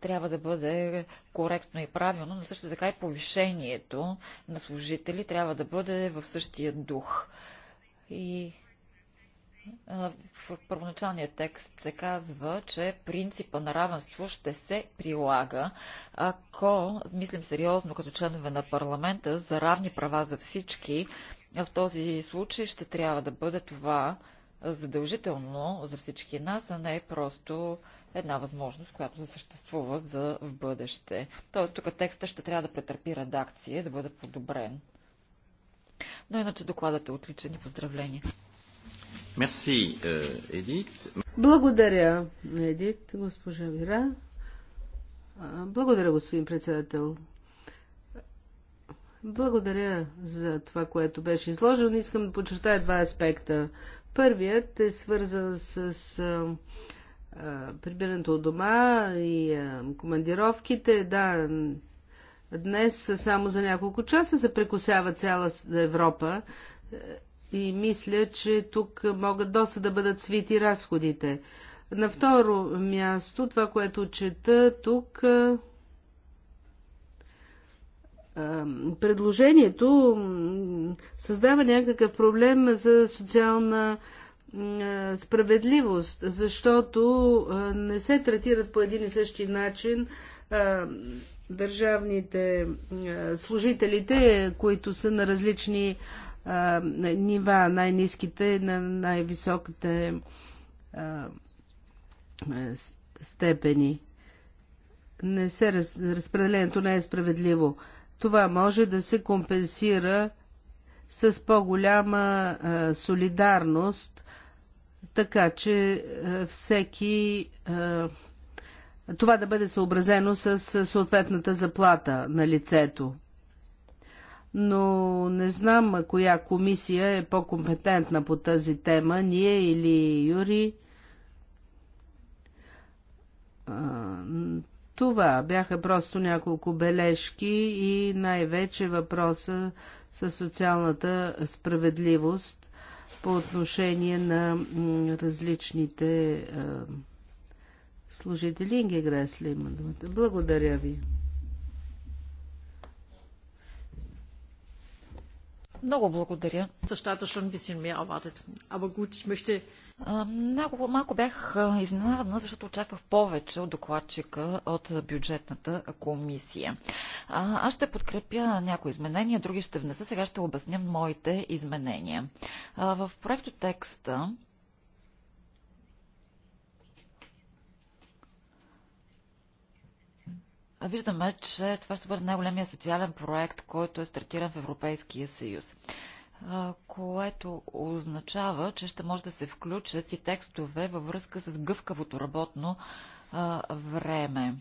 трябва да бъде коректно и правилно, но също така и повишението на служители трябва да бъде в същия дух. И в първоначалния текст се казва, че принципа на равенство ще се прилага, ако мислим сериозно като членове на парламента за равни права за всички, в този случай ще трябва да бъде това задължително за всички нас, а не просто една възможност, която да съществува за в бъдеще. Тоест, тук текста ще трябва да претърпи редакция, да бъде подобрен. Но иначе докладът е отличен и поздравления. Мерси, Едит. Э, благодаря, Едит, госпожа Вира. Благодаря, господин председател. Благодаря за това, което беше изложено. Искам да подчертая два аспекта. Първият е свързан с прибирането от дома и командировките, да, днес само за няколко часа се прекусява цяла Европа е, и мисля, че тук могат доста да бъдат свити разходите. На второ място, това, което чета тук, е, е, предложението създава някакъв проблем за социална е, справедливост, защото е, не се третират по един и същи начин е, държавните служителите, които са на различни нива, най-низките, на най-високите степени. Не се, раз... разпределението не е справедливо. Това може да се компенсира с по-голяма солидарност така че е, всеки е, това да бъде съобразено с съответната заплата на лицето. Но не знам коя комисия е по-компетентна по тази тема, ние или Юри. Това бяха просто няколко бележки и най-вече въпроса със социалната справедливост по отношение на различните служители. Благодаря ви. Много благодаря. Много малко бях изненадана, защото очаквах повече от докладчика от бюджетната комисия. аз ще подкрепя някои изменения, други ще внеса. Сега ще обясня моите изменения. в проекто текста Виждаме, че това ще бъде най-големия социален проект, който е стартиран в Европейския съюз което означава, че ще може да се включат и текстове във връзка с гъвкавото работно време.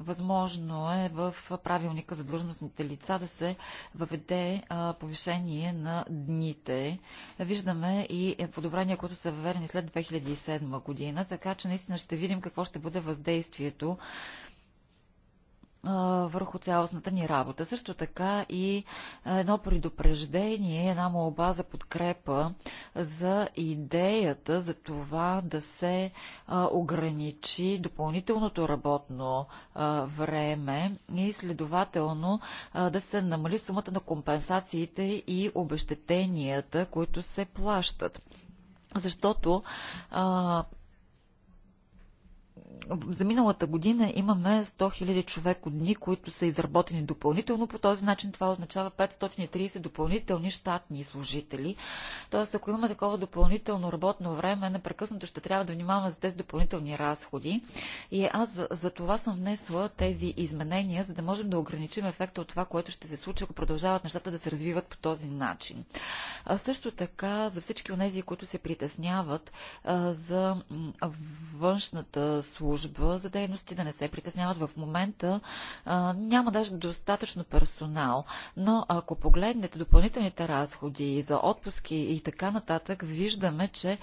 Възможно е в правилника за длъжностните лица да се въведе повишение на дните. Виждаме и подобрения, които са въведени след 2007 година, така че наистина ще видим какво ще бъде въздействието върху цялостната ни работа. Също така и едно предупреждение, една молба за подкрепа за идеята за това да се ограничи допълнителното работно време и следователно да се намали сумата на компенсациите и обещетенията, които се плащат. Защото за миналата година имаме 100 000 от дни, които са изработени допълнително. По този начин това означава 530 допълнителни щатни служители. Тоест, ако имаме такова допълнително работно време, непрекъснато ще трябва да внимаваме за тези допълнителни разходи. И аз за, за това съм внесла тези изменения, за да можем да ограничим ефекта от това, което ще се случи, ако продължават нещата да се развиват по този начин. А също така, за всички от тези, които се притесняват а, за външната служба, служба за дейности, да не се притесняват. В момента а, няма даже достатъчно персонал, но ако погледнете допълнителните разходи за отпуски и така нататък, виждаме, че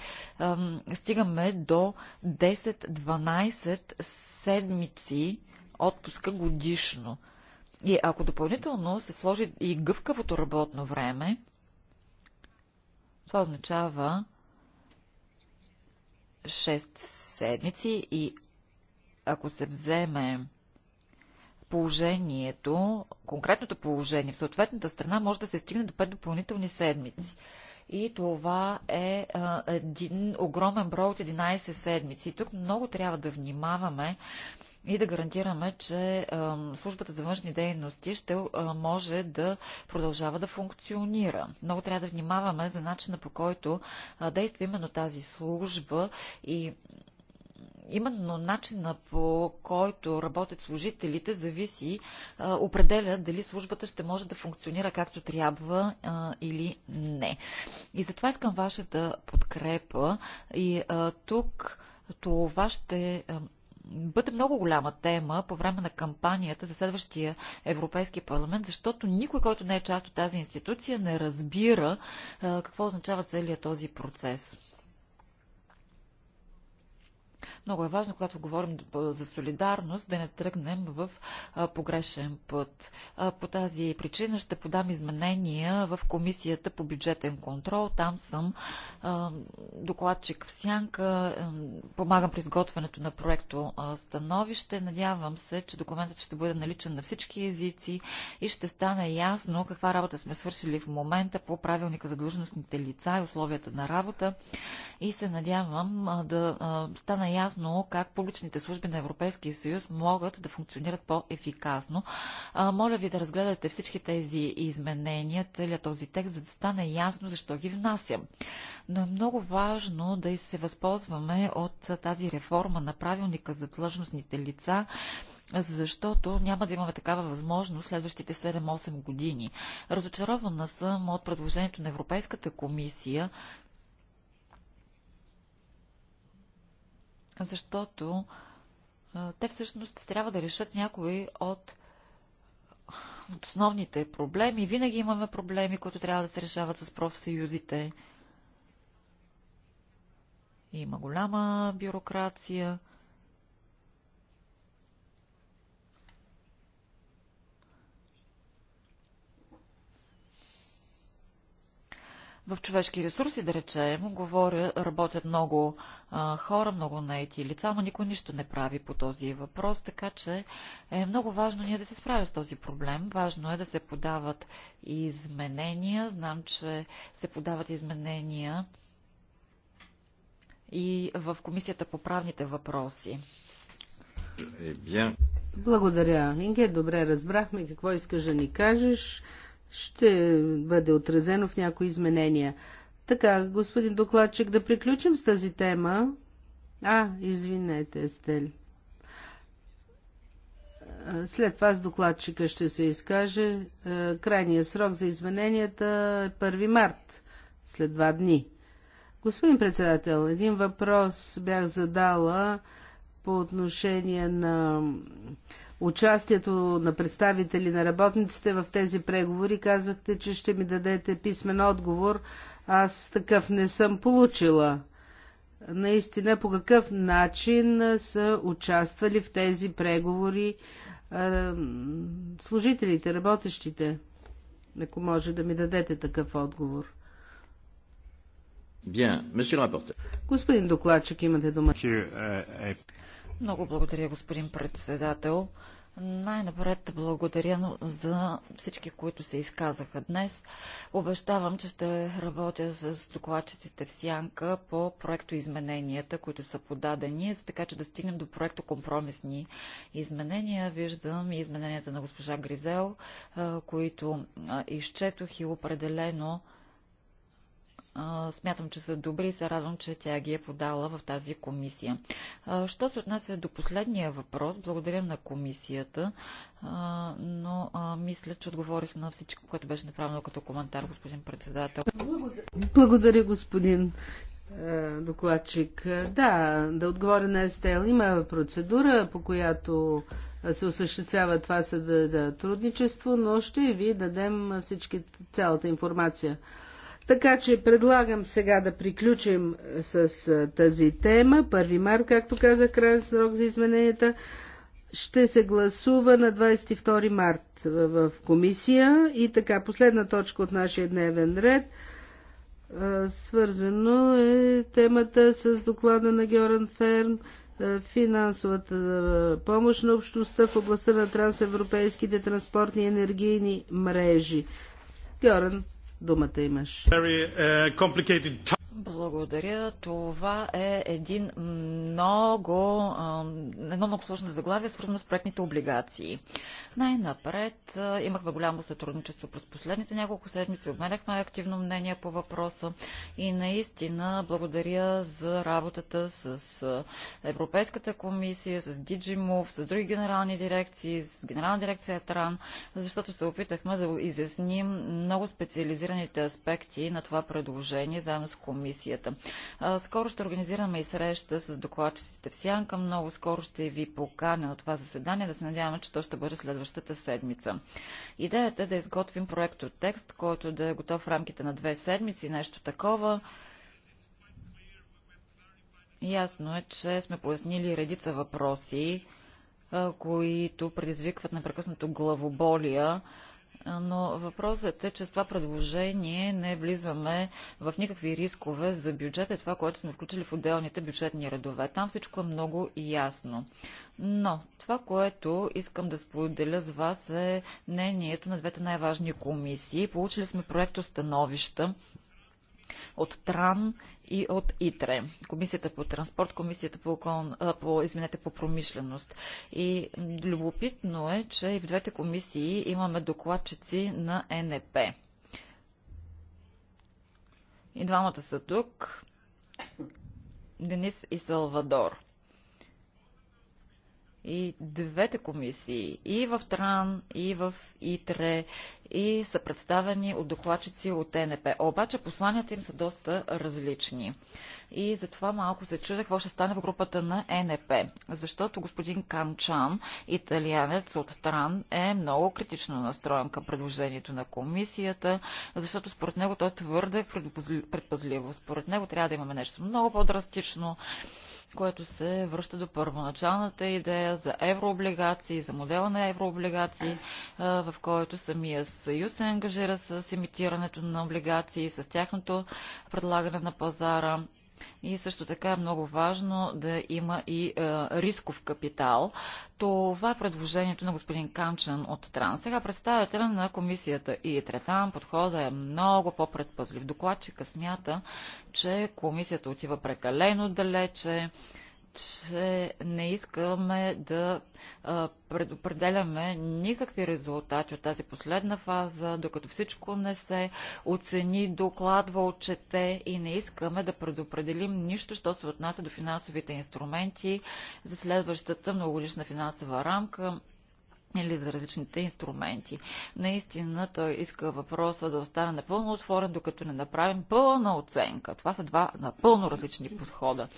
стигаме до 10-12 седмици отпуска годишно. И ако допълнително се сложи и гъвкавото работно време, това означава 6 седмици и ако се вземе положението, конкретното положение в съответната страна, може да се стигне до 5 допълнителни седмици. И това е а, един огромен брой от 11 седмици. И тук много трябва да внимаваме и да гарантираме, че а, службата за външни дейности ще а, може да продължава да функционира. Много трябва да внимаваме за начина по който действа именно тази служба и именно начина по който работят служителите зависи, определя дали службата ще може да функционира както трябва или не. И затова искам вашата подкрепа и тук това ще бъде много голяма тема по време на кампанията за следващия Европейски парламент, защото никой, който не е част от тази институция, не разбира какво означава целият този процес. Много е важно, когато говорим за солидарност, да не тръгнем в погрешен път. По тази причина ще подам изменения в Комисията по бюджетен контрол. Там съм докладчик в Сянка, помагам при изготвянето на проекто становище. Надявам се, че документът ще бъде наличен на всички езици и ще стане ясно каква работа сме свършили в момента по правилника за длъжностните лица и условията на работа. И се надявам да стане наясно как публичните служби на Европейския съюз могат да функционират по-ефикасно. моля ви да разгледате всички тези изменения, целият този текст, за да стане ясно защо ги внасям. Но е много важно да се възползваме от тази реформа на правилника за длъжностните лица, защото няма да имаме такава възможност следващите 7-8 години. Разочарована съм от предложението на Европейската комисия защото те всъщност трябва да решат някои от, от основните проблеми. Винаги имаме проблеми, които трябва да се решават с профсъюзите. Има голяма бюрокрация. В човешки ресурси, да речем, говоря, работят много а, хора, много наети лица, но никой нищо не прави по този въпрос, така че е много важно ние да се справим с този проблем. Важно е да се подават изменения. Знам, че се подават изменения и в Комисията по правните въпроси. Е, Благодаря, Инге. Добре разбрахме какво искаш да ни кажеш ще бъде отразено в някои изменения. Така, господин докладчик, да приключим с тази тема. А, извинете, Естель. След това с докладчика ще се изкаже. Е, крайният срок за измененията е 1 март, след два дни. Господин председател, един въпрос бях задала по отношение на участието на представители на работниците в тези преговори. Казахте, че ще ми дадете писмен отговор. Аз такъв не съм получила. Наистина, по какъв начин са участвали в тези преговори служителите, работещите? Ако може да ми дадете такъв отговор. Bien, monsieur le rapporteur. Господин докладчик, имате дума. Много благодаря, господин председател. Най-напред благодаря за всички, които се изказаха днес. Обещавам, че ще работя с докладчиците в Сянка по проекто измененията, които са подадени, за така че да стигнем до проекто компромисни изменения. Виждам и измененията на госпожа Гризел, които изчетох и определено смятам, че са добри и се радвам, че тя ги е подала в тази комисия. Що се отнася до последния въпрос, благодаря на комисията, но мисля, че отговорих на всичко, което беше направено като коментар, господин председател. Благодаря, господин е, докладчик. Да, да отговоря на Естел. Има процедура, по която се осъществява това сътрудничество, но ще ви дадем всички, цялата информация. Така че предлагам сега да приключим е, с е, тази тема. Първи март, както казах, крайен срок за измененията ще се гласува на 22 март в комисия. И така, последна точка от нашия дневен ред. Е, свързано е темата с доклада на Георан Ферм, финансовата помощ на общността в областта на трансевропейските транспортни и енергийни мрежи. Георан, Думата имаш. Uh, благодаря. Това е един много, едно много сложно заглавие, свързано с проектните облигации. Най-напред имахме голямо сътрудничество през последните няколко седмици, обменяхме активно мнение по въпроса и наистина благодаря за работата с Европейската комисия, с Диджимов, с други генерални дирекции, с генерална дирекция Тран, защото се опитахме да изясним много специализираните аспекти на това предложение заедно с комисията комисията. Скоро ще организираме и среща с докладчиците в Сянка. Много скоро ще ви поканя на това заседание. Да се надяваме, че то ще бъде следващата седмица. Идеята е да изготвим проект от текст, който да е готов в рамките на две седмици, нещо такова. Ясно е, че сме пояснили редица въпроси, които предизвикват непрекъснато главоболия но въпросът е, че с това предложение не влизаме в никакви рискове за бюджета и това, което сме включили в отделните бюджетни редове. Там всичко е много ясно. Но това, което искам да споделя с вас е мнението на двете най-важни комисии. Получили сме проекто становища от Тран и от ИТРЕ. Комисията по транспорт, комисията по, околн... по, извинете, по промишленост. И любопитно е, че и в двете комисии имаме докладчици на НЕП. И двамата са тук. Денис и Салвадор. И двете комисии, и в Тран, и в Итре, и са представени от докладчици от ТНП. Обаче посланията им са доста различни. И затова малко се чудя какво ще стане в групата на НП. Защото господин Канчан, италианец от Тран, е много критично настроен към предложението на комисията, защото според него той е твърде предпазливо. Според него трябва да имаме нещо много по-драстично, което се връща до първоначалната идея за еврооблигации, за модела на еврооблигации, в който самия съюз се ангажира с имитирането на облигации, с тяхното предлагане на пазара и също така е много важно да има и е, рисков капитал. Това е предложението на господин Камчен от Транс. Сега представителя на комисията и Третан подхода е много по-предпазлив. Докладчика смята, че комисията отива прекалено далече че не искаме да а, предопределяме никакви резултати от тази последна фаза, докато всичко не се оцени, докладва, отчете и не искаме да предопределим нищо, що се отнася до финансовите инструменти за следващата многолична финансова рамка или за различните инструменти. Наистина той иска въпроса да остане напълно отворен, докато не направим пълна оценка. Това са два напълно различни подхода.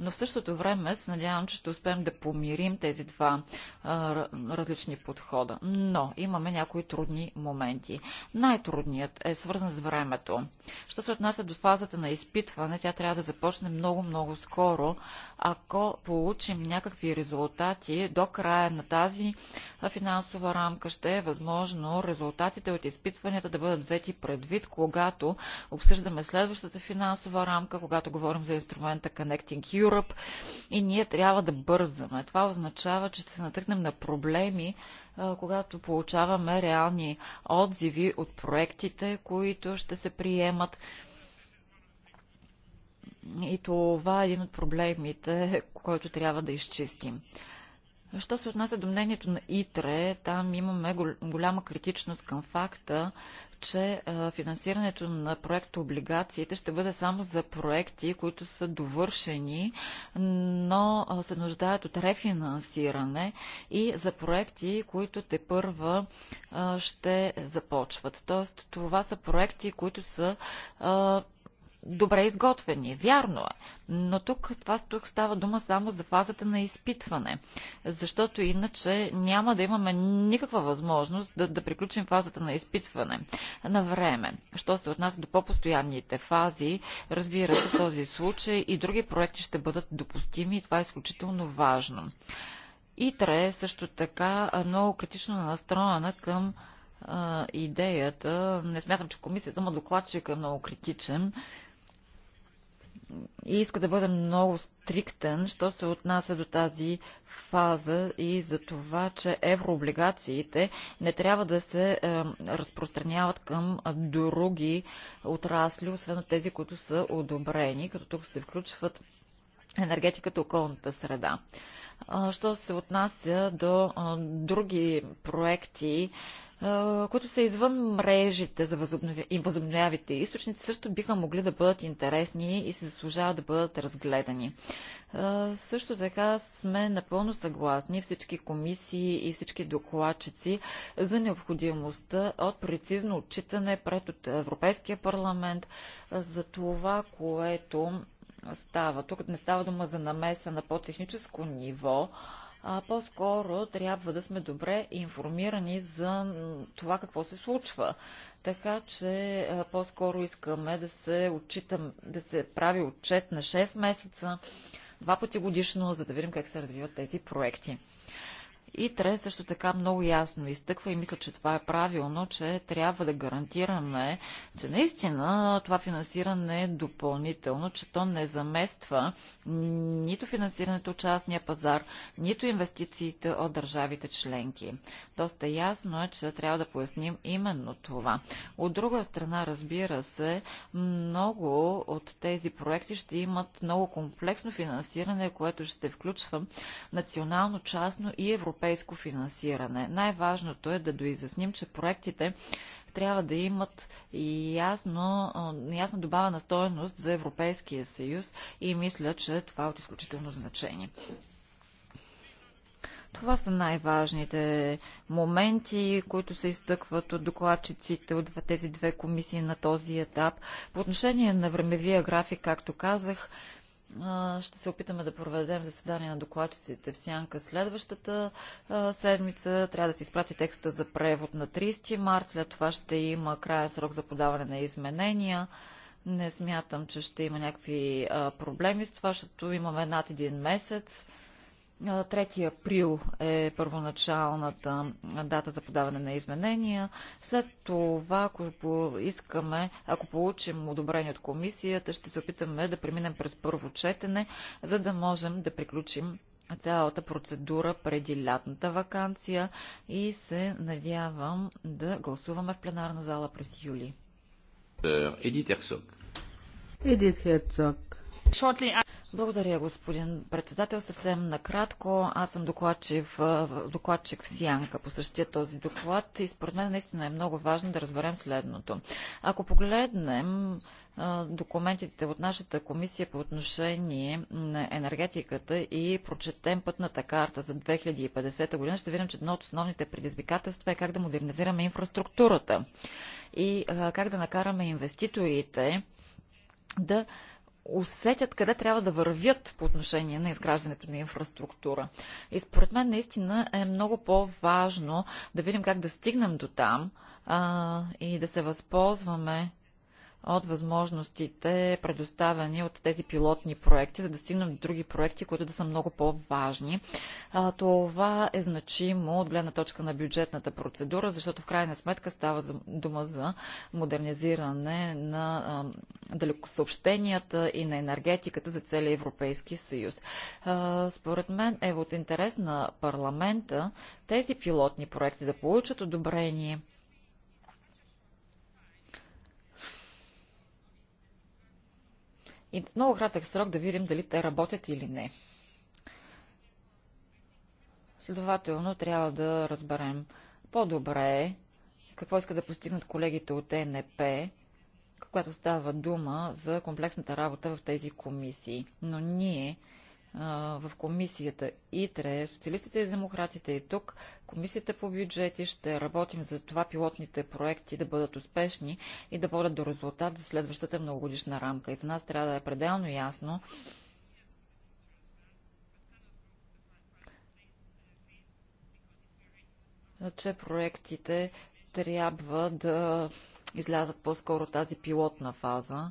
Но в същото време се надявам, че ще успеем да помирим тези два а, различни подхода. Но имаме някои трудни моменти. Най-трудният е свързан с времето. Що се отнася до фазата на изпитване, тя трябва да започне много-много скоро, ако получим някакви резултати до края на тази финансова рамка ще е възможно резултатите от изпитванията да бъдат взети предвид, когато обсъждаме следващата финансова рамка, когато говорим за инструмента Connecting Europe и ние трябва да бързаме. Това означава, че ще се натъкнем на проблеми, когато получаваме реални отзиви от проектите, които ще се приемат. И това е един от проблемите, който трябва да изчистим. Що се отнася до мнението на ИТРЕ, там имаме голяма критичност към факта, че финансирането на проекто облигациите ще бъде само за проекти, които са довършени, но се нуждаят от рефинансиране и за проекти, които те първа ще започват. Тоест, това са проекти, които са добре изготвени. Вярно е. Но тук, това, тук става дума само за фазата на изпитване. Защото иначе няма да имаме никаква възможност да, да приключим фазата на изпитване на време. Що се отнася до по-постоянните фази, разбира се, в този случай и други проекти ще бъдат допустими и това е изключително важно. ИТРЕ е също така много критично настроена към а, идеята. Не смятам, че комисията, му докладчик е много критичен и иска да бъде много стриктен, що се отнася до тази фаза и за това, че еврооблигациите не трябва да се е, разпространяват към други отрасли, освен от тези, които са одобрени, като тук се включват енергетиката, околната среда. Що се отнася до други проекти, които са извън мрежите за възобновявите източници, също биха могли да бъдат интересни и се заслужават да бъдат разгледани. Също така сме напълно съгласни всички комисии и всички докладчици за необходимостта от прецизно отчитане пред от Европейския парламент за това, което става. Тук не става дума за намеса на по-техническо ниво, а по-скоро трябва да сме добре информирани за това какво се случва. Така че по-скоро искаме да се отчитам, да се прави отчет на 6 месеца, два пъти годишно, за да видим как се развиват тези проекти. И тре също така много ясно изтъква и мисля, че това е правилно, че трябва да гарантираме, че наистина това финансиране е допълнително, че то не замества нито финансирането от частния пазар, нито инвестициите от държавите членки. Доста ясно е, че трябва да поясним именно това. От друга страна, разбира се, много от тези проекти ще имат много комплексно финансиране, което ще включва национално, частно и европейско европейско финансиране. Най-важното е да доизясним, че проектите трябва да имат ясно, ясна добавена стоеност за Европейския съюз и мисля, че това е от изключително значение. Това са най-важните моменти, които се изтъкват от докладчиците от тези две комисии на този етап. По отношение на времевия график, както казах, ще се опитаме да проведем заседание на докладчиците в Сянка следващата седмица. Трябва да се изпрати текста за превод на 30 март. След това ще има края срок за подаване на изменения. Не смятам, че ще има някакви проблеми с това, защото имаме над един месец 3 април е първоначалната дата за подаване на изменения. След това, ако искаме, ако получим одобрение от комисията, ще се опитаме да преминем през първо четене, за да можем да приключим цялата процедура преди лятната вакансия и се надявам да гласуваме в пленарна зала през юли. Е, Едит Херцог. Едит Херцог. Благодаря, господин председател. Съвсем накратко, аз съм докладчив, докладчик в Сянка по същия този доклад и според мен наистина е много важно да разберем следното. Ако погледнем документите от нашата комисия по отношение на енергетиката и прочетем пътната карта за 2050 година, ще видим, че едно от основните предизвикателства е как да модернизираме инфраструктурата и как да накараме инвеститорите да усетят къде трябва да вървят по отношение на изграждането на инфраструктура. И според мен наистина е много по-важно да видим как да стигнем до там а, и да се възползваме от възможностите, предоставени от тези пилотни проекти, за да стигнем до други проекти, които да са много по-важни. Това е значимо от гледна точка на бюджетната процедура, защото в крайна сметка става дума за модернизиране на далекосъобщенията и на енергетиката за целия Европейски съюз. Според мен е от интерес на парламента тези пилотни проекти да получат одобрение и в много кратък срок да видим дали те работят или не. Следователно, трябва да разберем по-добре какво иска да постигнат колегите от ЕНП, когато става дума за комплексната работа в тези комисии. Но ние в комисията ИТРЕ, социалистите и демократите и тук, комисията по бюджети ще работим за това пилотните проекти да бъдат успешни и да водят до резултат за следващата многогодишна рамка. И за нас трябва да е пределно ясно, че проектите трябва да излязат по-скоро тази пилотна фаза,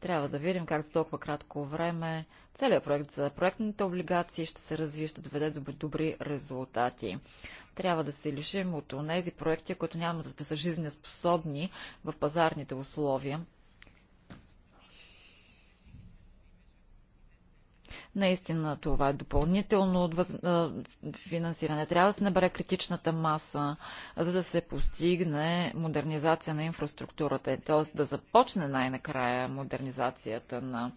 трябва да видим как за толкова кратко време целият проект за проектните облигации ще се развие, ще доведе до добри резултати. Трябва да се лишим от тези проекти, които няма да са жизнеспособни в пазарните условия Наистина това е допълнително финансиране. Трябва да се набере критичната маса, за да се постигне модернизация на инфраструктурата, т.е. да започне най-накрая модернизацията на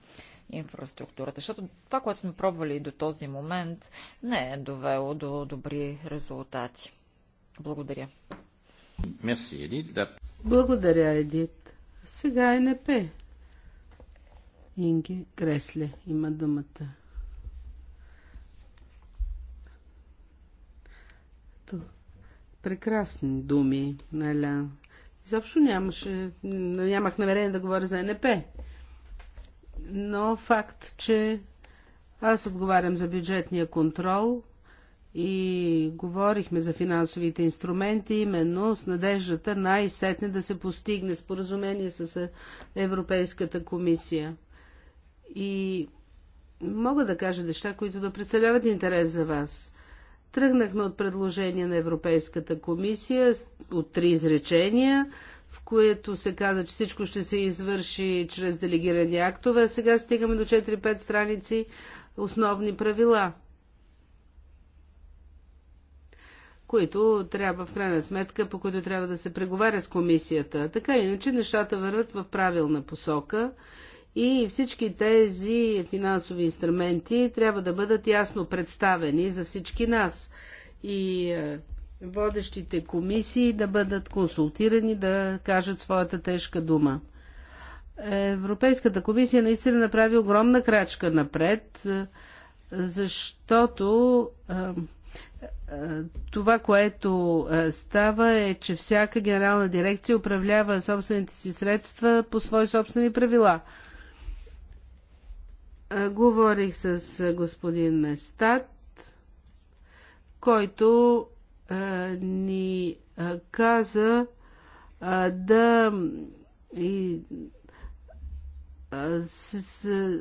инфраструктурата, защото това, което сме пробвали до този момент, не е довело до добри резултати. Благодаря. Благодаря, Едит. Сега е Пе. Инге Гресле има думата. Прекрасни думи, Наля. Изобщо нямаше, нямах намерение да говоря за НП. Но факт, че аз отговарям за бюджетния контрол и говорихме за финансовите инструменти, именно с надеждата най-сетне да се постигне споразумение с Европейската комисия и мога да кажа неща, които да представляват интерес за вас. Тръгнахме от предложение на Европейската комисия от три изречения, в което се каза, че всичко ще се извърши чрез делегирани актове, а сега стигаме до 4-5 страници основни правила, които трябва в крайна сметка, по които трябва да се преговаря с комисията. Така иначе нещата върват в правилна посока и всички тези финансови инструменти трябва да бъдат ясно представени за всички нас. И е, водещите комисии да бъдат консултирани, да кажат своята тежка дума. Европейската комисия наистина направи огромна крачка напред, е, защото е, това, което става е, че всяка генерална дирекция управлява собствените си средства по свои собствени правила. Говорих с господин Местат, който ни каза да и, с, с,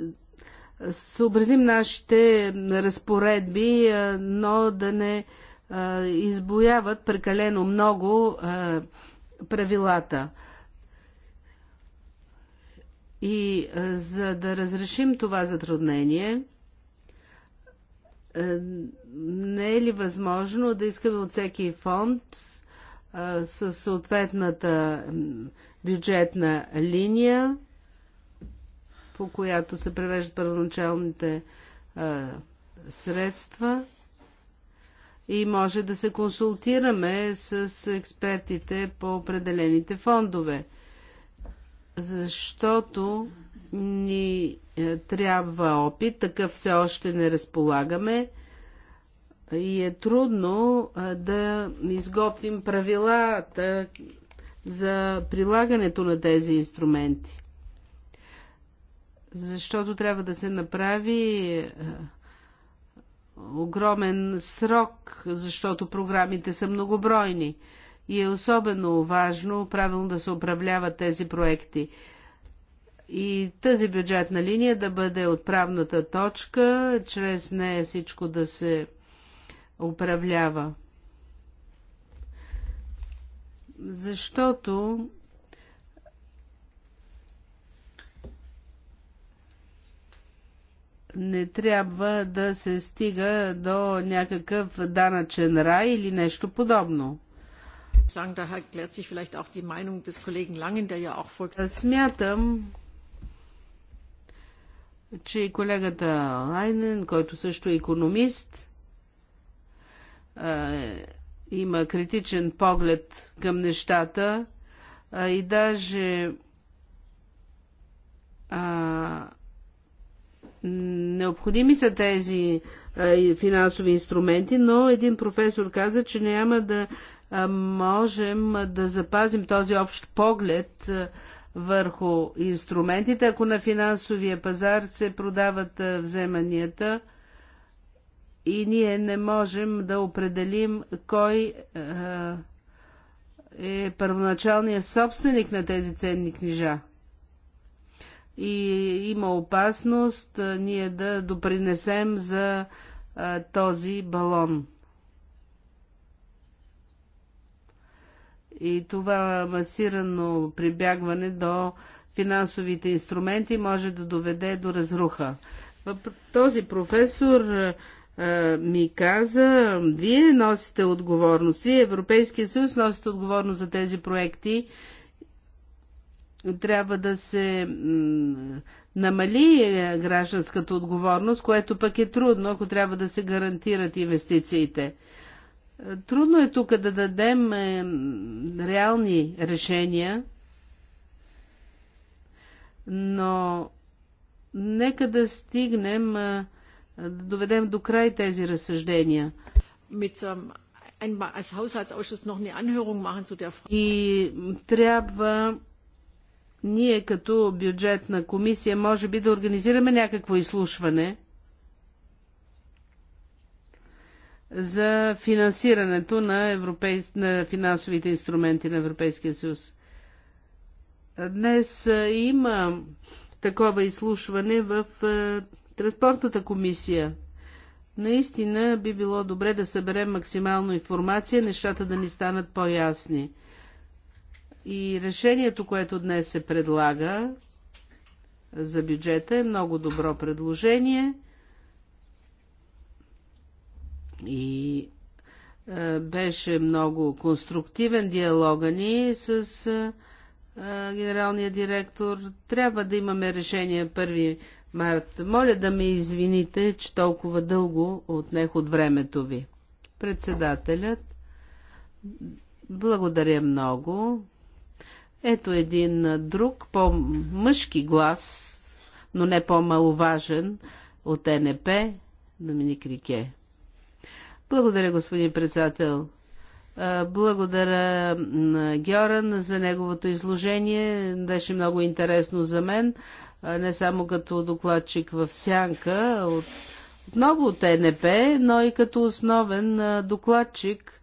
съобразим нашите разпоредби, но да не избояват прекалено много правилата. И е, за да разрешим това затруднение, е, не е ли възможно да искаме от всеки фонд е, със съответната бюджетна линия, по която се превеждат първоначалните средства и може да се консултираме с експертите по определените фондове защото ни е, трябва опит, такъв все още не разполагаме и е трудно е, да изготвим правилата за прилагането на тези инструменти. Защото трябва да се направи е, огромен срок, защото програмите са многобройни и е особено важно правилно да се управляват тези проекти. И тази бюджетна линия да бъде отправната точка, чрез нея всичко да се управлява. Защото не трябва да се стига до някакъв данъчен рай или нещо подобно. Смятам, че колегата Лайнен, който също е економист, е, има критичен поглед към нещата е, и даже необходими са тези е, финансови инструменти, но един професор каза, че няма да можем да запазим този общ поглед върху инструментите, ако на финансовия пазар се продават вземанията и ние не можем да определим кой е първоначалният собственик на тези ценни книжа. И има опасност ние да допринесем за този балон. И това масирано прибягване до финансовите инструменти може да доведе до разруха. Този професор е, ми каза, вие носите отговорност, вие Европейския съюз носите отговорност за тези проекти. Трябва да се намали е, гражданската отговорност, което пък е трудно, ако трябва да се гарантират инвестициите. Трудно е тук да дадем е, реални решения, но нека да стигнем, е, да доведем до край тези разсъждения. Ähm, И трябва ние като бюджетна комисия може би да организираме някакво изслушване – за финансирането на, европейс... на финансовите инструменти на Европейския съюз. Днес има такова изслушване в Транспортната комисия. Наистина би било добре да съберем максимално информация, нещата да ни станат по-ясни. И решението, което днес се предлага за бюджета е много добро предложение – и е, беше много конструктивен диалога ни с е, е, генералния директор. Трябва да имаме решение 1 март. Моля да ме извините, че толкова дълго отнех от времето ви. Председателят, благодаря много. Ето един друг, по-мъжки глас, но не по-маловажен от НП, Доминик Рике. Благодаря, господин председател. Благодаря на Георан за неговото изложение. Беше много интересно за мен, не само като докладчик в Сянка, от, отново от ЕНП, но и като основен докладчик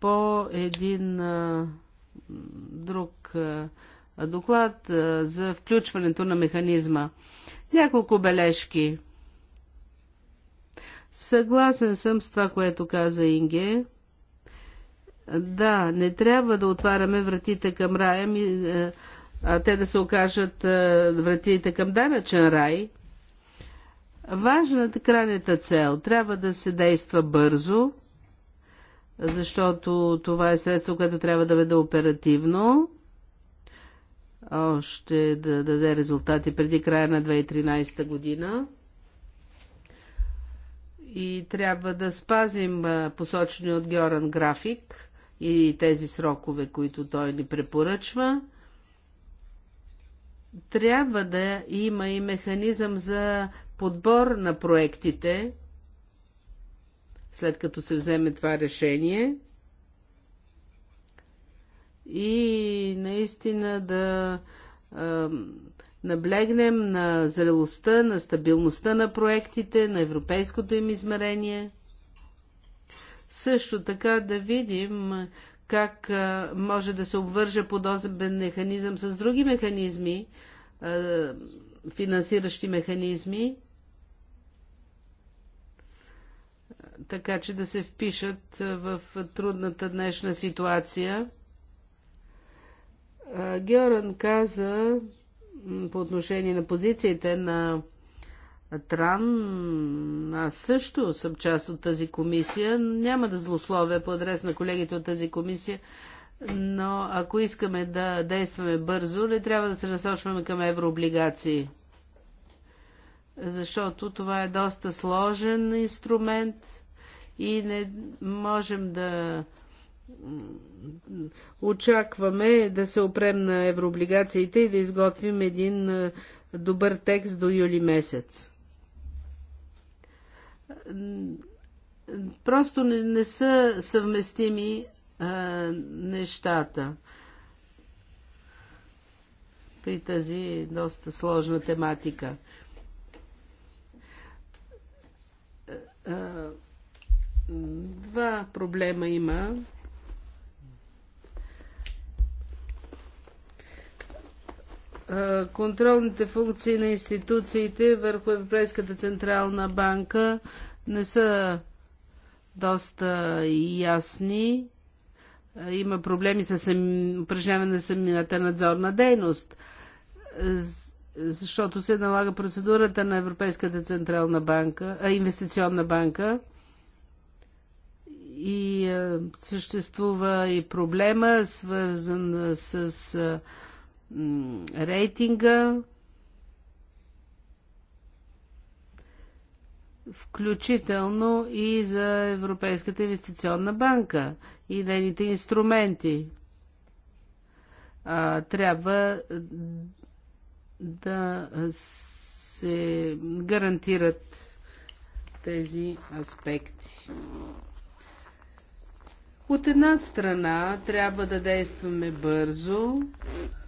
по един друг доклад за включването на механизма. Няколко бележки. Съгласен съм с това, което каза Инге. Да, не трябва да отваряме вратите към рая, е, а те да се окажат е, вратите към данъчен рай. Важната е крайната цел. Трябва да се действа бързо, защото това е средство, което трябва да бъде оперативно. Още да даде резултати преди края на 2013 година и трябва да спазим посочени от Георан график и тези срокове, които той ни препоръчва. Трябва да има и механизъм за подбор на проектите, след като се вземе това решение. И наистина да наблегнем на зрелостта, на стабилността на проектите, на европейското им измерение. Също така да видим как може да се обвърже подозбен механизъм с други механизми, финансиращи механизми, така че да се впишат в трудната днешна ситуация. Георан каза, по отношение на позициите на Тран, аз също съм част от тази комисия. Няма да злословя по адрес на колегите от тази комисия, но ако искаме да действаме бързо, не трябва да се насочваме към еврооблигации. Защото това е доста сложен инструмент и не можем да очакваме да се опрем на еврооблигациите и да изготвим един добър текст до юли месец. Просто не, не са съвместими а, нещата при тази доста сложна тематика. Два проблема има контролните функции на институциите върху Европейската централна банка не са доста ясни. Има проблеми с упражняване на самината надзорна дейност, защото се налага процедурата на Европейската централна банка, а инвестиционна банка и съществува и проблема, свързан с рейтинга, включително и за Европейската инвестиционна банка и нейните инструменти. А, трябва да се гарантират тези аспекти. От една страна трябва да действаме бързо,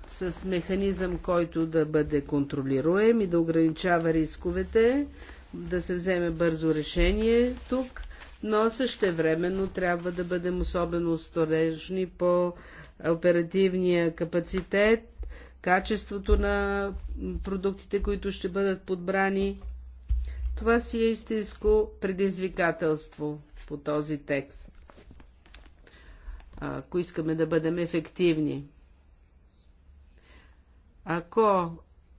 с механизъм, който да бъде контролируем и да ограничава рисковете, да се вземе бързо решение тук, но времено трябва да бъдем особено осторожни по оперативния капацитет, качеството на продуктите, които ще бъдат подбрани. Това си е истинско предизвикателство по този текст, ако искаме да бъдем ефективни. Ако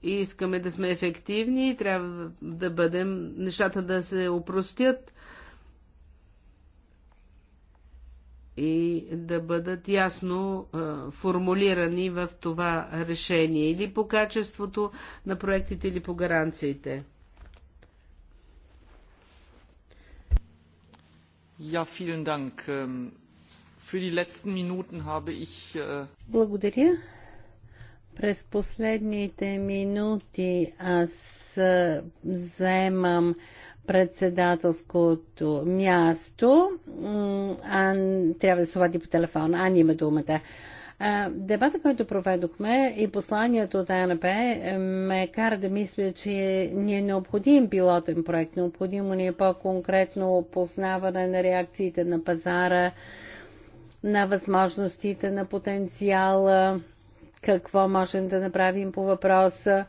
искаме да сме ефективни, трябва да бъдем, нещата да се опростят и да бъдат ясно а, формулирани в това решение или по качеството на проектите или по гаранциите. Ja, vielen Dank. Ähm, für die letzten Minuten habe ich. Äh, Благодаря. През последните минути аз вземам председателското място. Ан, трябва да се обади по телефон. Ан има думата. Дебата, който проведохме и посланието от АНП е, ме кара да мисля, че ни е необходим пилотен проект, необходимо ни е по-конкретно познаване на реакциите на пазара, на възможностите, на потенциала, какво можем да направим по въпроса.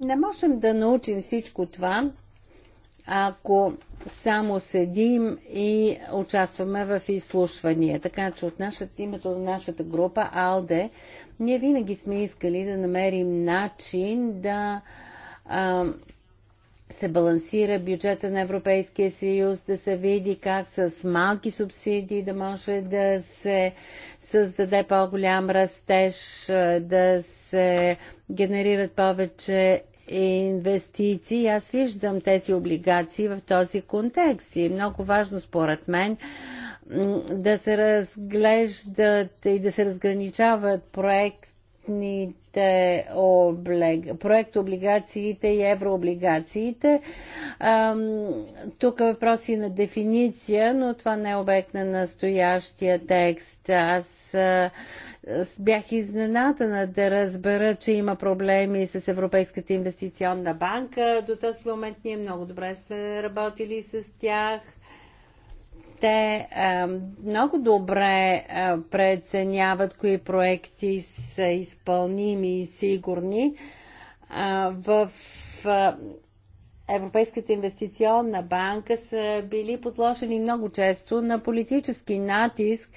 Не можем да научим всичко това, ако само седим и участваме в изслушвания. Така че от нашата, името на нашата група АЛДЕ ние винаги сме искали да намерим начин да а, се балансира бюджета на Европейския съюз, да се види как с малки субсидии да може да се създаде по-голям растеж, да се генерират повече инвестиции. Аз виждам тези облигации в този контекст и е много важно според мен да се разглеждат и да се разграничават проекти проектните облег... облигациите и еврооблигациите. Тук е въпрос и на дефиниция, но това не е обект на настоящия текст. Аз бях изненадана да разбера, че има проблеми с Европейската инвестиционна банка. До този момент ние много добре сме работили с тях те много добре преценяват кои проекти са изпълними и сигурни. Е, в е, Европейската инвестиционна банка са били подложени много често на политически натиск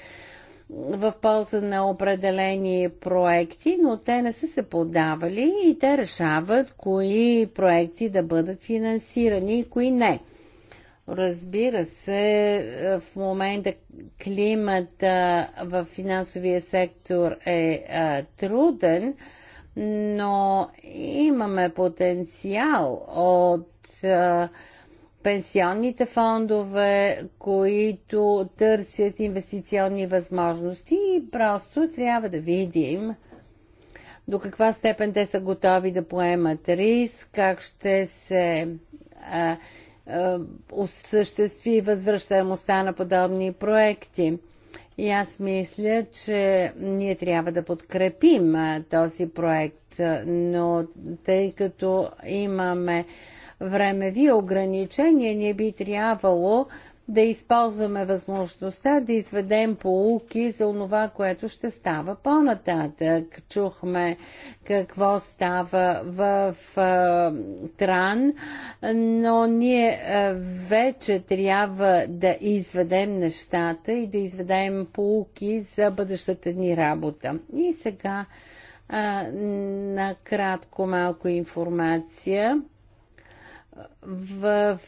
в полза на определени проекти, но те не са се подавали и те решават кои проекти да бъдат финансирани и кои не. Разбира се, е, в момента климата в финансовия сектор е а, е, труден, но имаме потенциал от а, е, пенсионните фондове, които търсят инвестиционни възможности и просто трябва да видим до каква степен те са готови да поемат риск, как ще се а, е, осъществи възвръщаемостта на подобни проекти. И аз мисля, че ние трябва да подкрепим е, този проект, е, но тъй като имаме времеви ограничения, ние би трябвало да използваме възможността да изведем поуки за това, което ще става по-нататък. Чухме какво става в Тран, но ние вече трябва да изведем нещата и да изведем поуки за бъдещата ни работа. И сега на накратко малко информация в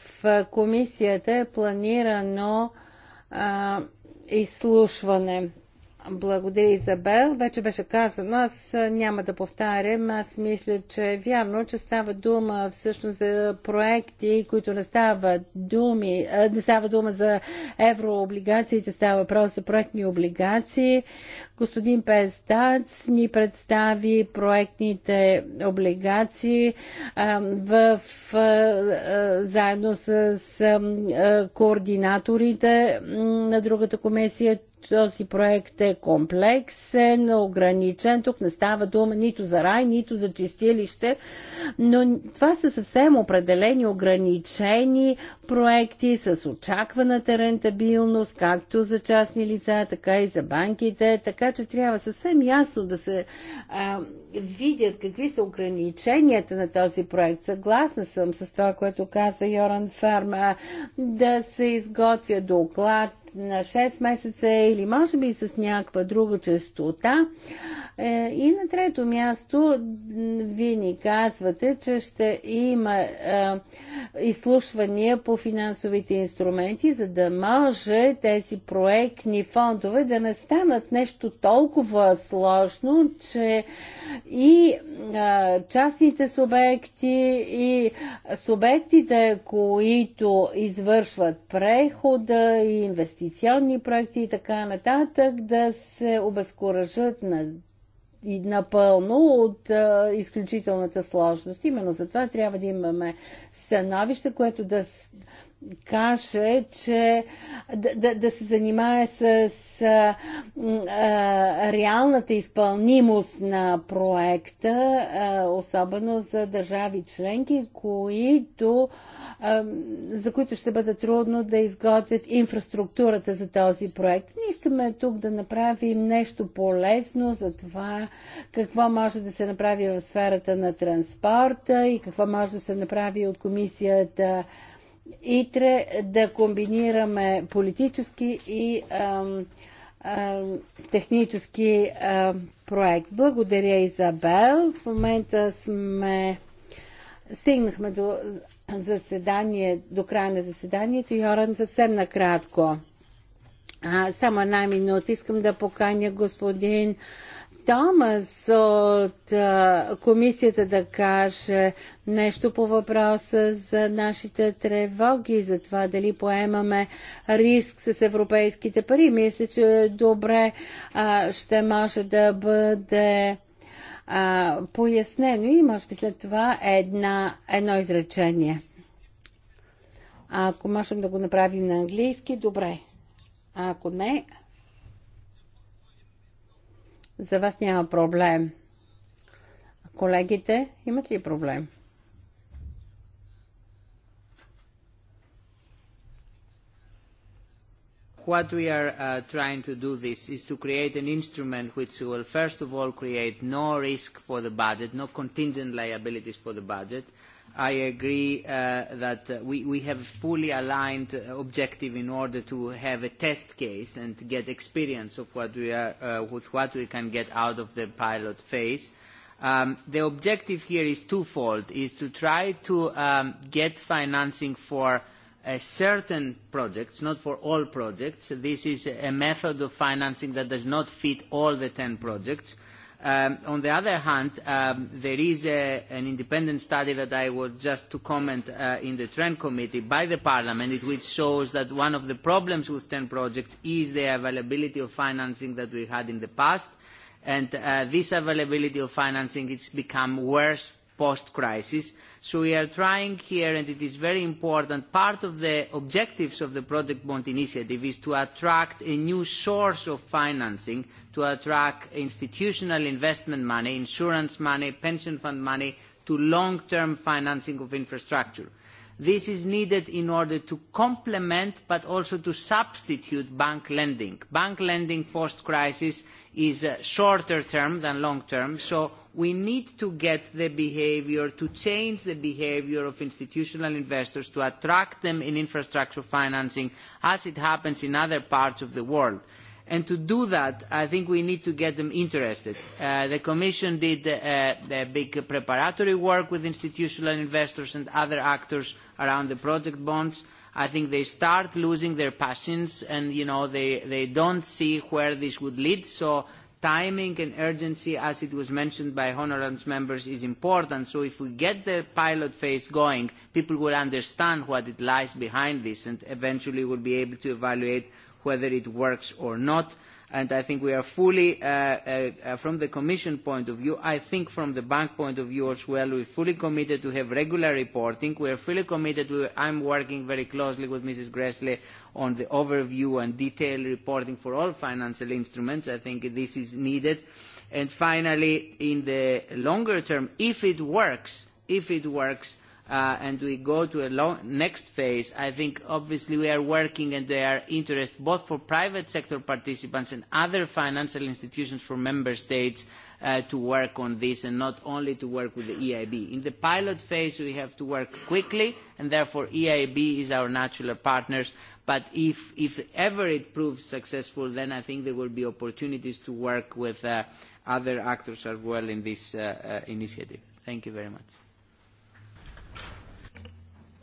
комисията е планирано а, изслушване. Благодаря, Изабел. Вече беше казано, аз няма да повтарям. Аз мисля, че е вярно, че става дума всъщност за проекти, които не става, думи, не става дума за еврооблигациите, става въпрос за проектни облигации. Господин Пестац ни представи проектните облигации в, в, заедно с координаторите на другата комисия този проект е комплексен, ограничен. Тук не става дума нито за рай, нито за чистилище, но това са съвсем определени ограничени проекти с очакваната рентабилност, както за частни лица, така и за банките. Така че трябва съвсем ясно да се а, видят какви са ограниченията на този проект. Съгласна съм с това, което казва Йоран Ферма, да се изготвя доклад на 6 месеца или може би с някаква друга частота. Е, и на трето място, вие ни казвате, че ще има е, изслушвания по финансовите инструменти, за да може тези проектни фондове да не станат нещо толкова сложно, че и е, частните субекти, и субектите, които извършват прехода и инвестиции, инвестиционни проекти и така нататък да се обезкуражат на и напълно от а, изключителната сложност. Именно за това трябва да имаме становище, което да каже, че да, да, да се занимае с, с а, а, реалната изпълнимост на проекта, а, особено за държави членки, които, а, за които ще бъде трудно да изготвят инфраструктурата за този проект. Ние искаме тук да направим нещо полезно за това какво може да се направи в сферата на транспорта и какво може да се направи от комисията ИТРЕ да комбинираме политически и ам, ам, технически ам, проект. Благодаря, Изабел. В момента сме стигнахме до заседание, до края на заседанието. Йоран, съвсем накратко. А, само една минута. Искам да поканя господин Томас от комисията да каже нещо по въпроса за нашите тревоги, за това дали поемаме риск с европейските пари. Мисля, че добре а, ще може да бъде а, пояснено и може би след това една, едно изречение. Ако можем да го направим на английски, добре. А ако не, за вас няма проблем. Колегите имат ли проблем? what we are uh, trying to do this is to create an instrument which will first of all create no risk for the budget, no contingent liabilities for the budget, I agree that we have a fully aligned objective in order to have a test case and to get experience of what we are with what we can get out of the pilot phase. The objective here is twofold, is to try to get financing for certain projects, not for all projects. This is a method of financing that does not fit all the ten projects on the other hand, there is an independent study that I would just to comment in the TREN committee by the Parliament, which shows that one of the problems with TEN projects is the availability of financing that we had in the past. And this availability of financing, has become worse post-crisis. So we are trying here, and it is very important, part of the objectives of the Project Bond Initiative is to attract a new source of financing, to attract institutional investment money, insurance money, pension fund money, to long-term financing of infrastructure. This is needed in order to complement but also to substitute bank lending. Bank lending post-crisis is shorter term than long term, so we need to get the behaviour, to change the behaviour of institutional investors, to attract them in infrastructure financing, as it happens in other parts of the world. And to do that, I think we need to get them interested. the Commission did uh, big preparatory work with institutional investors and other actors around the project bonds. I think they start losing their passions and, you know, they, they don't see where this would lead. So timing and urgency, as it was mentioned by honorable members, is important. So if we get the pilot phase going, people will understand what it lies behind this and eventually will be able to evaluate whether it works or not and I think we are fully, from the Commission point of view, I think from the bank point of view as well, we are fully committed to have regular reporting. We are fully committed to, am working very closely with Mrs. grle on the overview and detailed reporting for all financial instruments. I think this is needed. And finally, in the longer term, if it works, if it works, and we go to a next phase, I think obviously we are working and there are interest both for private sector participants and other financial institutions from member states to work on this and not only to work with the EIB. In the pilot phase, we have to work quickly, and therefore EIB is our natural partner. But if, if ever it proves successful, then I think there will be opportunities to work with other actors as well in this initiative. Thank you very much.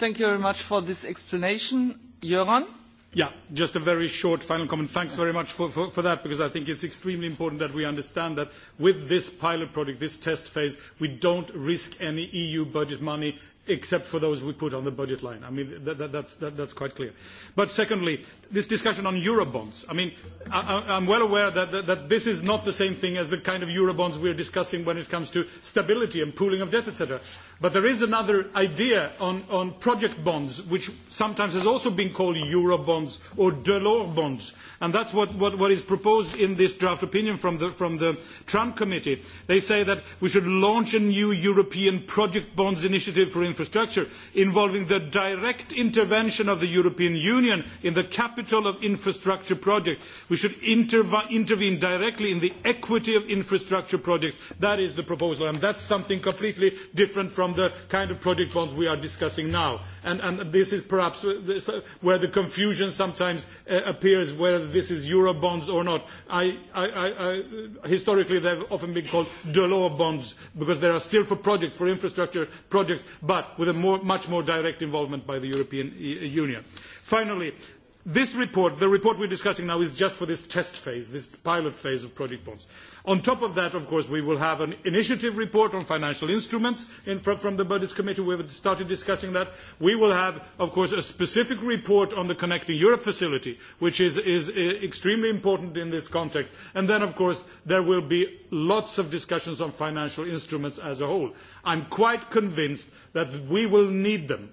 Thank you very much for this explanation. Jöran? Yeah, just a very short final comment. Thanks very much for that, because I think it's extremely important that we understand that with this pilot project, this test phase, we don't risk any EU budget money except for those we put on the budget line. I mean, that, that, that's, that, that's quite clear. But secondly, this discussion on Eurobonds. I mean, I, I'm well aware that, that, that this is not the same thing as the kind of Eurobonds we're discussing when it comes to stability and pooling of debt, etc. But there is another idea on, on project bonds, which sometimes has also been called Eurobonds or Delors bonds. And that's what, what, what is proposed in this draft opinion from the, from the Trump committee. They say that we should launch a new European project bonds initiative for information infrastructure involving the direct intervention of the European Union in the capital of infrastructure projects. We should intervene directly in the equity of infrastructure projects. That is the proposal, and that is something completely different from the kind of project bonds we are discussing now. And, this is perhaps where the confusion sometimes appears, whether this is euro bonds or not. historically, they have often been called Delors bonds because they are still for projects, for infrastructure projects, but but with a much more direct involvement by the European Union. Finally, this report, the report we are discussing now, is just for this test phase, this pilot phase of Project Bonds On top of that, of course, we will have an initiative report on financial instruments from the Budgets Committee. We have started discussing that. We will have, of course, a specific report on the Connecting Europe facility, which is, extremely important in this context. And then, of course, there will be lots of discussions on financial instruments as a whole. I am quite convinced that we will need them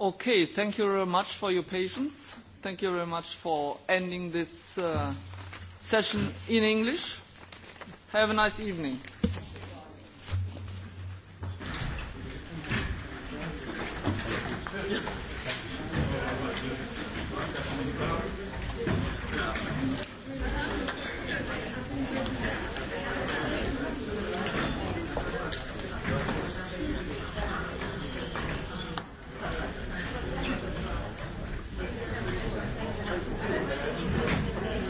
Okay, thank you very much for your patience. Thank you very much for ending this uh, session in English. Have a nice evening. Thank you.